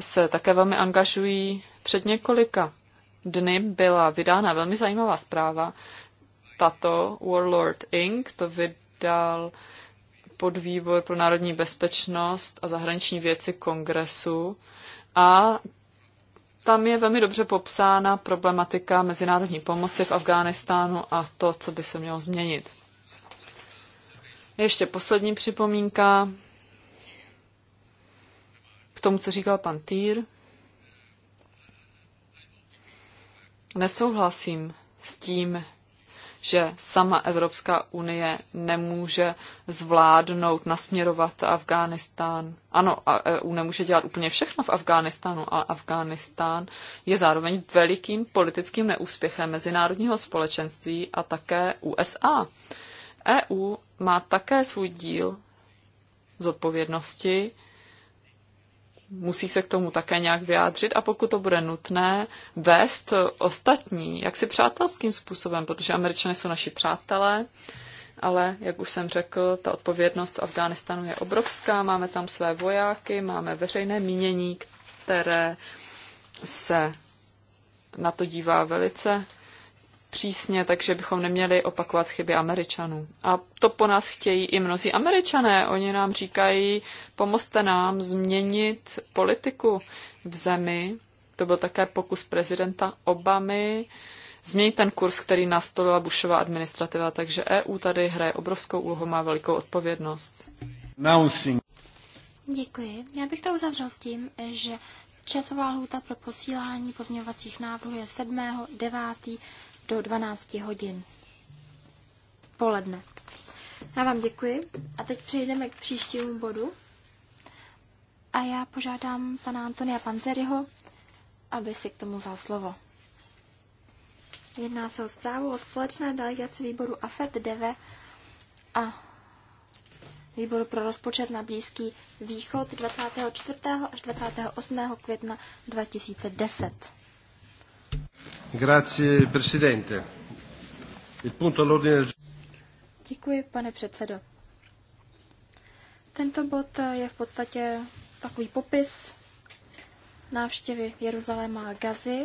S1: se také velmi angažují. Před několika dny byla vydána velmi zajímavá zpráva. Tato Warlord Inc. to vydal podvýbor pro národní bezpečnost a zahraniční věci kongresu a tam je velmi dobře popsána problematika mezinárodní pomoci v Afghánistánu a to, co by se mělo změnit. Ještě poslední připomínka k tomu, co říkal pan Týr. Nesouhlasím s tím, že sama Evropská unie nemůže zvládnout, nasměrovat Afghánistán. Ano, EU nemůže dělat úplně všechno v Afghánistánu, ale Afghánistán je zároveň velikým politickým neúspěchem mezinárodního společenství a také USA. EU má také svůj díl zodpovědnosti musí se k tomu také nějak vyjádřit a pokud to bude nutné, vést ostatní jak si přátelským způsobem, protože američané jsou naši přátelé, ale jak už jsem řekl, ta odpovědnost Afghánistánu je obrovská, máme tam své vojáky, máme veřejné mínění, které se na to dívá velice přísně, takže bychom neměli opakovat chyby Američanů. A to po nás chtějí i mnozí Američané. Oni nám říkají, pomozte nám změnit politiku v zemi. To byl také pokus prezidenta Obamy změnit ten kurz, který nastolila Bushova administrativa. Takže EU tady hraje obrovskou úlohu, má velikou odpovědnost.
S3: Děkuji. Já bych to uzavřel s tím, že časová lhůta pro posílání pozměňovacích návrhů je 7. 9 do 12 hodin poledne. Já vám děkuji a teď přejdeme k příštímu bodu. A já požádám pana Antonia Panzeriho, aby si k tomu vzal slovo. Jedná se o zprávu o společné delegaci výboru AFET, DEVE a výboru pro rozpočet na Blízký východ 24. až 28. května 2010. Děkuji, pane předsedo. Tento bod je v podstatě takový popis návštěvy Jeruzaléma a Gazy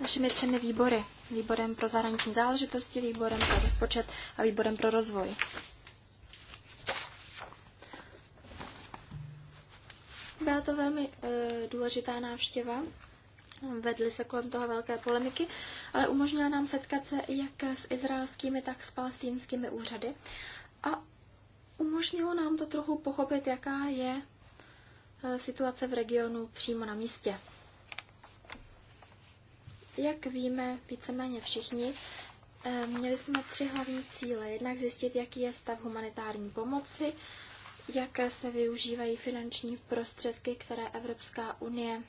S3: našimi třemi výbory. Výborem pro zahraniční záležitosti, výborem pro rozpočet a výborem pro rozvoj. Byla to velmi e, důležitá návštěva. Vedly se kolem toho velké polemiky, ale umožnila nám setkat se jak s izraelskými, tak s palestinskými úřady. A umožnilo nám to trochu pochopit, jaká je eh, situace v regionu přímo na místě. Jak víme víceméně všichni, eh, měli jsme tři hlavní cíle. Jednak zjistit, jaký je stav humanitární pomoci, jak se využívají finanční prostředky, které Evropská unie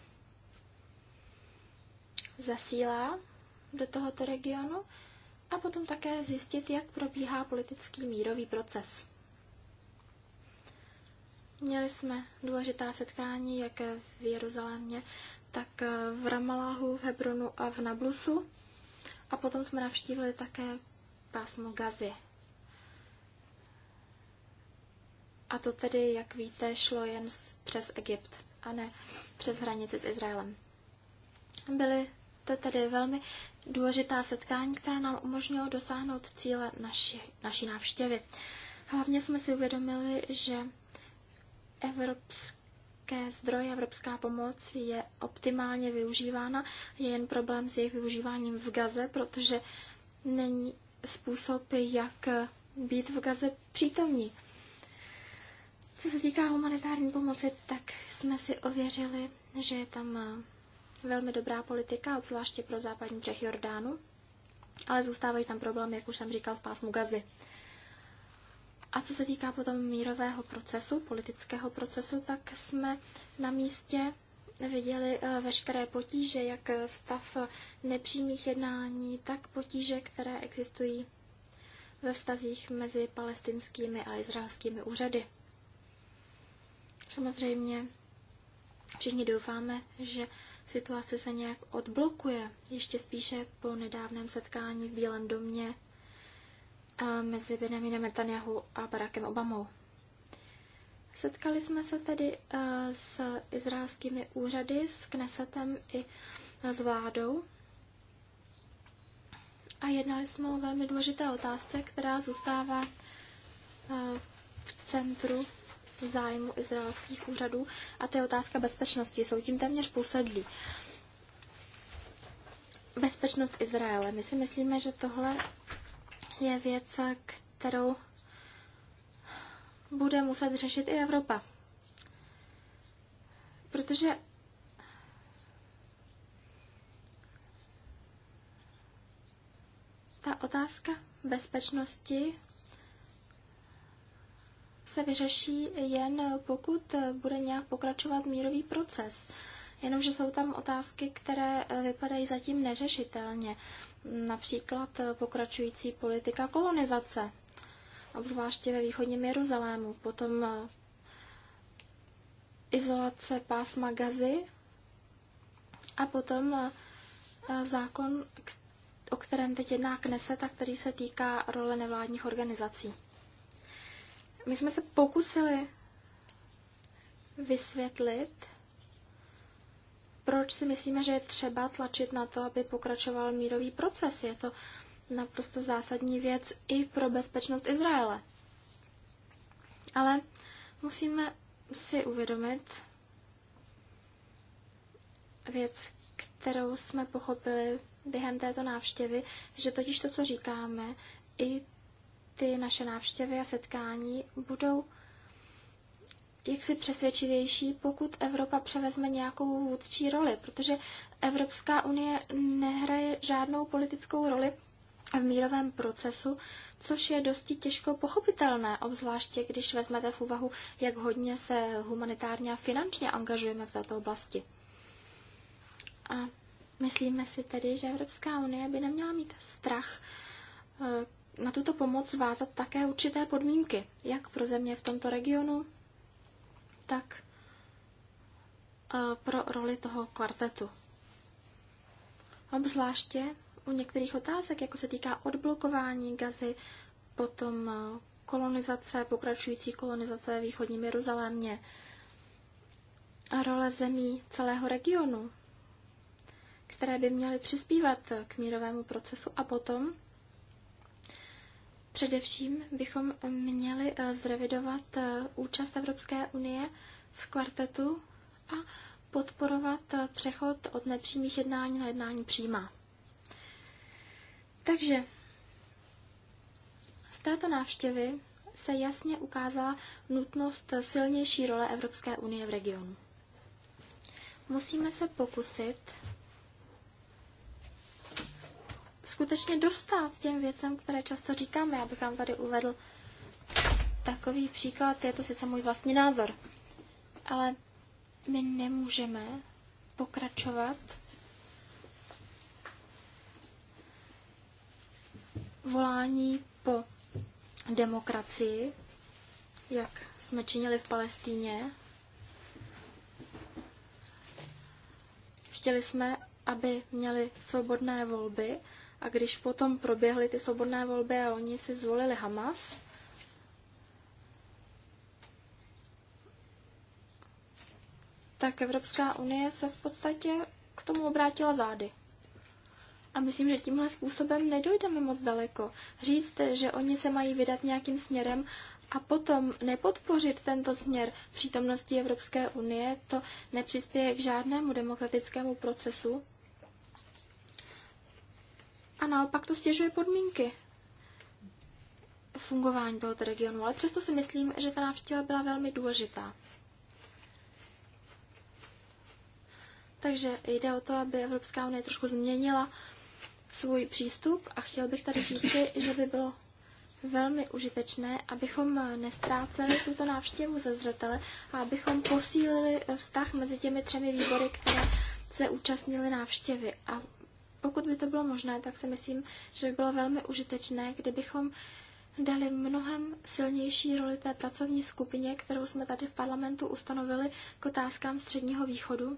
S3: zasílá do tohoto regionu a potom také zjistit, jak probíhá politický mírový proces. Měli jsme důležitá setkání jak v Jeruzalémě, tak v Ramaláhu, v Hebronu a v Nablusu. A potom jsme navštívili také pásmo Gazy. A to tedy, jak víte, šlo jen přes Egypt a ne přes hranici s Izraelem. Byly to tedy velmi důležitá setkání, která nám umožnilo dosáhnout cíle naši, naší návštěvy. Hlavně jsme si uvědomili, že evropské zdroje, evropská pomoc je optimálně využívána. Je jen problém s jejich využíváním v Gaze, protože není způsob, jak být v Gaze přítomní. Co se týká humanitární pomoci, tak jsme si ověřili, že je tam eh, velmi dobrá politika, obzvláště pro západní břeh Jordánu, ale zůstávají tam problémy, jak už jsem říkal, v pásmu Gazy. A co se týká potom mírového procesu, politického procesu, tak jsme na místě viděli eh, veškeré potíže, jak stav nepřímých jednání, tak potíže, které existují ve vztazích mezi palestinskými a izraelskými úřady. Samozřejmě všichni doufáme, že situace se nějak odblokuje. Ještě spíše po nedávném setkání v Bílém domě eh, mezi Benjaminem Netanyahu a Barackem Obamou. Setkali jsme se tedy eh, s izraelskými úřady, s Knesetem i s vládou a jednali jsme o velmi důležité otázce, která zůstává eh, v centru zájmu izraelských úřadů a to je otázka bezpečnosti. Jsou tím téměř půsedlí. Bezpečnost Izraele. My si myslíme, že tohle je věc, kterou bude muset řešit i Evropa. Protože ta otázka bezpečnosti se vyřeší jen pokud bude nějak pokračovat mírový proces. Jenomže jsou tam otázky, které vypadají zatím neřešitelně. Například pokračující politika kolonizace, obzvláště ve východním Jeruzalému. Potom izolace pásma Gazy a potom zákon, o kterém teď jedná Kneset a který se týká role nevládních organizací. My jsme se pokusili vysvětlit, proč si myslíme, že je třeba tlačit na to, aby pokračoval mírový proces. Je to naprosto zásadní věc i pro bezpečnost Izraele. Ale musíme si uvědomit věc, kterou jsme pochopili během této návštěvy, že totiž to, co říkáme, i ty naše návštěvy a setkání budou jaksi přesvědčivější, pokud Evropa převezme nějakou vůdčí roli, protože Evropská unie nehraje žádnou politickou roli v mírovém procesu, což je dosti těžko pochopitelné, obzvláště když vezmete v úvahu, jak hodně se humanitárně a finančně angažujeme v této oblasti. A myslíme si tedy, že Evropská unie by neměla mít strach eh, na tuto pomoc vázat také určité podmínky, jak pro země v tomto regionu, tak e, pro roli toho kvartetu. Obzvláště u některých otázek, jako se týká odblokování gazy, potom e, kolonizace, pokračující kolonizace východním Jeruzalémě, a role zemí celého regionu, které by měly přispívat k mírovému procesu a potom Především bychom měli eh, zrevidovat eh, účast Evropské unie v kvartetu a podporovat eh, přechod od nepřímých jednání na jednání přímá. Takže z této návštěvy se jasně ukázala nutnost silnější role Evropské unie v regionu. Musíme se pokusit skutečně dostat těm věcem, které často říkáme. Já bych vám tady uvedl takový příklad, je to sice můj vlastní názor, ale my nemůžeme pokračovat volání po demokracii, jak jsme činili v Palestíně. Chtěli jsme, aby měli svobodné volby a když potom proběhly ty svobodné volby a oni si zvolili Hamas, tak Evropská unie se v podstatě k tomu obrátila zády. A myslím, že tímhle způsobem nedojdeme moc daleko. Říct, že oni se mají vydat nějakým směrem a potom nepodpořit tento směr přítomnosti Evropské unie, to nepřispěje k žádnému demokratickému procesu, a naopak to stěžuje podmínky fungování tohoto regionu, ale přesto si myslím, že ta návštěva byla velmi důležitá. Takže jde o to, aby Evropská unie trošku změnila svůj přístup a chtěl bych tady říci, že by bylo velmi užitečné, abychom nestráceli tuto návštěvu ze zřetele a abychom posílili vztah mezi těmi třemi výbory, které se účastnili návštěvy. A pokud by to bylo možné, tak si myslím, že by bylo velmi užitečné, kdybychom dali mnohem silnější roli té pracovní skupině, kterou jsme tady v parlamentu ustanovili k otázkám Středního východu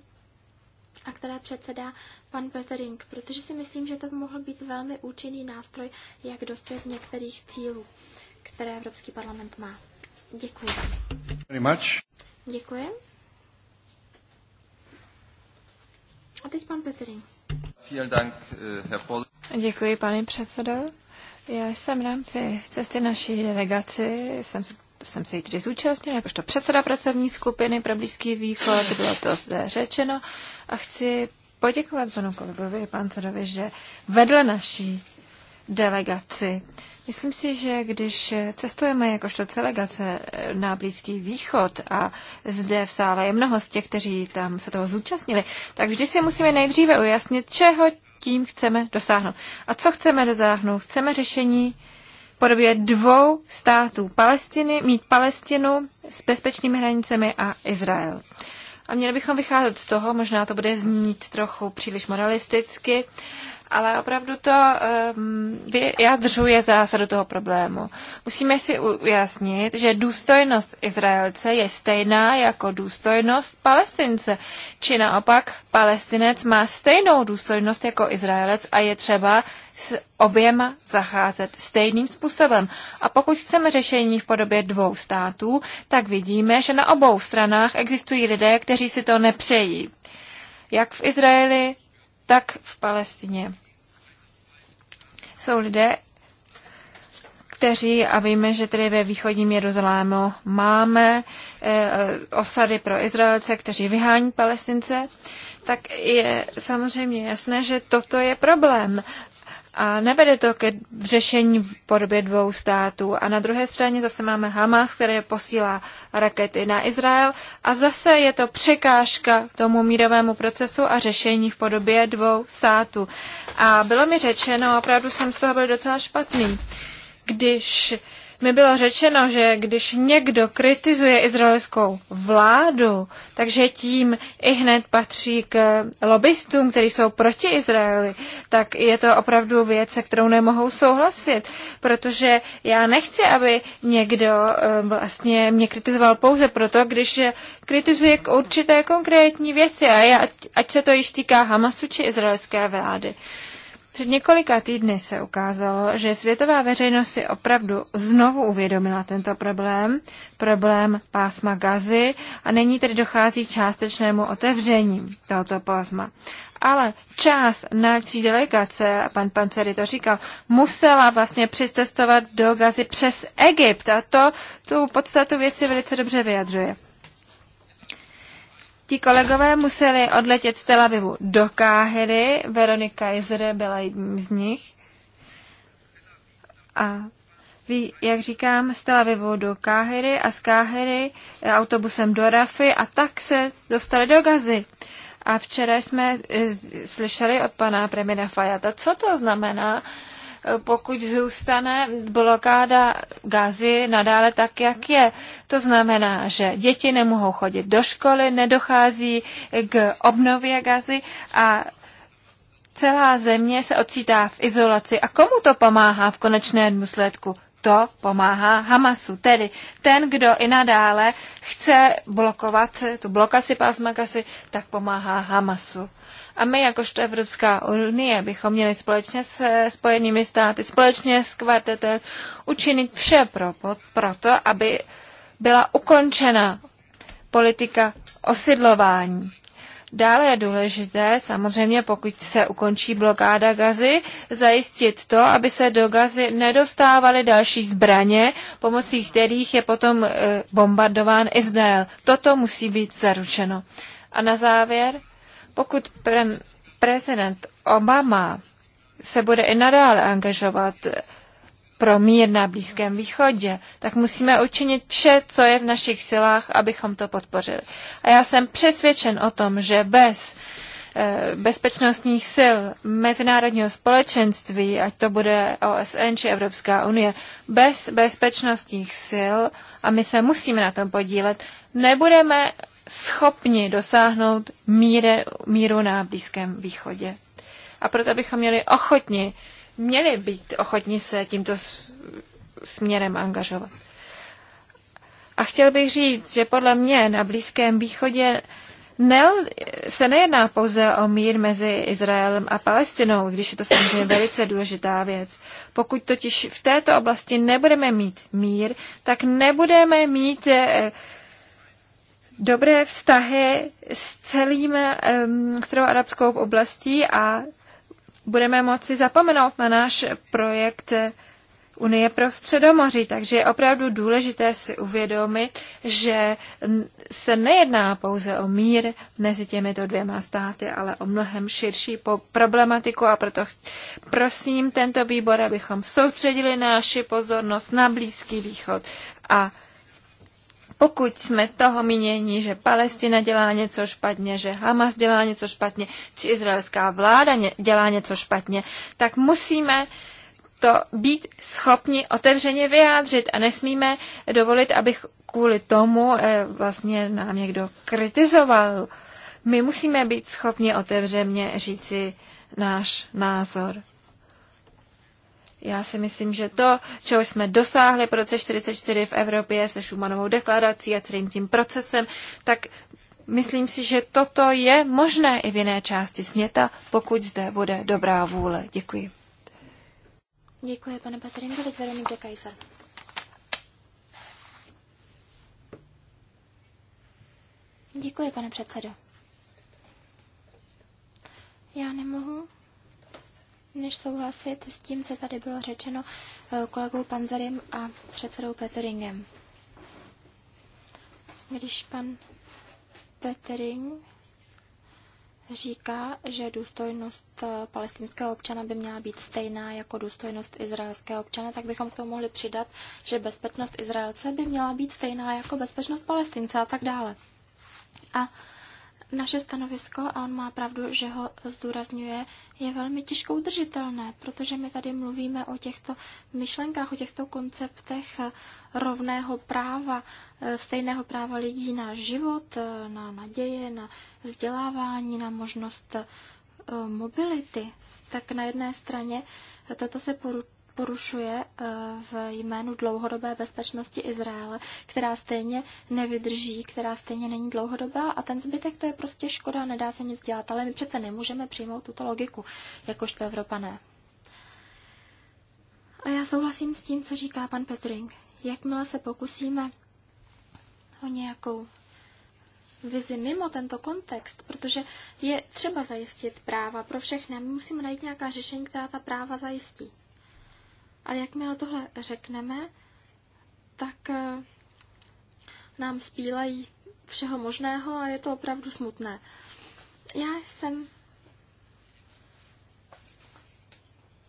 S3: a které předsedá pan Petering, protože si myslím, že to by mohl být velmi účinný nástroj, jak dostat některých cílů, které Evropský parlament má. Děkuji Very much. Děkuji. A teď pan Petering.
S2: Eh, Děkuji, pane předsedo. Já jsem v rámci cesty naší delegaci, jsem, jsem se jí tedy zúčastnil, jakožto předseda pracovní skupiny pro Blízký východ, bylo to zde řečeno a chci poděkovat panu kolegovi Cedovi, že vedl naší delegaci. Myslím si, že když cestujeme jakožto delegace na Blízký východ a zde v sále je mnoho z těch, kteří tam se toho zúčastnili, tak vždy si musíme nejdříve ujasnit, čeho tím chceme dosáhnout. A co chceme dosáhnout? Chceme řešení podobě dvou států Palestiny, mít Palestinu s bezpečnými hranicemi a Izrael. A měli bychom vycházet z toho, možná to bude znít trochu příliš moralisticky, ale opravdu to ehm, vyjadřuje zásadu toho problému. Musíme si ujasnit, že důstojnost Izraelce je stejná jako důstojnost Palestince. Či naopak, Palestinec má stejnou důstojnost jako Izraelec a je třeba s oběma zacházet stejným způsobem. A pokud chceme řešení v podobě dvou států, tak vidíme, že na obou stranách existují lidé, kteří si to nepřejí. Jak v Izraeli, tak v Palestině. Jsou lidé, kteří, a víme, že tedy ve východním Jeruzalému máme e, osady pro Izraelce, kteří vyhání Palestince, tak je samozřejmě jasné, že toto je problém a nevede to ke řešení v podobě dvou států. A na druhé straně zase máme Hamas, který posílá rakety na Izrael a zase je to překážka tomu mírovému procesu a řešení v podobě dvou států. A bylo mi řečeno, opravdu jsem z toho byl docela špatný, když uh, mi bylo řečeno, že když někdo kritizuje izraelskou vládu, takže tím i hned patří k lobbystům, kteří jsou proti Izraeli, tak je to opravdu věc, se kterou nemohou souhlasit, protože já nechci, aby někdo eh, vlastně mě kritizoval pouze proto, když kritizuje k určité konkrétní věci, a já, ať se to již týká Hamasu či izraelské vlády. Před několika týdny se ukázalo, že světová veřejnost si opravdu znovu uvědomila tento problém, problém pásma gazy a nyní tedy dochází k částečnému otevření tohoto pásma. Ale část náčí delegace, a pan Panceri to říkal, musela vlastně přistestovat do gazy přes Egypt a to tu podstatu věci velice dobře vyjadřuje. Ti kolegové museli odletět z Tel Avivu do Káhery, Veronika Izere byla jedním z nich. A ví, jak říkám, z Tel Avivu do Káhery a z Káhery eh, autobusem do Rafy a tak se dostali do Gazy. A včera jsme eh, slyšeli od pana premiéra Fajata, co to znamená, pokud zůstane blokáda gazy nadále tak, jak je. To znamená, že děti nemohou chodit do školy, nedochází k obnově gazy a celá země se ocitá v izolaci. A komu to pomáhá v konečném důsledku? To pomáhá Hamasu, tedy ten, kdo i nadále chce blokovat tu blokaci pásma tak pomáhá Hamasu. A my, jakožto Evropská unie, bychom měli společně se eh, Spojenými státy, společně s kvartetem učinit vše pro, to, aby byla ukončena politika osidlování. Dále je důležité, samozřejmě pokud se ukončí blokáda gazy, zajistit to, aby se do gazy nedostávaly další zbraně, pomocí kterých je potom eh, bombardován Izrael. Toto musí být zaručeno. A na závěr pokud pre- prezident Obama se bude i nadále angažovat pro mír na Blízkém východě, tak musíme učinit vše, co je v našich silách, abychom to podpořili. A já jsem přesvědčen o tom, že bez eh, bezpečnostních sil mezinárodního společenství, ať to bude OSN či Evropská unie, bez bezpečnostních sil, a my se musíme na tom podílet, nebudeme schopni dosáhnout míre, míru na Blízkém východě. A proto bychom měli ochotni, měli být ochotni se tímto směrem angažovat. A chtěl bych říct, že podle mě na Blízkém východě nel, se nejedná pouze o mír mezi Izraelem a Palestinou, když je to samozřejmě velice důležitá věc. Pokud totiž v této oblasti nebudeme mít mír, tak nebudeme mít eh, dobré vztahy s celým um, středoarabskou oblastí a budeme moci zapomenout na náš projekt Unie pro Středomoří, takže je opravdu důležité si uvědomit, že se nejedná pouze o mír mezi těmito dvěma státy, ale o mnohem širší problematiku a proto prosím tento výbor, abychom soustředili naši pozornost na Blízký východ a pokud jsme toho mínění, že Palestina dělá něco špatně, že Hamas dělá něco špatně, či izraelská vláda dělá něco špatně, tak musíme to být schopni otevřeně vyjádřit a nesmíme dovolit, abych kvůli tomu eh, vlastně nám někdo kritizoval. My musíme být schopni otevřeně říci náš názor. Já si myslím, že to, čeho jsme dosáhli v roce 44 v Evropě se Šumanovou deklarací a celým tím procesem, tak myslím si, že toto je možné i v jiné části směta, pokud zde bude dobrá vůle. Děkuji.
S3: Děkuji, pane Patrinko, teď Veronika Kajsa. Děkuji, pane předsedo. Já nemohu než souhlasit s tím, co tady bylo řečeno eh, kolegou Panzerem a předsedou Peteringem. Když pan Petering říká, že důstojnost eh, palestinského občana by měla být stejná jako důstojnost izraelského občana, tak bychom k tomu mohli přidat, že bezpečnost Izraelce by měla být stejná jako bezpečnost palestince a tak dále. A naše stanovisko, a on má pravdu, že ho zdůrazňuje, je velmi těžko udržitelné, protože my tady mluvíme o těchto myšlenkách, o těchto konceptech eh, rovného práva, eh, stejného práva lidí na život, eh, na naděje, na vzdělávání, na možnost mobility. Tak na jedné straně toto se porušuje eh, v jménu dlouhodobé bezpečnosti Izraele, která stejně nevydrží, která stejně není dlouhodobá a ten zbytek to je prostě škoda, nedá se nic dělat, ale my přece nemůžeme přijmout tuto logiku, jakožto Evropané. A já souhlasím s tím, co říká pan Petring. Jakmile se pokusíme o nějakou vizi mimo tento kontext, protože je třeba zajistit práva pro všechny my musíme najít nějaká řešení, která ta práva zajistí jak jakmile tohle řekneme, tak eh, nám spílají všeho možného a je to opravdu smutné. Já jsem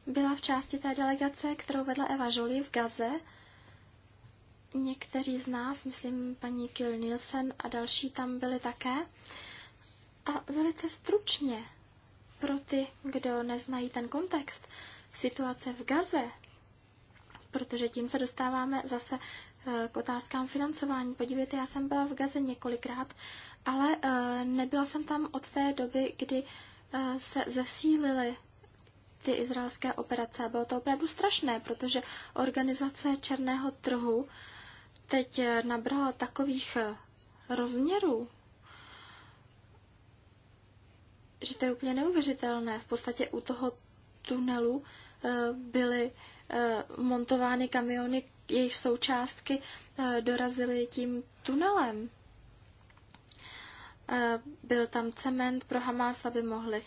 S3: byla v části té delegace, kterou vedla Eva Jolie v Gaze. Někteří z nás, myslím paní Kill Nielsen a další tam byli také. A velice stručně pro ty, kdo neznají ten kontext, situace v Gaze protože tím se dostáváme zase eh, k otázkám financování. Podívejte, já jsem byla v Gaze několikrát, ale eh, nebyla jsem tam od té doby, kdy eh, se zesílily ty izraelské operace. Bylo to opravdu strašné, protože organizace černého trhu teď nabrala takových rozměrů, že to je úplně neuvěřitelné. V podstatě u toho tunelu byly Eh, montovány kamiony, jejich součástky eh, dorazily tím tunelem. Eh, byl tam cement pro Hamas, aby mohli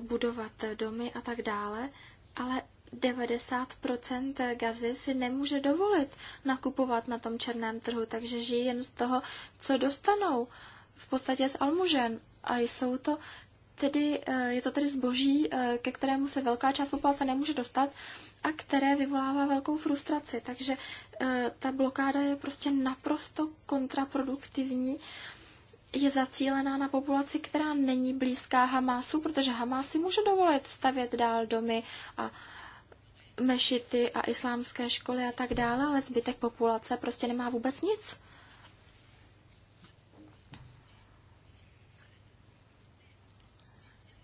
S3: budovat domy a tak dále, ale 90% gazy si nemůže dovolit nakupovat na tom černém trhu, takže žijí jen z toho, co dostanou. V podstatě z almužen. A jsou to tedy, je to tedy zboží, ke kterému se velká část populace nemůže dostat, a které vyvolává velkou frustraci. Takže eh, ta blokáda je prostě naprosto kontraproduktivní. Je zacílená na populaci, která není blízká Hamásu, protože Hamás si může dovolit stavět dál domy a mešity a islámské školy a tak dále, ale zbytek populace prostě nemá vůbec nic.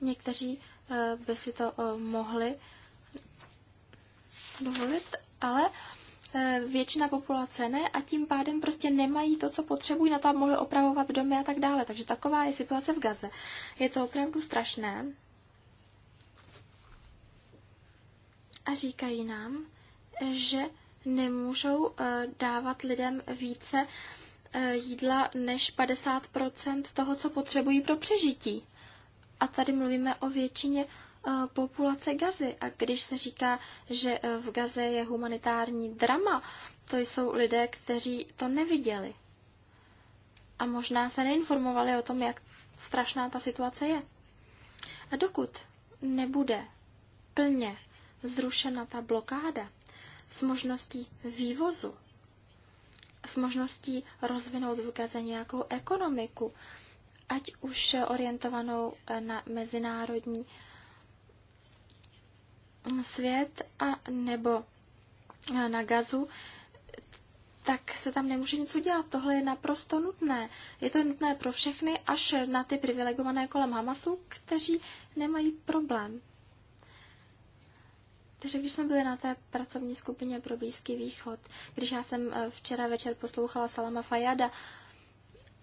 S3: Někteří eh, by si to eh, mohli dovolit, ale e, většina populace ne a tím pádem prostě nemají to, co potřebují na to, aby mohli opravovat domy a tak dále. Takže taková je situace v Gaze. Je to opravdu strašné. A říkají nám, že nemůžou e, dávat lidem více e, jídla než 50% toho, co potřebují pro přežití. A tady mluvíme o většině Eh, populace Gazy. A když se říká, že eh, v Gaze je humanitární drama, to jsou lidé, kteří to neviděli. A možná se neinformovali o tom, jak strašná ta situace je. A dokud nebude plně zrušena ta blokáda s možností vývozu, s možností rozvinout v Gaze nějakou ekonomiku, ať už orientovanou eh, na mezinárodní svět a nebo eh, na gazu, tak se tam nemůže nic udělat. Tohle je naprosto nutné. Je to nutné pro všechny, až na ty privilegované kolem Hamasu, kteří nemají problém. Takže když jsme byli na té pracovní skupině pro Blízký východ, když já jsem eh, včera večer poslouchala Salama Fajada,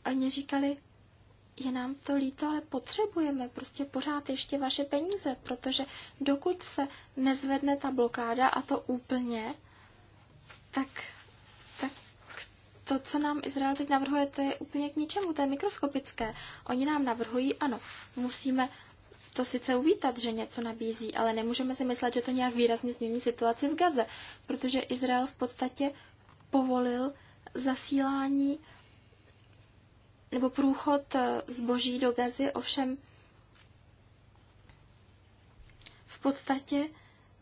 S3: oni říkali, je nám to líto, ale potřebujeme prostě pořád ještě vaše peníze, protože dokud se nezvedne ta blokáda a to úplně, tak, tak to, co nám Izrael teď navrhuje, to je úplně k ničemu, to je mikroskopické. Oni nám navrhují, ano, musíme to sice uvítat, že něco nabízí, ale nemůžeme si myslet, že to nějak výrazně změní situaci v Gaze, protože Izrael v podstatě povolil zasílání nebo průchod eh, zboží do Gazy ovšem v podstatě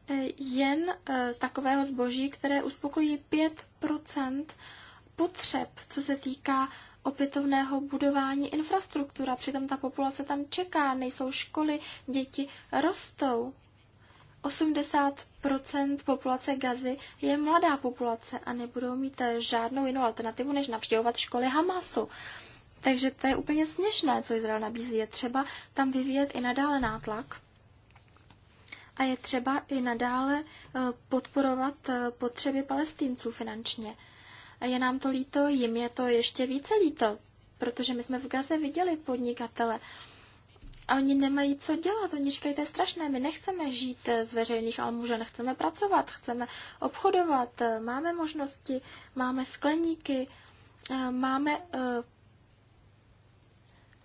S3: eh, jen eh, takového zboží, které uspokojí 5 potřeb, co se týká opětovného budování infrastruktura. Přitom ta populace tam čeká, nejsou školy, děti rostou. 80 populace Gazy je mladá populace a nebudou mít žádnou jinou alternativu, než navštěvovat školy Hamasu. Takže to je úplně směšné, co Izrael nabízí. Je třeba tam vyvíjet i nadále nátlak a je třeba i nadále eh, podporovat eh, potřeby palestinců finančně. Je nám to líto, jim je to ještě více líto, protože my jsme v Gaze viděli podnikatele, a oni nemají co dělat, oni říkají, to je strašné, my nechceme žít eh, z veřejných almužen, nechceme pracovat, chceme obchodovat, máme možnosti, máme skleníky, máme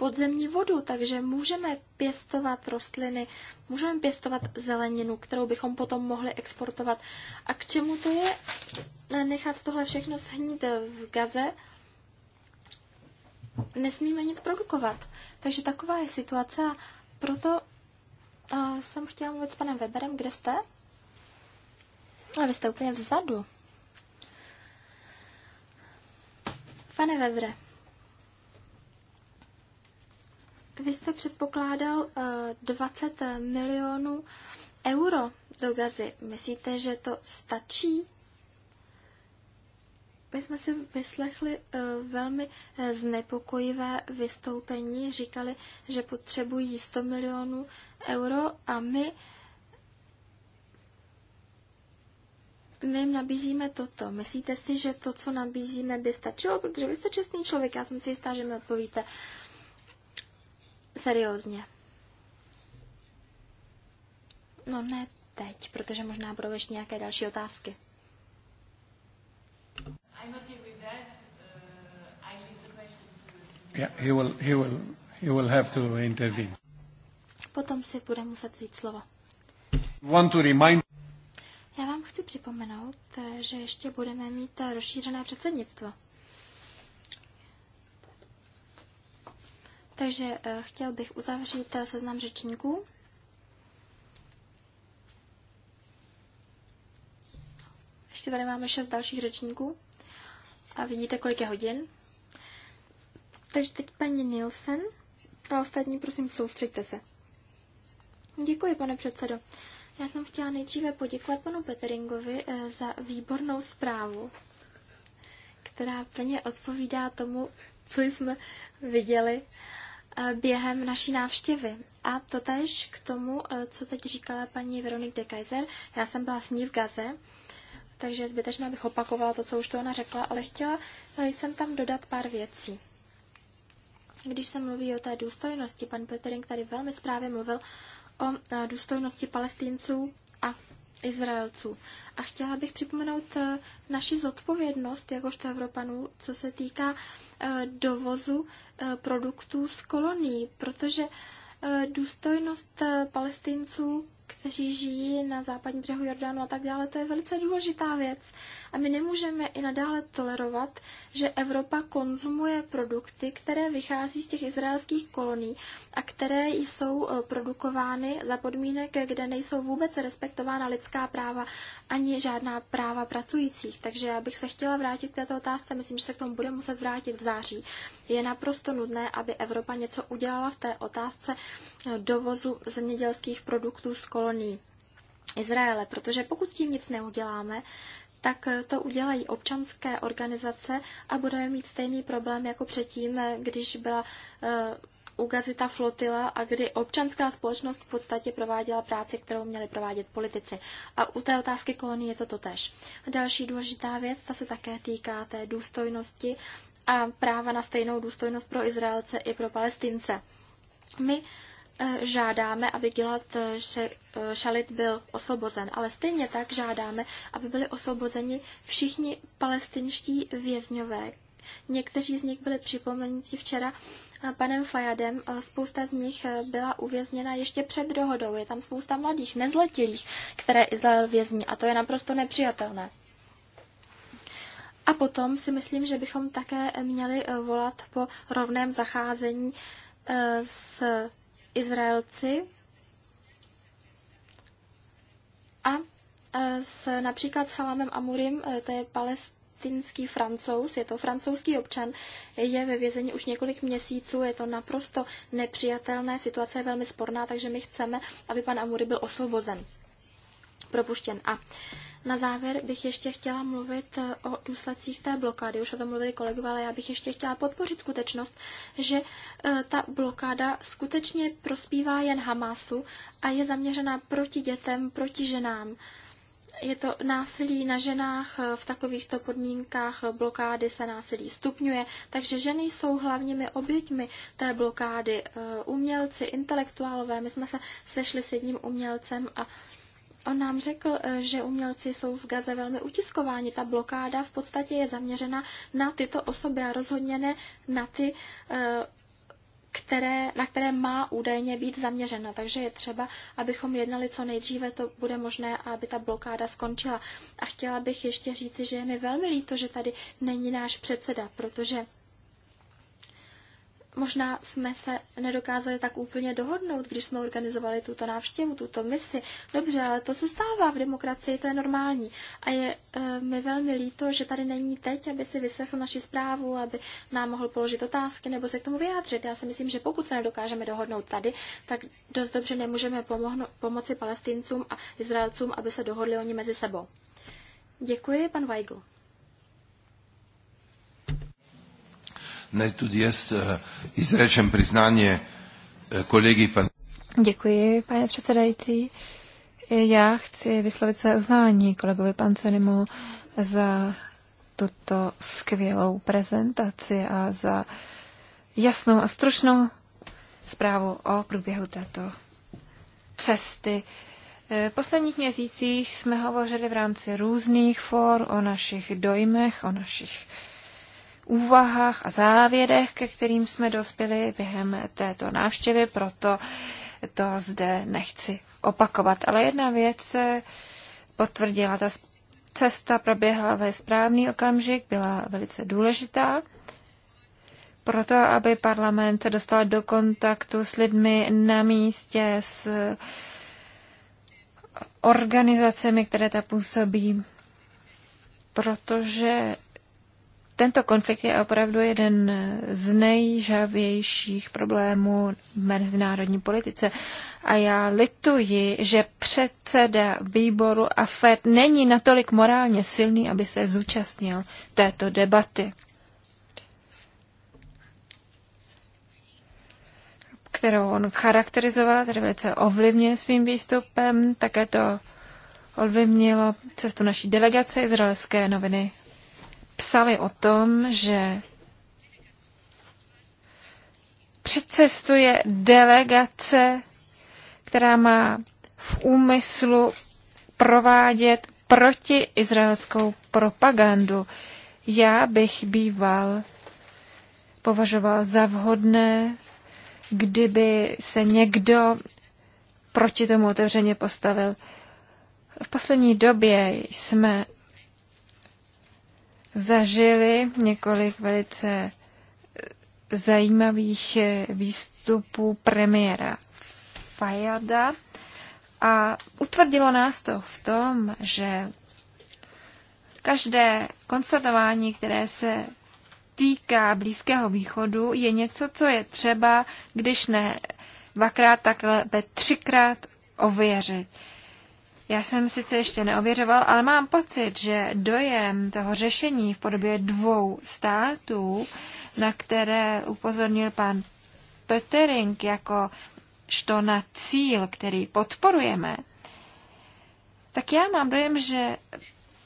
S3: podzemní vodu, takže můžeme pěstovat rostliny, můžeme pěstovat zeleninu, kterou bychom potom mohli exportovat. A k čemu to je nechat tohle všechno shnít v gaze? Nesmíme nic produkovat. Takže taková je situace proto a jsem chtěla mluvit s panem Weberem, kde jste? A vy jste úplně vzadu. Pane Webre, vy jste předpokládal 20 eh, milionů euro do gazy. Myslíte, že to stačí? My jsme si vyslechli eh, velmi eh, znepokojivé vystoupení. Říkali, že potřebují 100 milionů euro a my my jim nabízíme toto. Myslíte si, že to, co nabízíme, by stačilo? Protože vy jste čestný člověk, já jsem si jistá, že mi odpovíte seriózně. No ne teď, protože možná budou ještě nějaké další otázky. Uh, yeah, he will, he will, he will have to intervene. Potom si bude muset vzít slovo. Want to remind... Já vám chci připomenout, že ještě budeme mít rozšířené předsednictvo. Takže eh, chtěl bych uzavřít eh, seznam řečníků. Ještě tady máme šest dalších řečníků. A vidíte, kolik je hodin. Takže teď paní Nielsen a ostatní, prosím, soustřeďte se. Děkuji, pane předsedo. Já jsem chtěla nejdříve poděkovat panu Peteringovi eh, za výbornou zprávu, která plně odpovídá tomu, co jsme viděli Eh, během naší návštěvy. A to tež k tomu, eh, co teď říkala paní Veronik de Kaiser. Já jsem byla s ní v Gaze, takže zbytečná bych opakovala to, co už to ona řekla, ale chtěla eh, jsem tam dodat pár věcí. Když se mluví o té důstojnosti, pan Petering tady velmi správně mluvil o důstojnosti palestinců a Izraelců. A chtěla bych připomenout naši zodpovědnost jakožto Evropanů, co se týká dovozu Eh, produktů z kolonií, protože eh, důstojnost eh, palestinců kteří žijí na západním břehu Jordánu a tak dále, to je velice důležitá věc. A my nemůžeme i nadále tolerovat, že Evropa konzumuje produkty, které vychází z těch izraelských kolonií a které jsou eh, produkovány za podmínek, kde nejsou vůbec respektována lidská práva ani žádná práva pracujících. Takže já bych se chtěla vrátit k této otázce, myslím, že se k tomu bude muset vrátit v září. Je naprosto nudné, aby Evropa něco udělala v té otázce eh, dovozu zemědělských produktů z kolonií kolonii Izraele, protože pokud s tím nic neuděláme, tak to udělají občanské organizace a budeme mít stejný problém jako předtím, když byla eh, u Gazita flotila a kdy občanská společnost v podstatě prováděla práci, kterou měli provádět politici. A u té otázky kolonie je to totež. Další důležitá věc, ta se také týká té důstojnosti a práva na stejnou důstojnost pro Izraelce i pro Palestince. My Eh, žádáme, aby Gilad eh, eh, Šalit byl osvobozen, ale stejně tak žádáme, aby byli osvobozeni všichni palestinští vězňové. Někteří z nich byli připomenuti včera panem Fajadem, spousta z nich byla uvězněna ještě před dohodou. Je tam spousta mladých, nezletilých, které Izrael vězní a to je naprosto nepřijatelné. A potom si myslím, že bychom také měli volat po rovném zacházení s Izraelci a s například Salamem Amurim, e, to je palestinský francouz, je to francouzský občan, je ve vězení už několik měsíců, je to naprosto nepřijatelné, situace je velmi sporná, takže my chceme, aby pan Amury byl osvobozen, propuštěn. A na závěr bych ještě chtěla mluvit e, o důsledcích té blokády. Už o tom mluvili kolegové, ale já bych ještě chtěla podpořit skutečnost, že Eh, ta blokáda skutečně prospívá jen Hamasu a je zaměřená proti dětem, proti ženám. Je to násilí na ženách eh, v takovýchto podmínkách eh, blokády se násilí stupňuje, takže ženy jsou hlavními oběťmi té blokády. Umělci, intelektuálové, my jsme se sešli s jedním umělcem a On nám řekl, že umělci jsou v Gaze velmi utiskováni. Ta blokáda v podstatě je zaměřena na tyto osoby a rozhodně ne na ty které, na které má údajně být zaměřena. Takže je třeba, abychom jednali co nejdříve, to bude možné, aby ta blokáda skončila. A chtěla bych ještě říci, že je mi velmi líto, že tady není náš předseda, protože Možná jsme se nedokázali tak úplně dohodnout, když jsme organizovali tuto návštěvu, tuto misi. Dobře, ale to se stává v demokracii, to je normální. A je e, mi velmi líto, že tady není teď, aby si vyslechl naši zprávu, aby nám mohl položit otázky nebo se k tomu vyjádřit. Já si myslím, že pokud se nedokážeme dohodnout tady, tak dost dobře nemůžeme pomohno, pomoci palestincům a Izraelcům, aby se dohodli oni mezi sebou. Děkuji, pan Weigl.
S2: Ne, tudi jaz eh, izrečem přiznání eh, kolegi. pan... Děkuji, pane předsedající. Já chci vyslovit se uznání kolegovi Pancenimu za tuto skvělou prezentaci a za jasnou a stručnou zprávu o průběhu této cesty. Eh, v posledních měsících jsme hovořili v rámci různých for o našich dojmech, o našich úvahách a závěrech, ke kterým jsme dospěli během této návštěvy, proto to zde nechci opakovat. Ale jedna věc se potvrdila, ta cesta proběhla ve správný okamžik, byla velice důležitá. Proto, aby parlament se dostal do kontaktu s lidmi na místě, s organizacemi, které tam působí, protože tento konflikt je opravdu jeden z nejžavějších problémů v mezinárodní politice. A já lituji, že předseda výboru a FED není natolik morálně silný, aby se zúčastnil této debaty. kterou on charakterizoval, tedy velice ovlivnil svým výstupem, také to ovlivnilo cestu naší delegace izraelské noviny psali o tom, že předcestuje delegace, která má v úmyslu provádět protiizraelskou propagandu. Já bych býval považoval za vhodné, kdyby se někdo proti tomu otevřeně postavil. V poslední době jsme zažili několik velice eh, zajímavých eh, výstupů premiéra Fajada a utvrdilo nás to v tom, že každé konstatování, které se týká Blízkého východu, je něco, co je třeba, když ne dvakrát, tak lépe třikrát ověřit. Já jsem sice ještě neověřoval, ale mám pocit, že dojem toho řešení v podobě dvou států, na které upozornil pan Petering jako što na cíl, který podporujeme, tak já mám dojem, že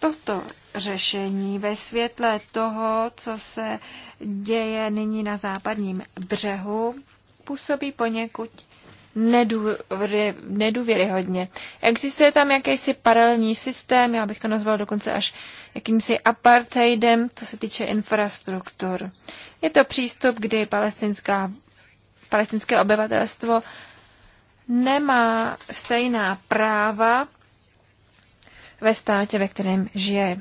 S2: toto řešení ve světle toho, co se děje nyní na západním břehu, působí poněkud nedůvěry, nedůvěryhodně. Existuje tam jakýsi paralelní systém, já bych to nazval dokonce až jakýmsi apartheidem, co se týče infrastruktur. Je to přístup, kdy palestinská, palestinské obyvatelstvo nemá stejná práva ve státě, ve kterém žije.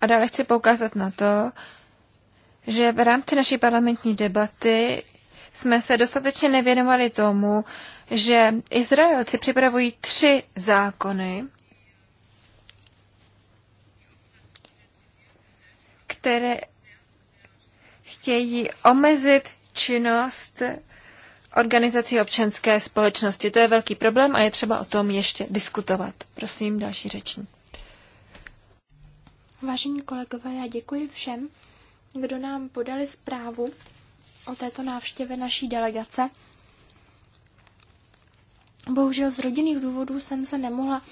S2: A dále chci poukázat na to, že v rámci naší parlamentní debaty jsme se dostatečně nevěnovali tomu, že Izraelci připravují tři zákony, které chtějí omezit činnost organizací občanské společnosti. To je velký problém a je třeba o tom ještě diskutovat. Prosím, další řeční.
S3: Vážení kolegové, já děkuji všem, kdo nám podali zprávu o této návštěvě naší delegace. Bohužel z rodinných důvodů jsem se nemohla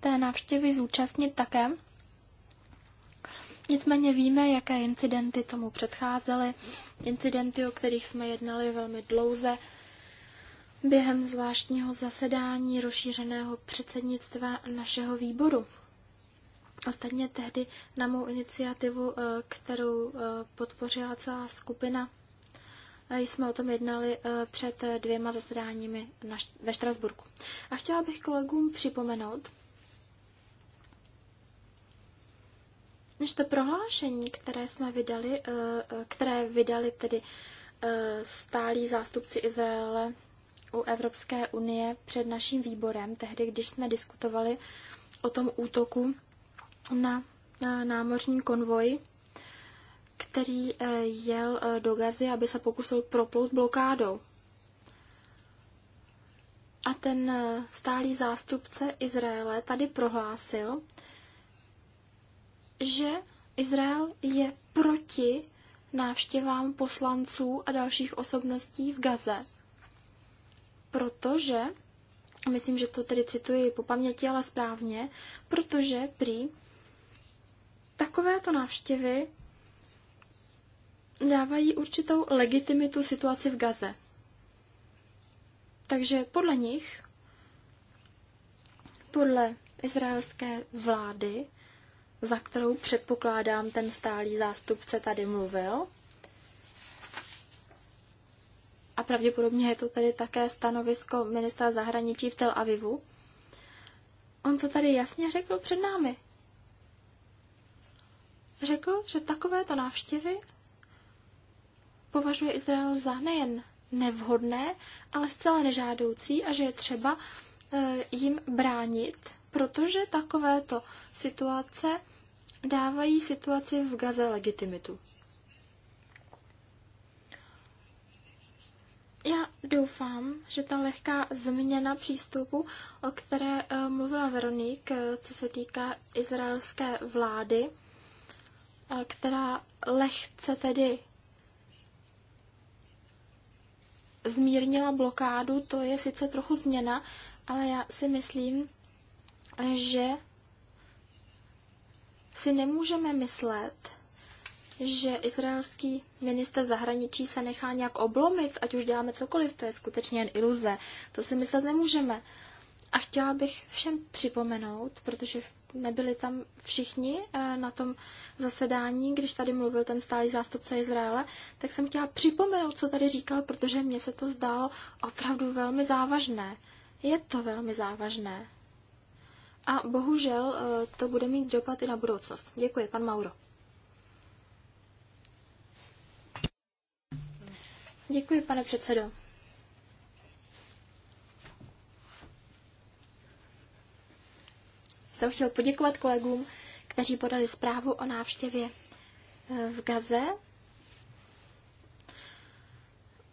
S3: té návštěvy zúčastnit také. Nicméně víme, jaké incidenty tomu předcházely. Incidenty, o kterých jsme jednali velmi dlouze během zvláštního zasedání rozšířeného předsednictva našeho výboru. Ostatně tehdy na mou iniciativu, eh, kterou eh, podpořila celá skupina Eh, jsme o tom jednali eh, před eh, dvěma zasedáními ve Štrasburku. A chtěla bych kolegům připomenout, než to prohlášení, které jsme vydali, které vydali tedy stálí zástupci Izraele u Evropské unie před naším výborem, tehdy, když jsme diskutovali o tom útoku na námořní konvoj který eh, jel eh, do Gazy, aby se pokusil proplout blokádou. A ten eh, stálý zástupce Izraele tady prohlásil, že Izrael je proti návštěvám poslanců a dalších osobností v Gaze, protože, myslím, že to tedy cituji po paměti, ale správně, protože prý takovéto návštěvy dávají určitou legitimitu situaci v Gaze. Takže podle nich, podle izraelské vlády, za kterou předpokládám ten stálý zástupce tady mluvil, a pravděpodobně je to tady také stanovisko ministra zahraničí v Tel Avivu, on to tady jasně řekl před námi. Řekl, že takovéto návštěvy považuje Izrael za nejen nevhodné, ale zcela nežádoucí a že je třeba eh, jim bránit, protože takovéto situace dávají situaci v Gaze legitimitu. Já doufám, že ta lehká změna přístupu, o které eh, mluvila Veronik, eh, co se týká izraelské vlády, která lehce tedy zmírnila blokádu, to je sice trochu změna, ale já si myslím, že si nemůžeme myslet, že izraelský minister zahraničí se nechá nějak oblomit, ať už děláme cokoliv, to je skutečně jen iluze. To si myslet nemůžeme. A chtěla bych všem připomenout, protože nebyli tam všichni eh, na tom zasedání, když tady mluvil ten stálý zástupce Izraele, tak jsem chtěla připomenout, co tady říkal, protože mně se to zdálo opravdu velmi závažné. Je to velmi závažné. A bohužel eh, to bude mít dopad i na budoucnost. Děkuji, pan Mauro. Děkuji, pane předsedo. jsem chtěl poděkovat kolegům, kteří podali zprávu o návštěvě eh, v Gaze.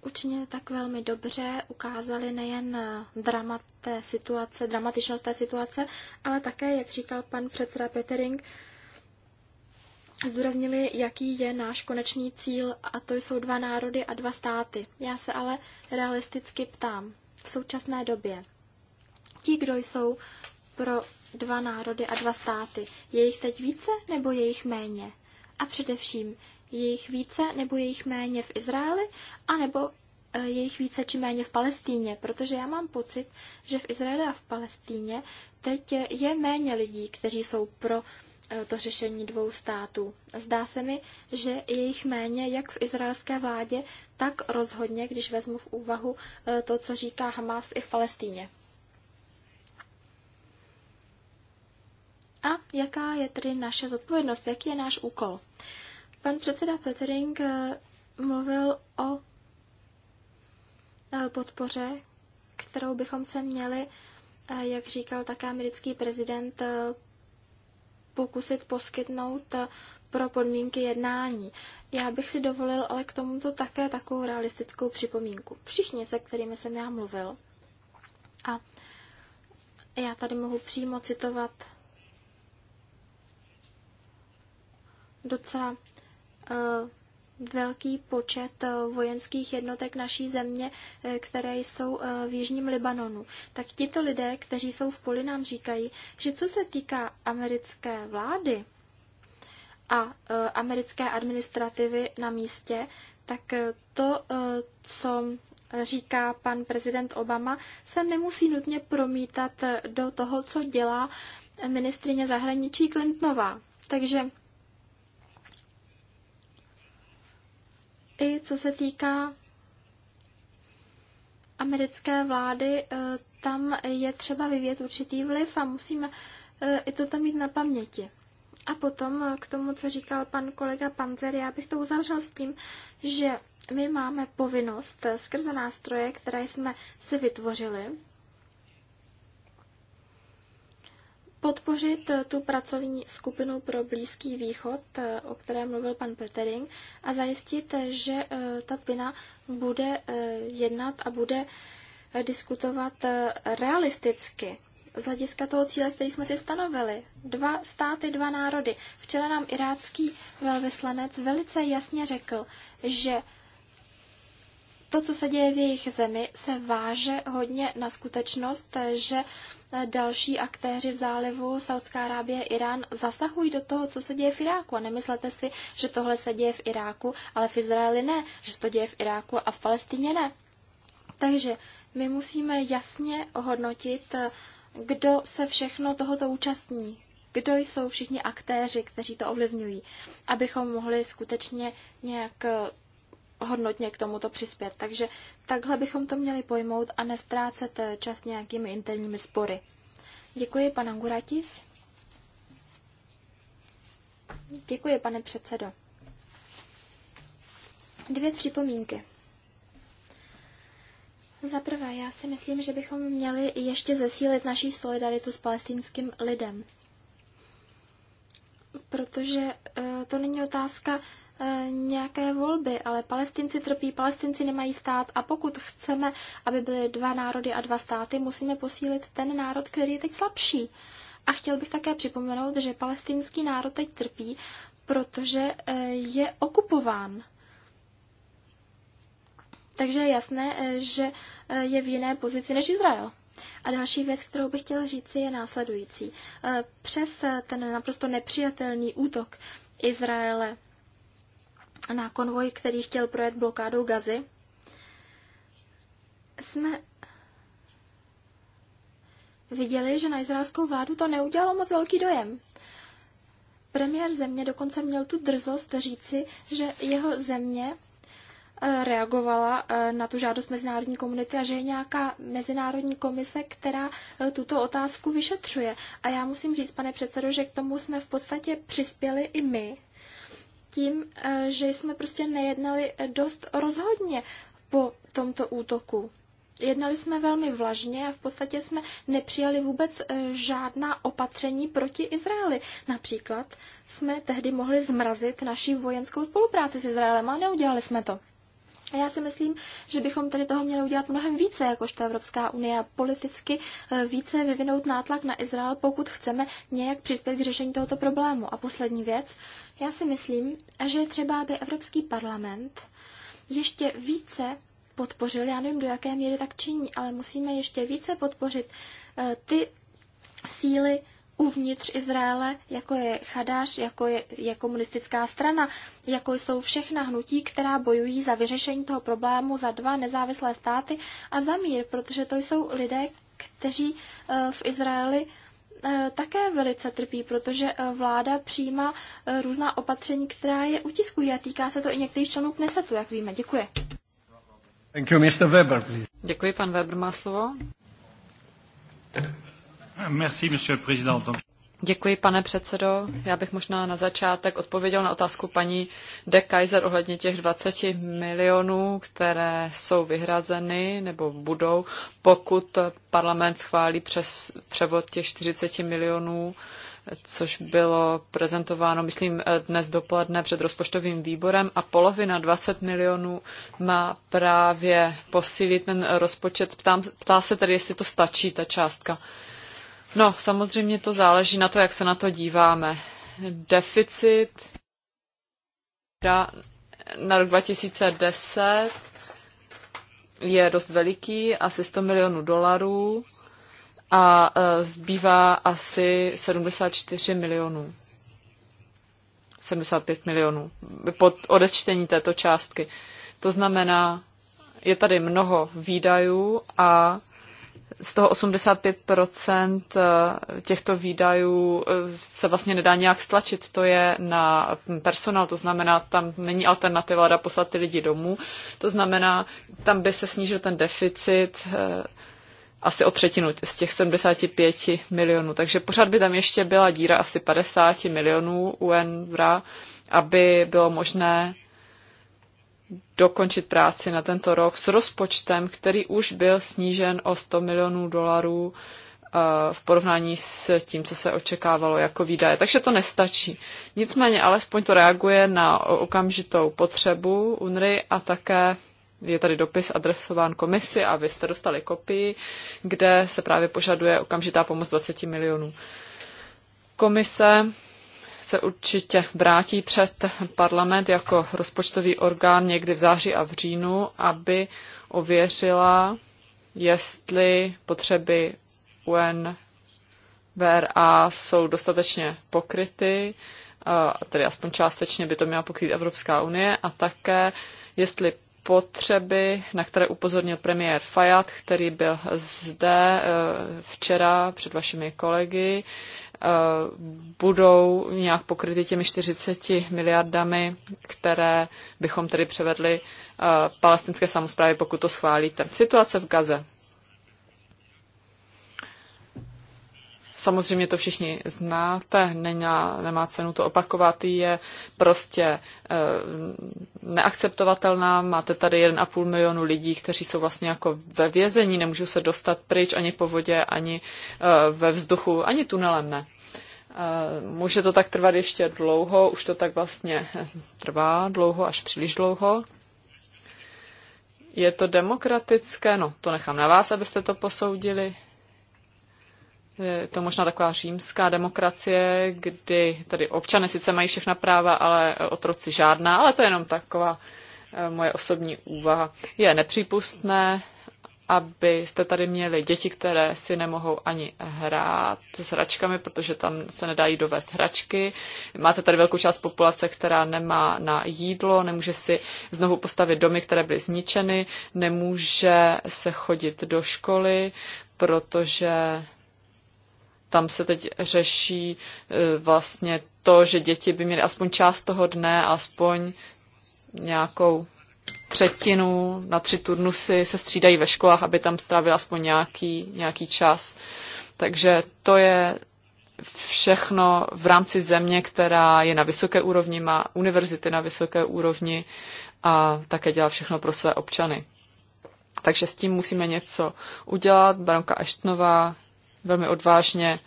S3: Učinili tak velmi dobře, ukázali nejen eh, dramat té situace, dramatičnost té situace, ale také, jak říkal pan předseda Petering, zdůraznili, jaký je náš konečný cíl, a to jsou dva národy a dva státy. Já se ale realisticky ptám v současné době. Ti, kdo jsou pro dva národy a dva státy. Je jich teď více nebo je jich méně? A především, je jich více nebo je jich méně v Izraeli, anebo e, je jich více či méně v Palestíně, protože já mám pocit, že v Izraeli a v Palestíně teď je méně lidí, kteří jsou pro e, to řešení dvou států. Zdá se mi, že je jich méně jak v izraelské vládě, tak rozhodně, když vezmu v úvahu e, to, co říká Hamas i v Palestíně. A jaká je tedy naše zodpovědnost, jaký je náš úkol? Pan předseda Petering eh, mluvil o eh, podpoře, kterou bychom se měli, eh, jak říkal také americký prezident, pokusit poskytnout pro podmínky jednání. Já bych si dovolil ale k tomuto také takovou realistickou připomínku. Všichni, se kterými jsem já mluvil, a já tady mohu přímo citovat docela eh, velký počet eh, vojenských jednotek naší země, eh, které jsou v Jižním Libanonu. Tak tito lidé, kteří jsou v poli, nám říkají, že co se týká americké vlády a americké administrativy na místě, tak to, co říká pan prezident Obama, se nemusí nutně promítat do toho, co dělá ministrině zahraničí Clintonová. Takže I co se týká americké vlády, eh, tam je třeba vyvět určitý vliv a musíme eh, i to tam mít na paměti. A potom eh, k tomu, co říkal pan kolega Panzer, já bych to uzavřel s tím, že my máme povinnost skrze nástroje, které jsme si vytvořili, podpořit eh, tu pracovní skupinu pro Blízký východ, eh, o které mluvil pan Petering, a zajistit, eh, že ta pina bude jednat a bude diskutovat realisticky z hlediska toho cíle, který jsme si stanovili. Dva státy, dva národy. Včera nám irácký velvyslanec velice jasně řekl, že to, co se děje v jejich zemi, se váže hodně na skutečnost, že další aktéři v zálivu Saudská Arábie, Irán zasahují do toho, co se děje v Iráku. A nemyslete si, že tohle se děje v Iráku, ale v Izraeli ne, že se to děje v Iráku a v Palestině ne. Takže my musíme jasně ohodnotit, kdo se všechno tohoto účastní, kdo jsou všichni aktéři, kteří to ovlivňují, abychom mohli skutečně nějak hodnotně k tomuto přispět. Takže takhle bychom to měli pojmout a nestrácet eh, čas nějakými interními spory. Děkuji, pan Anguratis. Děkuji, pane předsedo. Dvě připomínky. Za prvé, já si myslím, že bychom měli ještě zesílit naší solidaritu s palestinským lidem. Protože eh, to není otázka Eh, nějaké volby, ale palestinci trpí, palestinci nemají stát a pokud chceme, aby byly dva národy a dva státy, musíme posílit ten národ, který je teď slabší. A chtěl bych také připomenout, že palestinský národ teď trpí, protože eh, je okupován. Takže je jasné, eh, že je v jiné pozici než Izrael. A další věc, kterou bych chtěla říci, je následující. Přes ten naprosto nepřijatelný útok Izraele na konvoj, který chtěl projet blokádou gazy, jsme viděli, že na izraelskou vládu to neudělalo moc velký dojem. Premiér země dokonce měl tu drzost říci, že jeho země eh, reagovala eh, na tu žádost mezinárodní komunity a že je nějaká mezinárodní komise, která eh, tuto otázku vyšetřuje. A já musím říct, pane předsedo, že k tomu jsme v podstatě přispěli i my, tím, eh, že jsme prostě nejednali eh, dost rozhodně po tomto útoku. Jednali jsme velmi vlažně a v podstatě jsme nepřijali vůbec eh, žádná opatření proti Izraeli. Například jsme tehdy mohli zmrazit naši vojenskou spolupráci s Izraelem a neudělali jsme to. A já si myslím, že bychom tady toho měli udělat mnohem více, jakožto Evropská unie, politicky více vyvinout nátlak na Izrael, pokud chceme nějak přispět k řešení tohoto problému. A poslední věc, já si myslím, že je třeba, aby Evropský parlament ještě více podpořil, já nevím, do jaké míry tak činí, ale musíme ještě více podpořit eh, ty síly uvnitř Izraele, jako je Chadáš, jako je, je komunistická strana, jako jsou všechna hnutí, která bojují za vyřešení toho problému za dva nezávislé státy a za mír, protože to jsou lidé, kteří eh, v Izraeli Eh, také velice trpí, protože eh, vláda přijímá eh, různá opatření, která je utiskují a týká se to i některých členů Knesetu, jak víme. Děkuji.
S1: Thank you, Mr. Weber, please. Děkuji, pan Weber má slovo.
S2: Merci, monsieur le président.
S1: Děkuji, pane předsedo. Já bych možná na začátek odpověděl na otázku paní De Kaiser ohledně těch 20 milionů, které jsou vyhrazeny nebo budou, pokud parlament schválí přes převod těch 40 milionů, což bylo prezentováno, myslím, dnes dopoledne před rozpočtovým výborem a polovina 20 milionů má právě posílit ten rozpočet. Ptám, ptá se tedy, jestli to stačí, ta částka. No, samozřejmě to záleží na to, jak se na to díváme. Deficit na rok 2010 je dost veliký, asi 100 milionů dolarů a e, zbývá asi 74 milionů. 75 milionů pod odečtení této částky. To znamená, je tady mnoho výdajů a z toho 85% eh, těchto výdajů eh, se vlastně nedá nějak stlačit. To je na personál, to znamená, tam není alternativa da poslat ty lidi domů. To znamená, tam by se snížil ten deficit eh, asi o třetinu z těch 75 milionů. Takže pořád by tam ještě byla díra asi 50 milionů UNVRA, aby bylo možné dokončit práci na tento rok s rozpočtem, který už byl snížen o 100 milionů dolarů eh, v porovnání s tím, co se očekávalo jako výdaje. Takže to nestačí. Nicméně alespoň to reaguje na okamžitou potřebu UNRY a také je tady dopis adresován komisi a vy jste dostali kopii, kde se právě požaduje okamžitá pomoc 20 milionů. Komise se určitě vrátí před parlament jako rozpočtový orgán někdy v září a v říjnu, aby ověřila, jestli potřeby UNVRA jsou dostatečně pokryty, tedy aspoň částečně by to měla pokrýt Evropská unie, a také jestli potřeby, na které upozornil premiér Fayad, který byl zde e, včera před vašimi kolegy, Eh, budou nějak pokryty těmi 40 miliardami, které bychom tedy převedli eh, palestinské samozprávy, pokud to schválíte. Situace v Gaze. Samozřejmě to všichni znáte, není nemá cenu to opakovat, je prostě e, neakceptovatelná. Máte tady 1,5 milionu lidí, kteří jsou vlastně jako ve vězení, nemůžou se dostat pryč ani po vodě, ani e, ve vzduchu, ani tunelem ne. Eh, může to tak trvat ještě dlouho, už to tak vlastně trvá dlouho, až příliš dlouho. Je to demokratické? No, to nechám na vás, abyste to posoudili je to možná taková římská demokracie, kdy tady občany sice mají všechna práva, ale otroci žádná, ale to je jenom taková eh, moje osobní úvaha. Je nepřípustné, abyste tady měli děti, které si nemohou ani hrát s hračkami, protože tam se nedají dovést hračky. Máte tady velkou část populace, která nemá na jídlo, nemůže si znovu postavit domy, které byly zničeny, nemůže se chodit do školy, protože tam se teď řeší e, vlastně to, že děti by měly aspoň část toho dne, aspoň nějakou třetinu, na tři turnusy se střídají ve školách, aby tam strávil aspoň nějaký, nějaký čas. Takže to je všechno v rámci země, která je na vysoké úrovni, má univerzity na vysoké úrovni a také dělá všechno pro své občany. Takže s tím musíme něco udělat. Baronka Eštnová velmi odvážně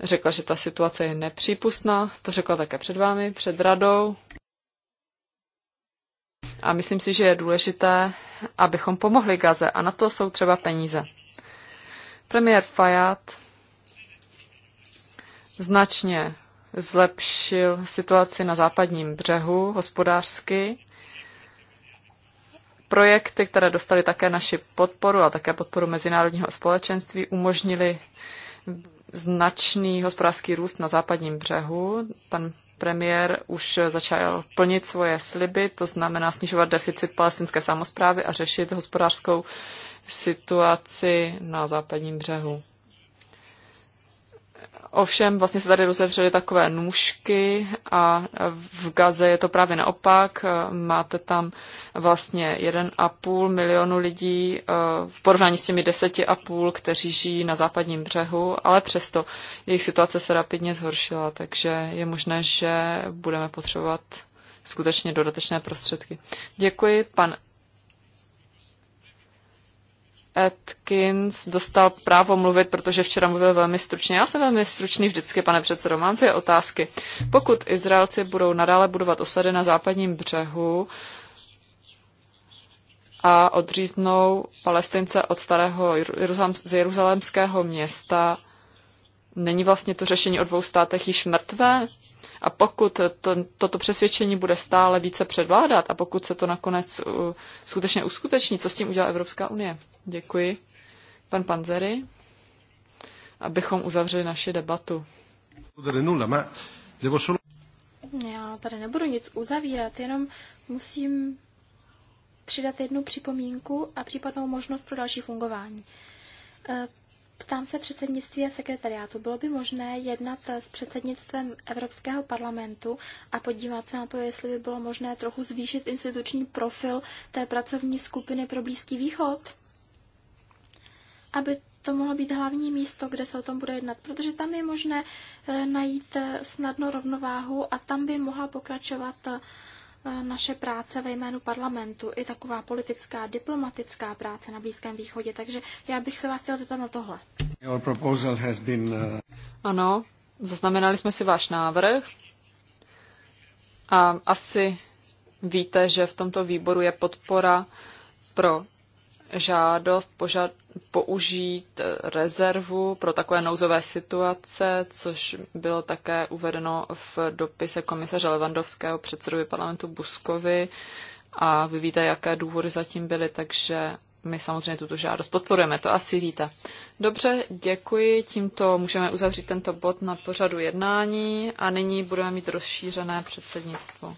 S1: řekla, že ta situace je nepřípustná. To řekla také před vámi, před radou. A myslím si, že je důležité, abychom pomohli Gaze a na to jsou třeba peníze. Premiér Fayad značně zlepšil situaci na západním břehu hospodářsky projekty, které dostaly také naši podporu a také podporu mezinárodního společenství, umožnili značný hospodářský růst na západním břehu. Pan premiér už začal plnit svoje sliby, to znamená snižovat deficit palestinské samozprávy a řešit hospodářskou situaci na západním břehu. Ovšem vlastně se tady rozevřely takové nůžky a v Gaze je to právě naopak. Máte tam vlastně 1,5 milionu lidí eh, v porovnání s těmi 10,5, kteří žijí na západním břehu, ale přesto jejich situace se rapidně zhoršila, takže je možné, že budeme potřebovat skutečně dodatečné prostředky. Děkuji, pan Atkins dostal právo mluvit, protože včera mluvil velmi stručně. Já jsem velmi stručný vždycky, pane předsedo. Mám dvě otázky. Pokud Izraelci budou nadále budovat osady na západním břehu a odříznou Palestince od starého z jeruzalémského města, není vlastně to řešení o dvou státech již mrtvé? A pokud to, toto přesvědčení bude stále více předvládat a pokud se to nakonec uh, skutečně uskuteční, co s tím udělá Evropská unie? Děkuji. Pan Panzeri, abychom uzavřeli naši debatu.
S3: Já tady nebudu nic uzavírat, jenom musím přidat jednu připomínku a případnou možnost pro další fungování. Eh, Ptám se předsednictví a sekretariátu, bylo by možné jednat s předsednictvem Evropského parlamentu a podívat se na to, jestli by bylo možné trochu zvýšit instituční profil té pracovní skupiny pro Blízký východ? Aby to mohlo být hlavní místo, kde se o tom bude jednat, protože tam je možné eh, najít eh, snadno rovnováhu a tam by mohla pokračovat eh, Eh, naše práce ve jménu parlamentu, i taková politická, diplomatická práce na Blízkém východě. Takže já bych se vás chtěl zeptat na tohle.
S1: Been, uh... Ano, zaznamenali jsme si váš návrh a asi víte, že v tomto výboru je podpora pro žádost požad, použít eh, rezervu pro takové nouzové situace, což bylo také uvedeno v dopise komisaře Levandovského předsedovi parlamentu Buskovi. A vy víte, jaké důvody zatím byly, takže my samozřejmě tuto žádost podporujeme, to asi víte. Dobře, děkuji, tímto můžeme uzavřít tento bod na pořadu jednání a nyní budeme mít rozšířené předsednictvo.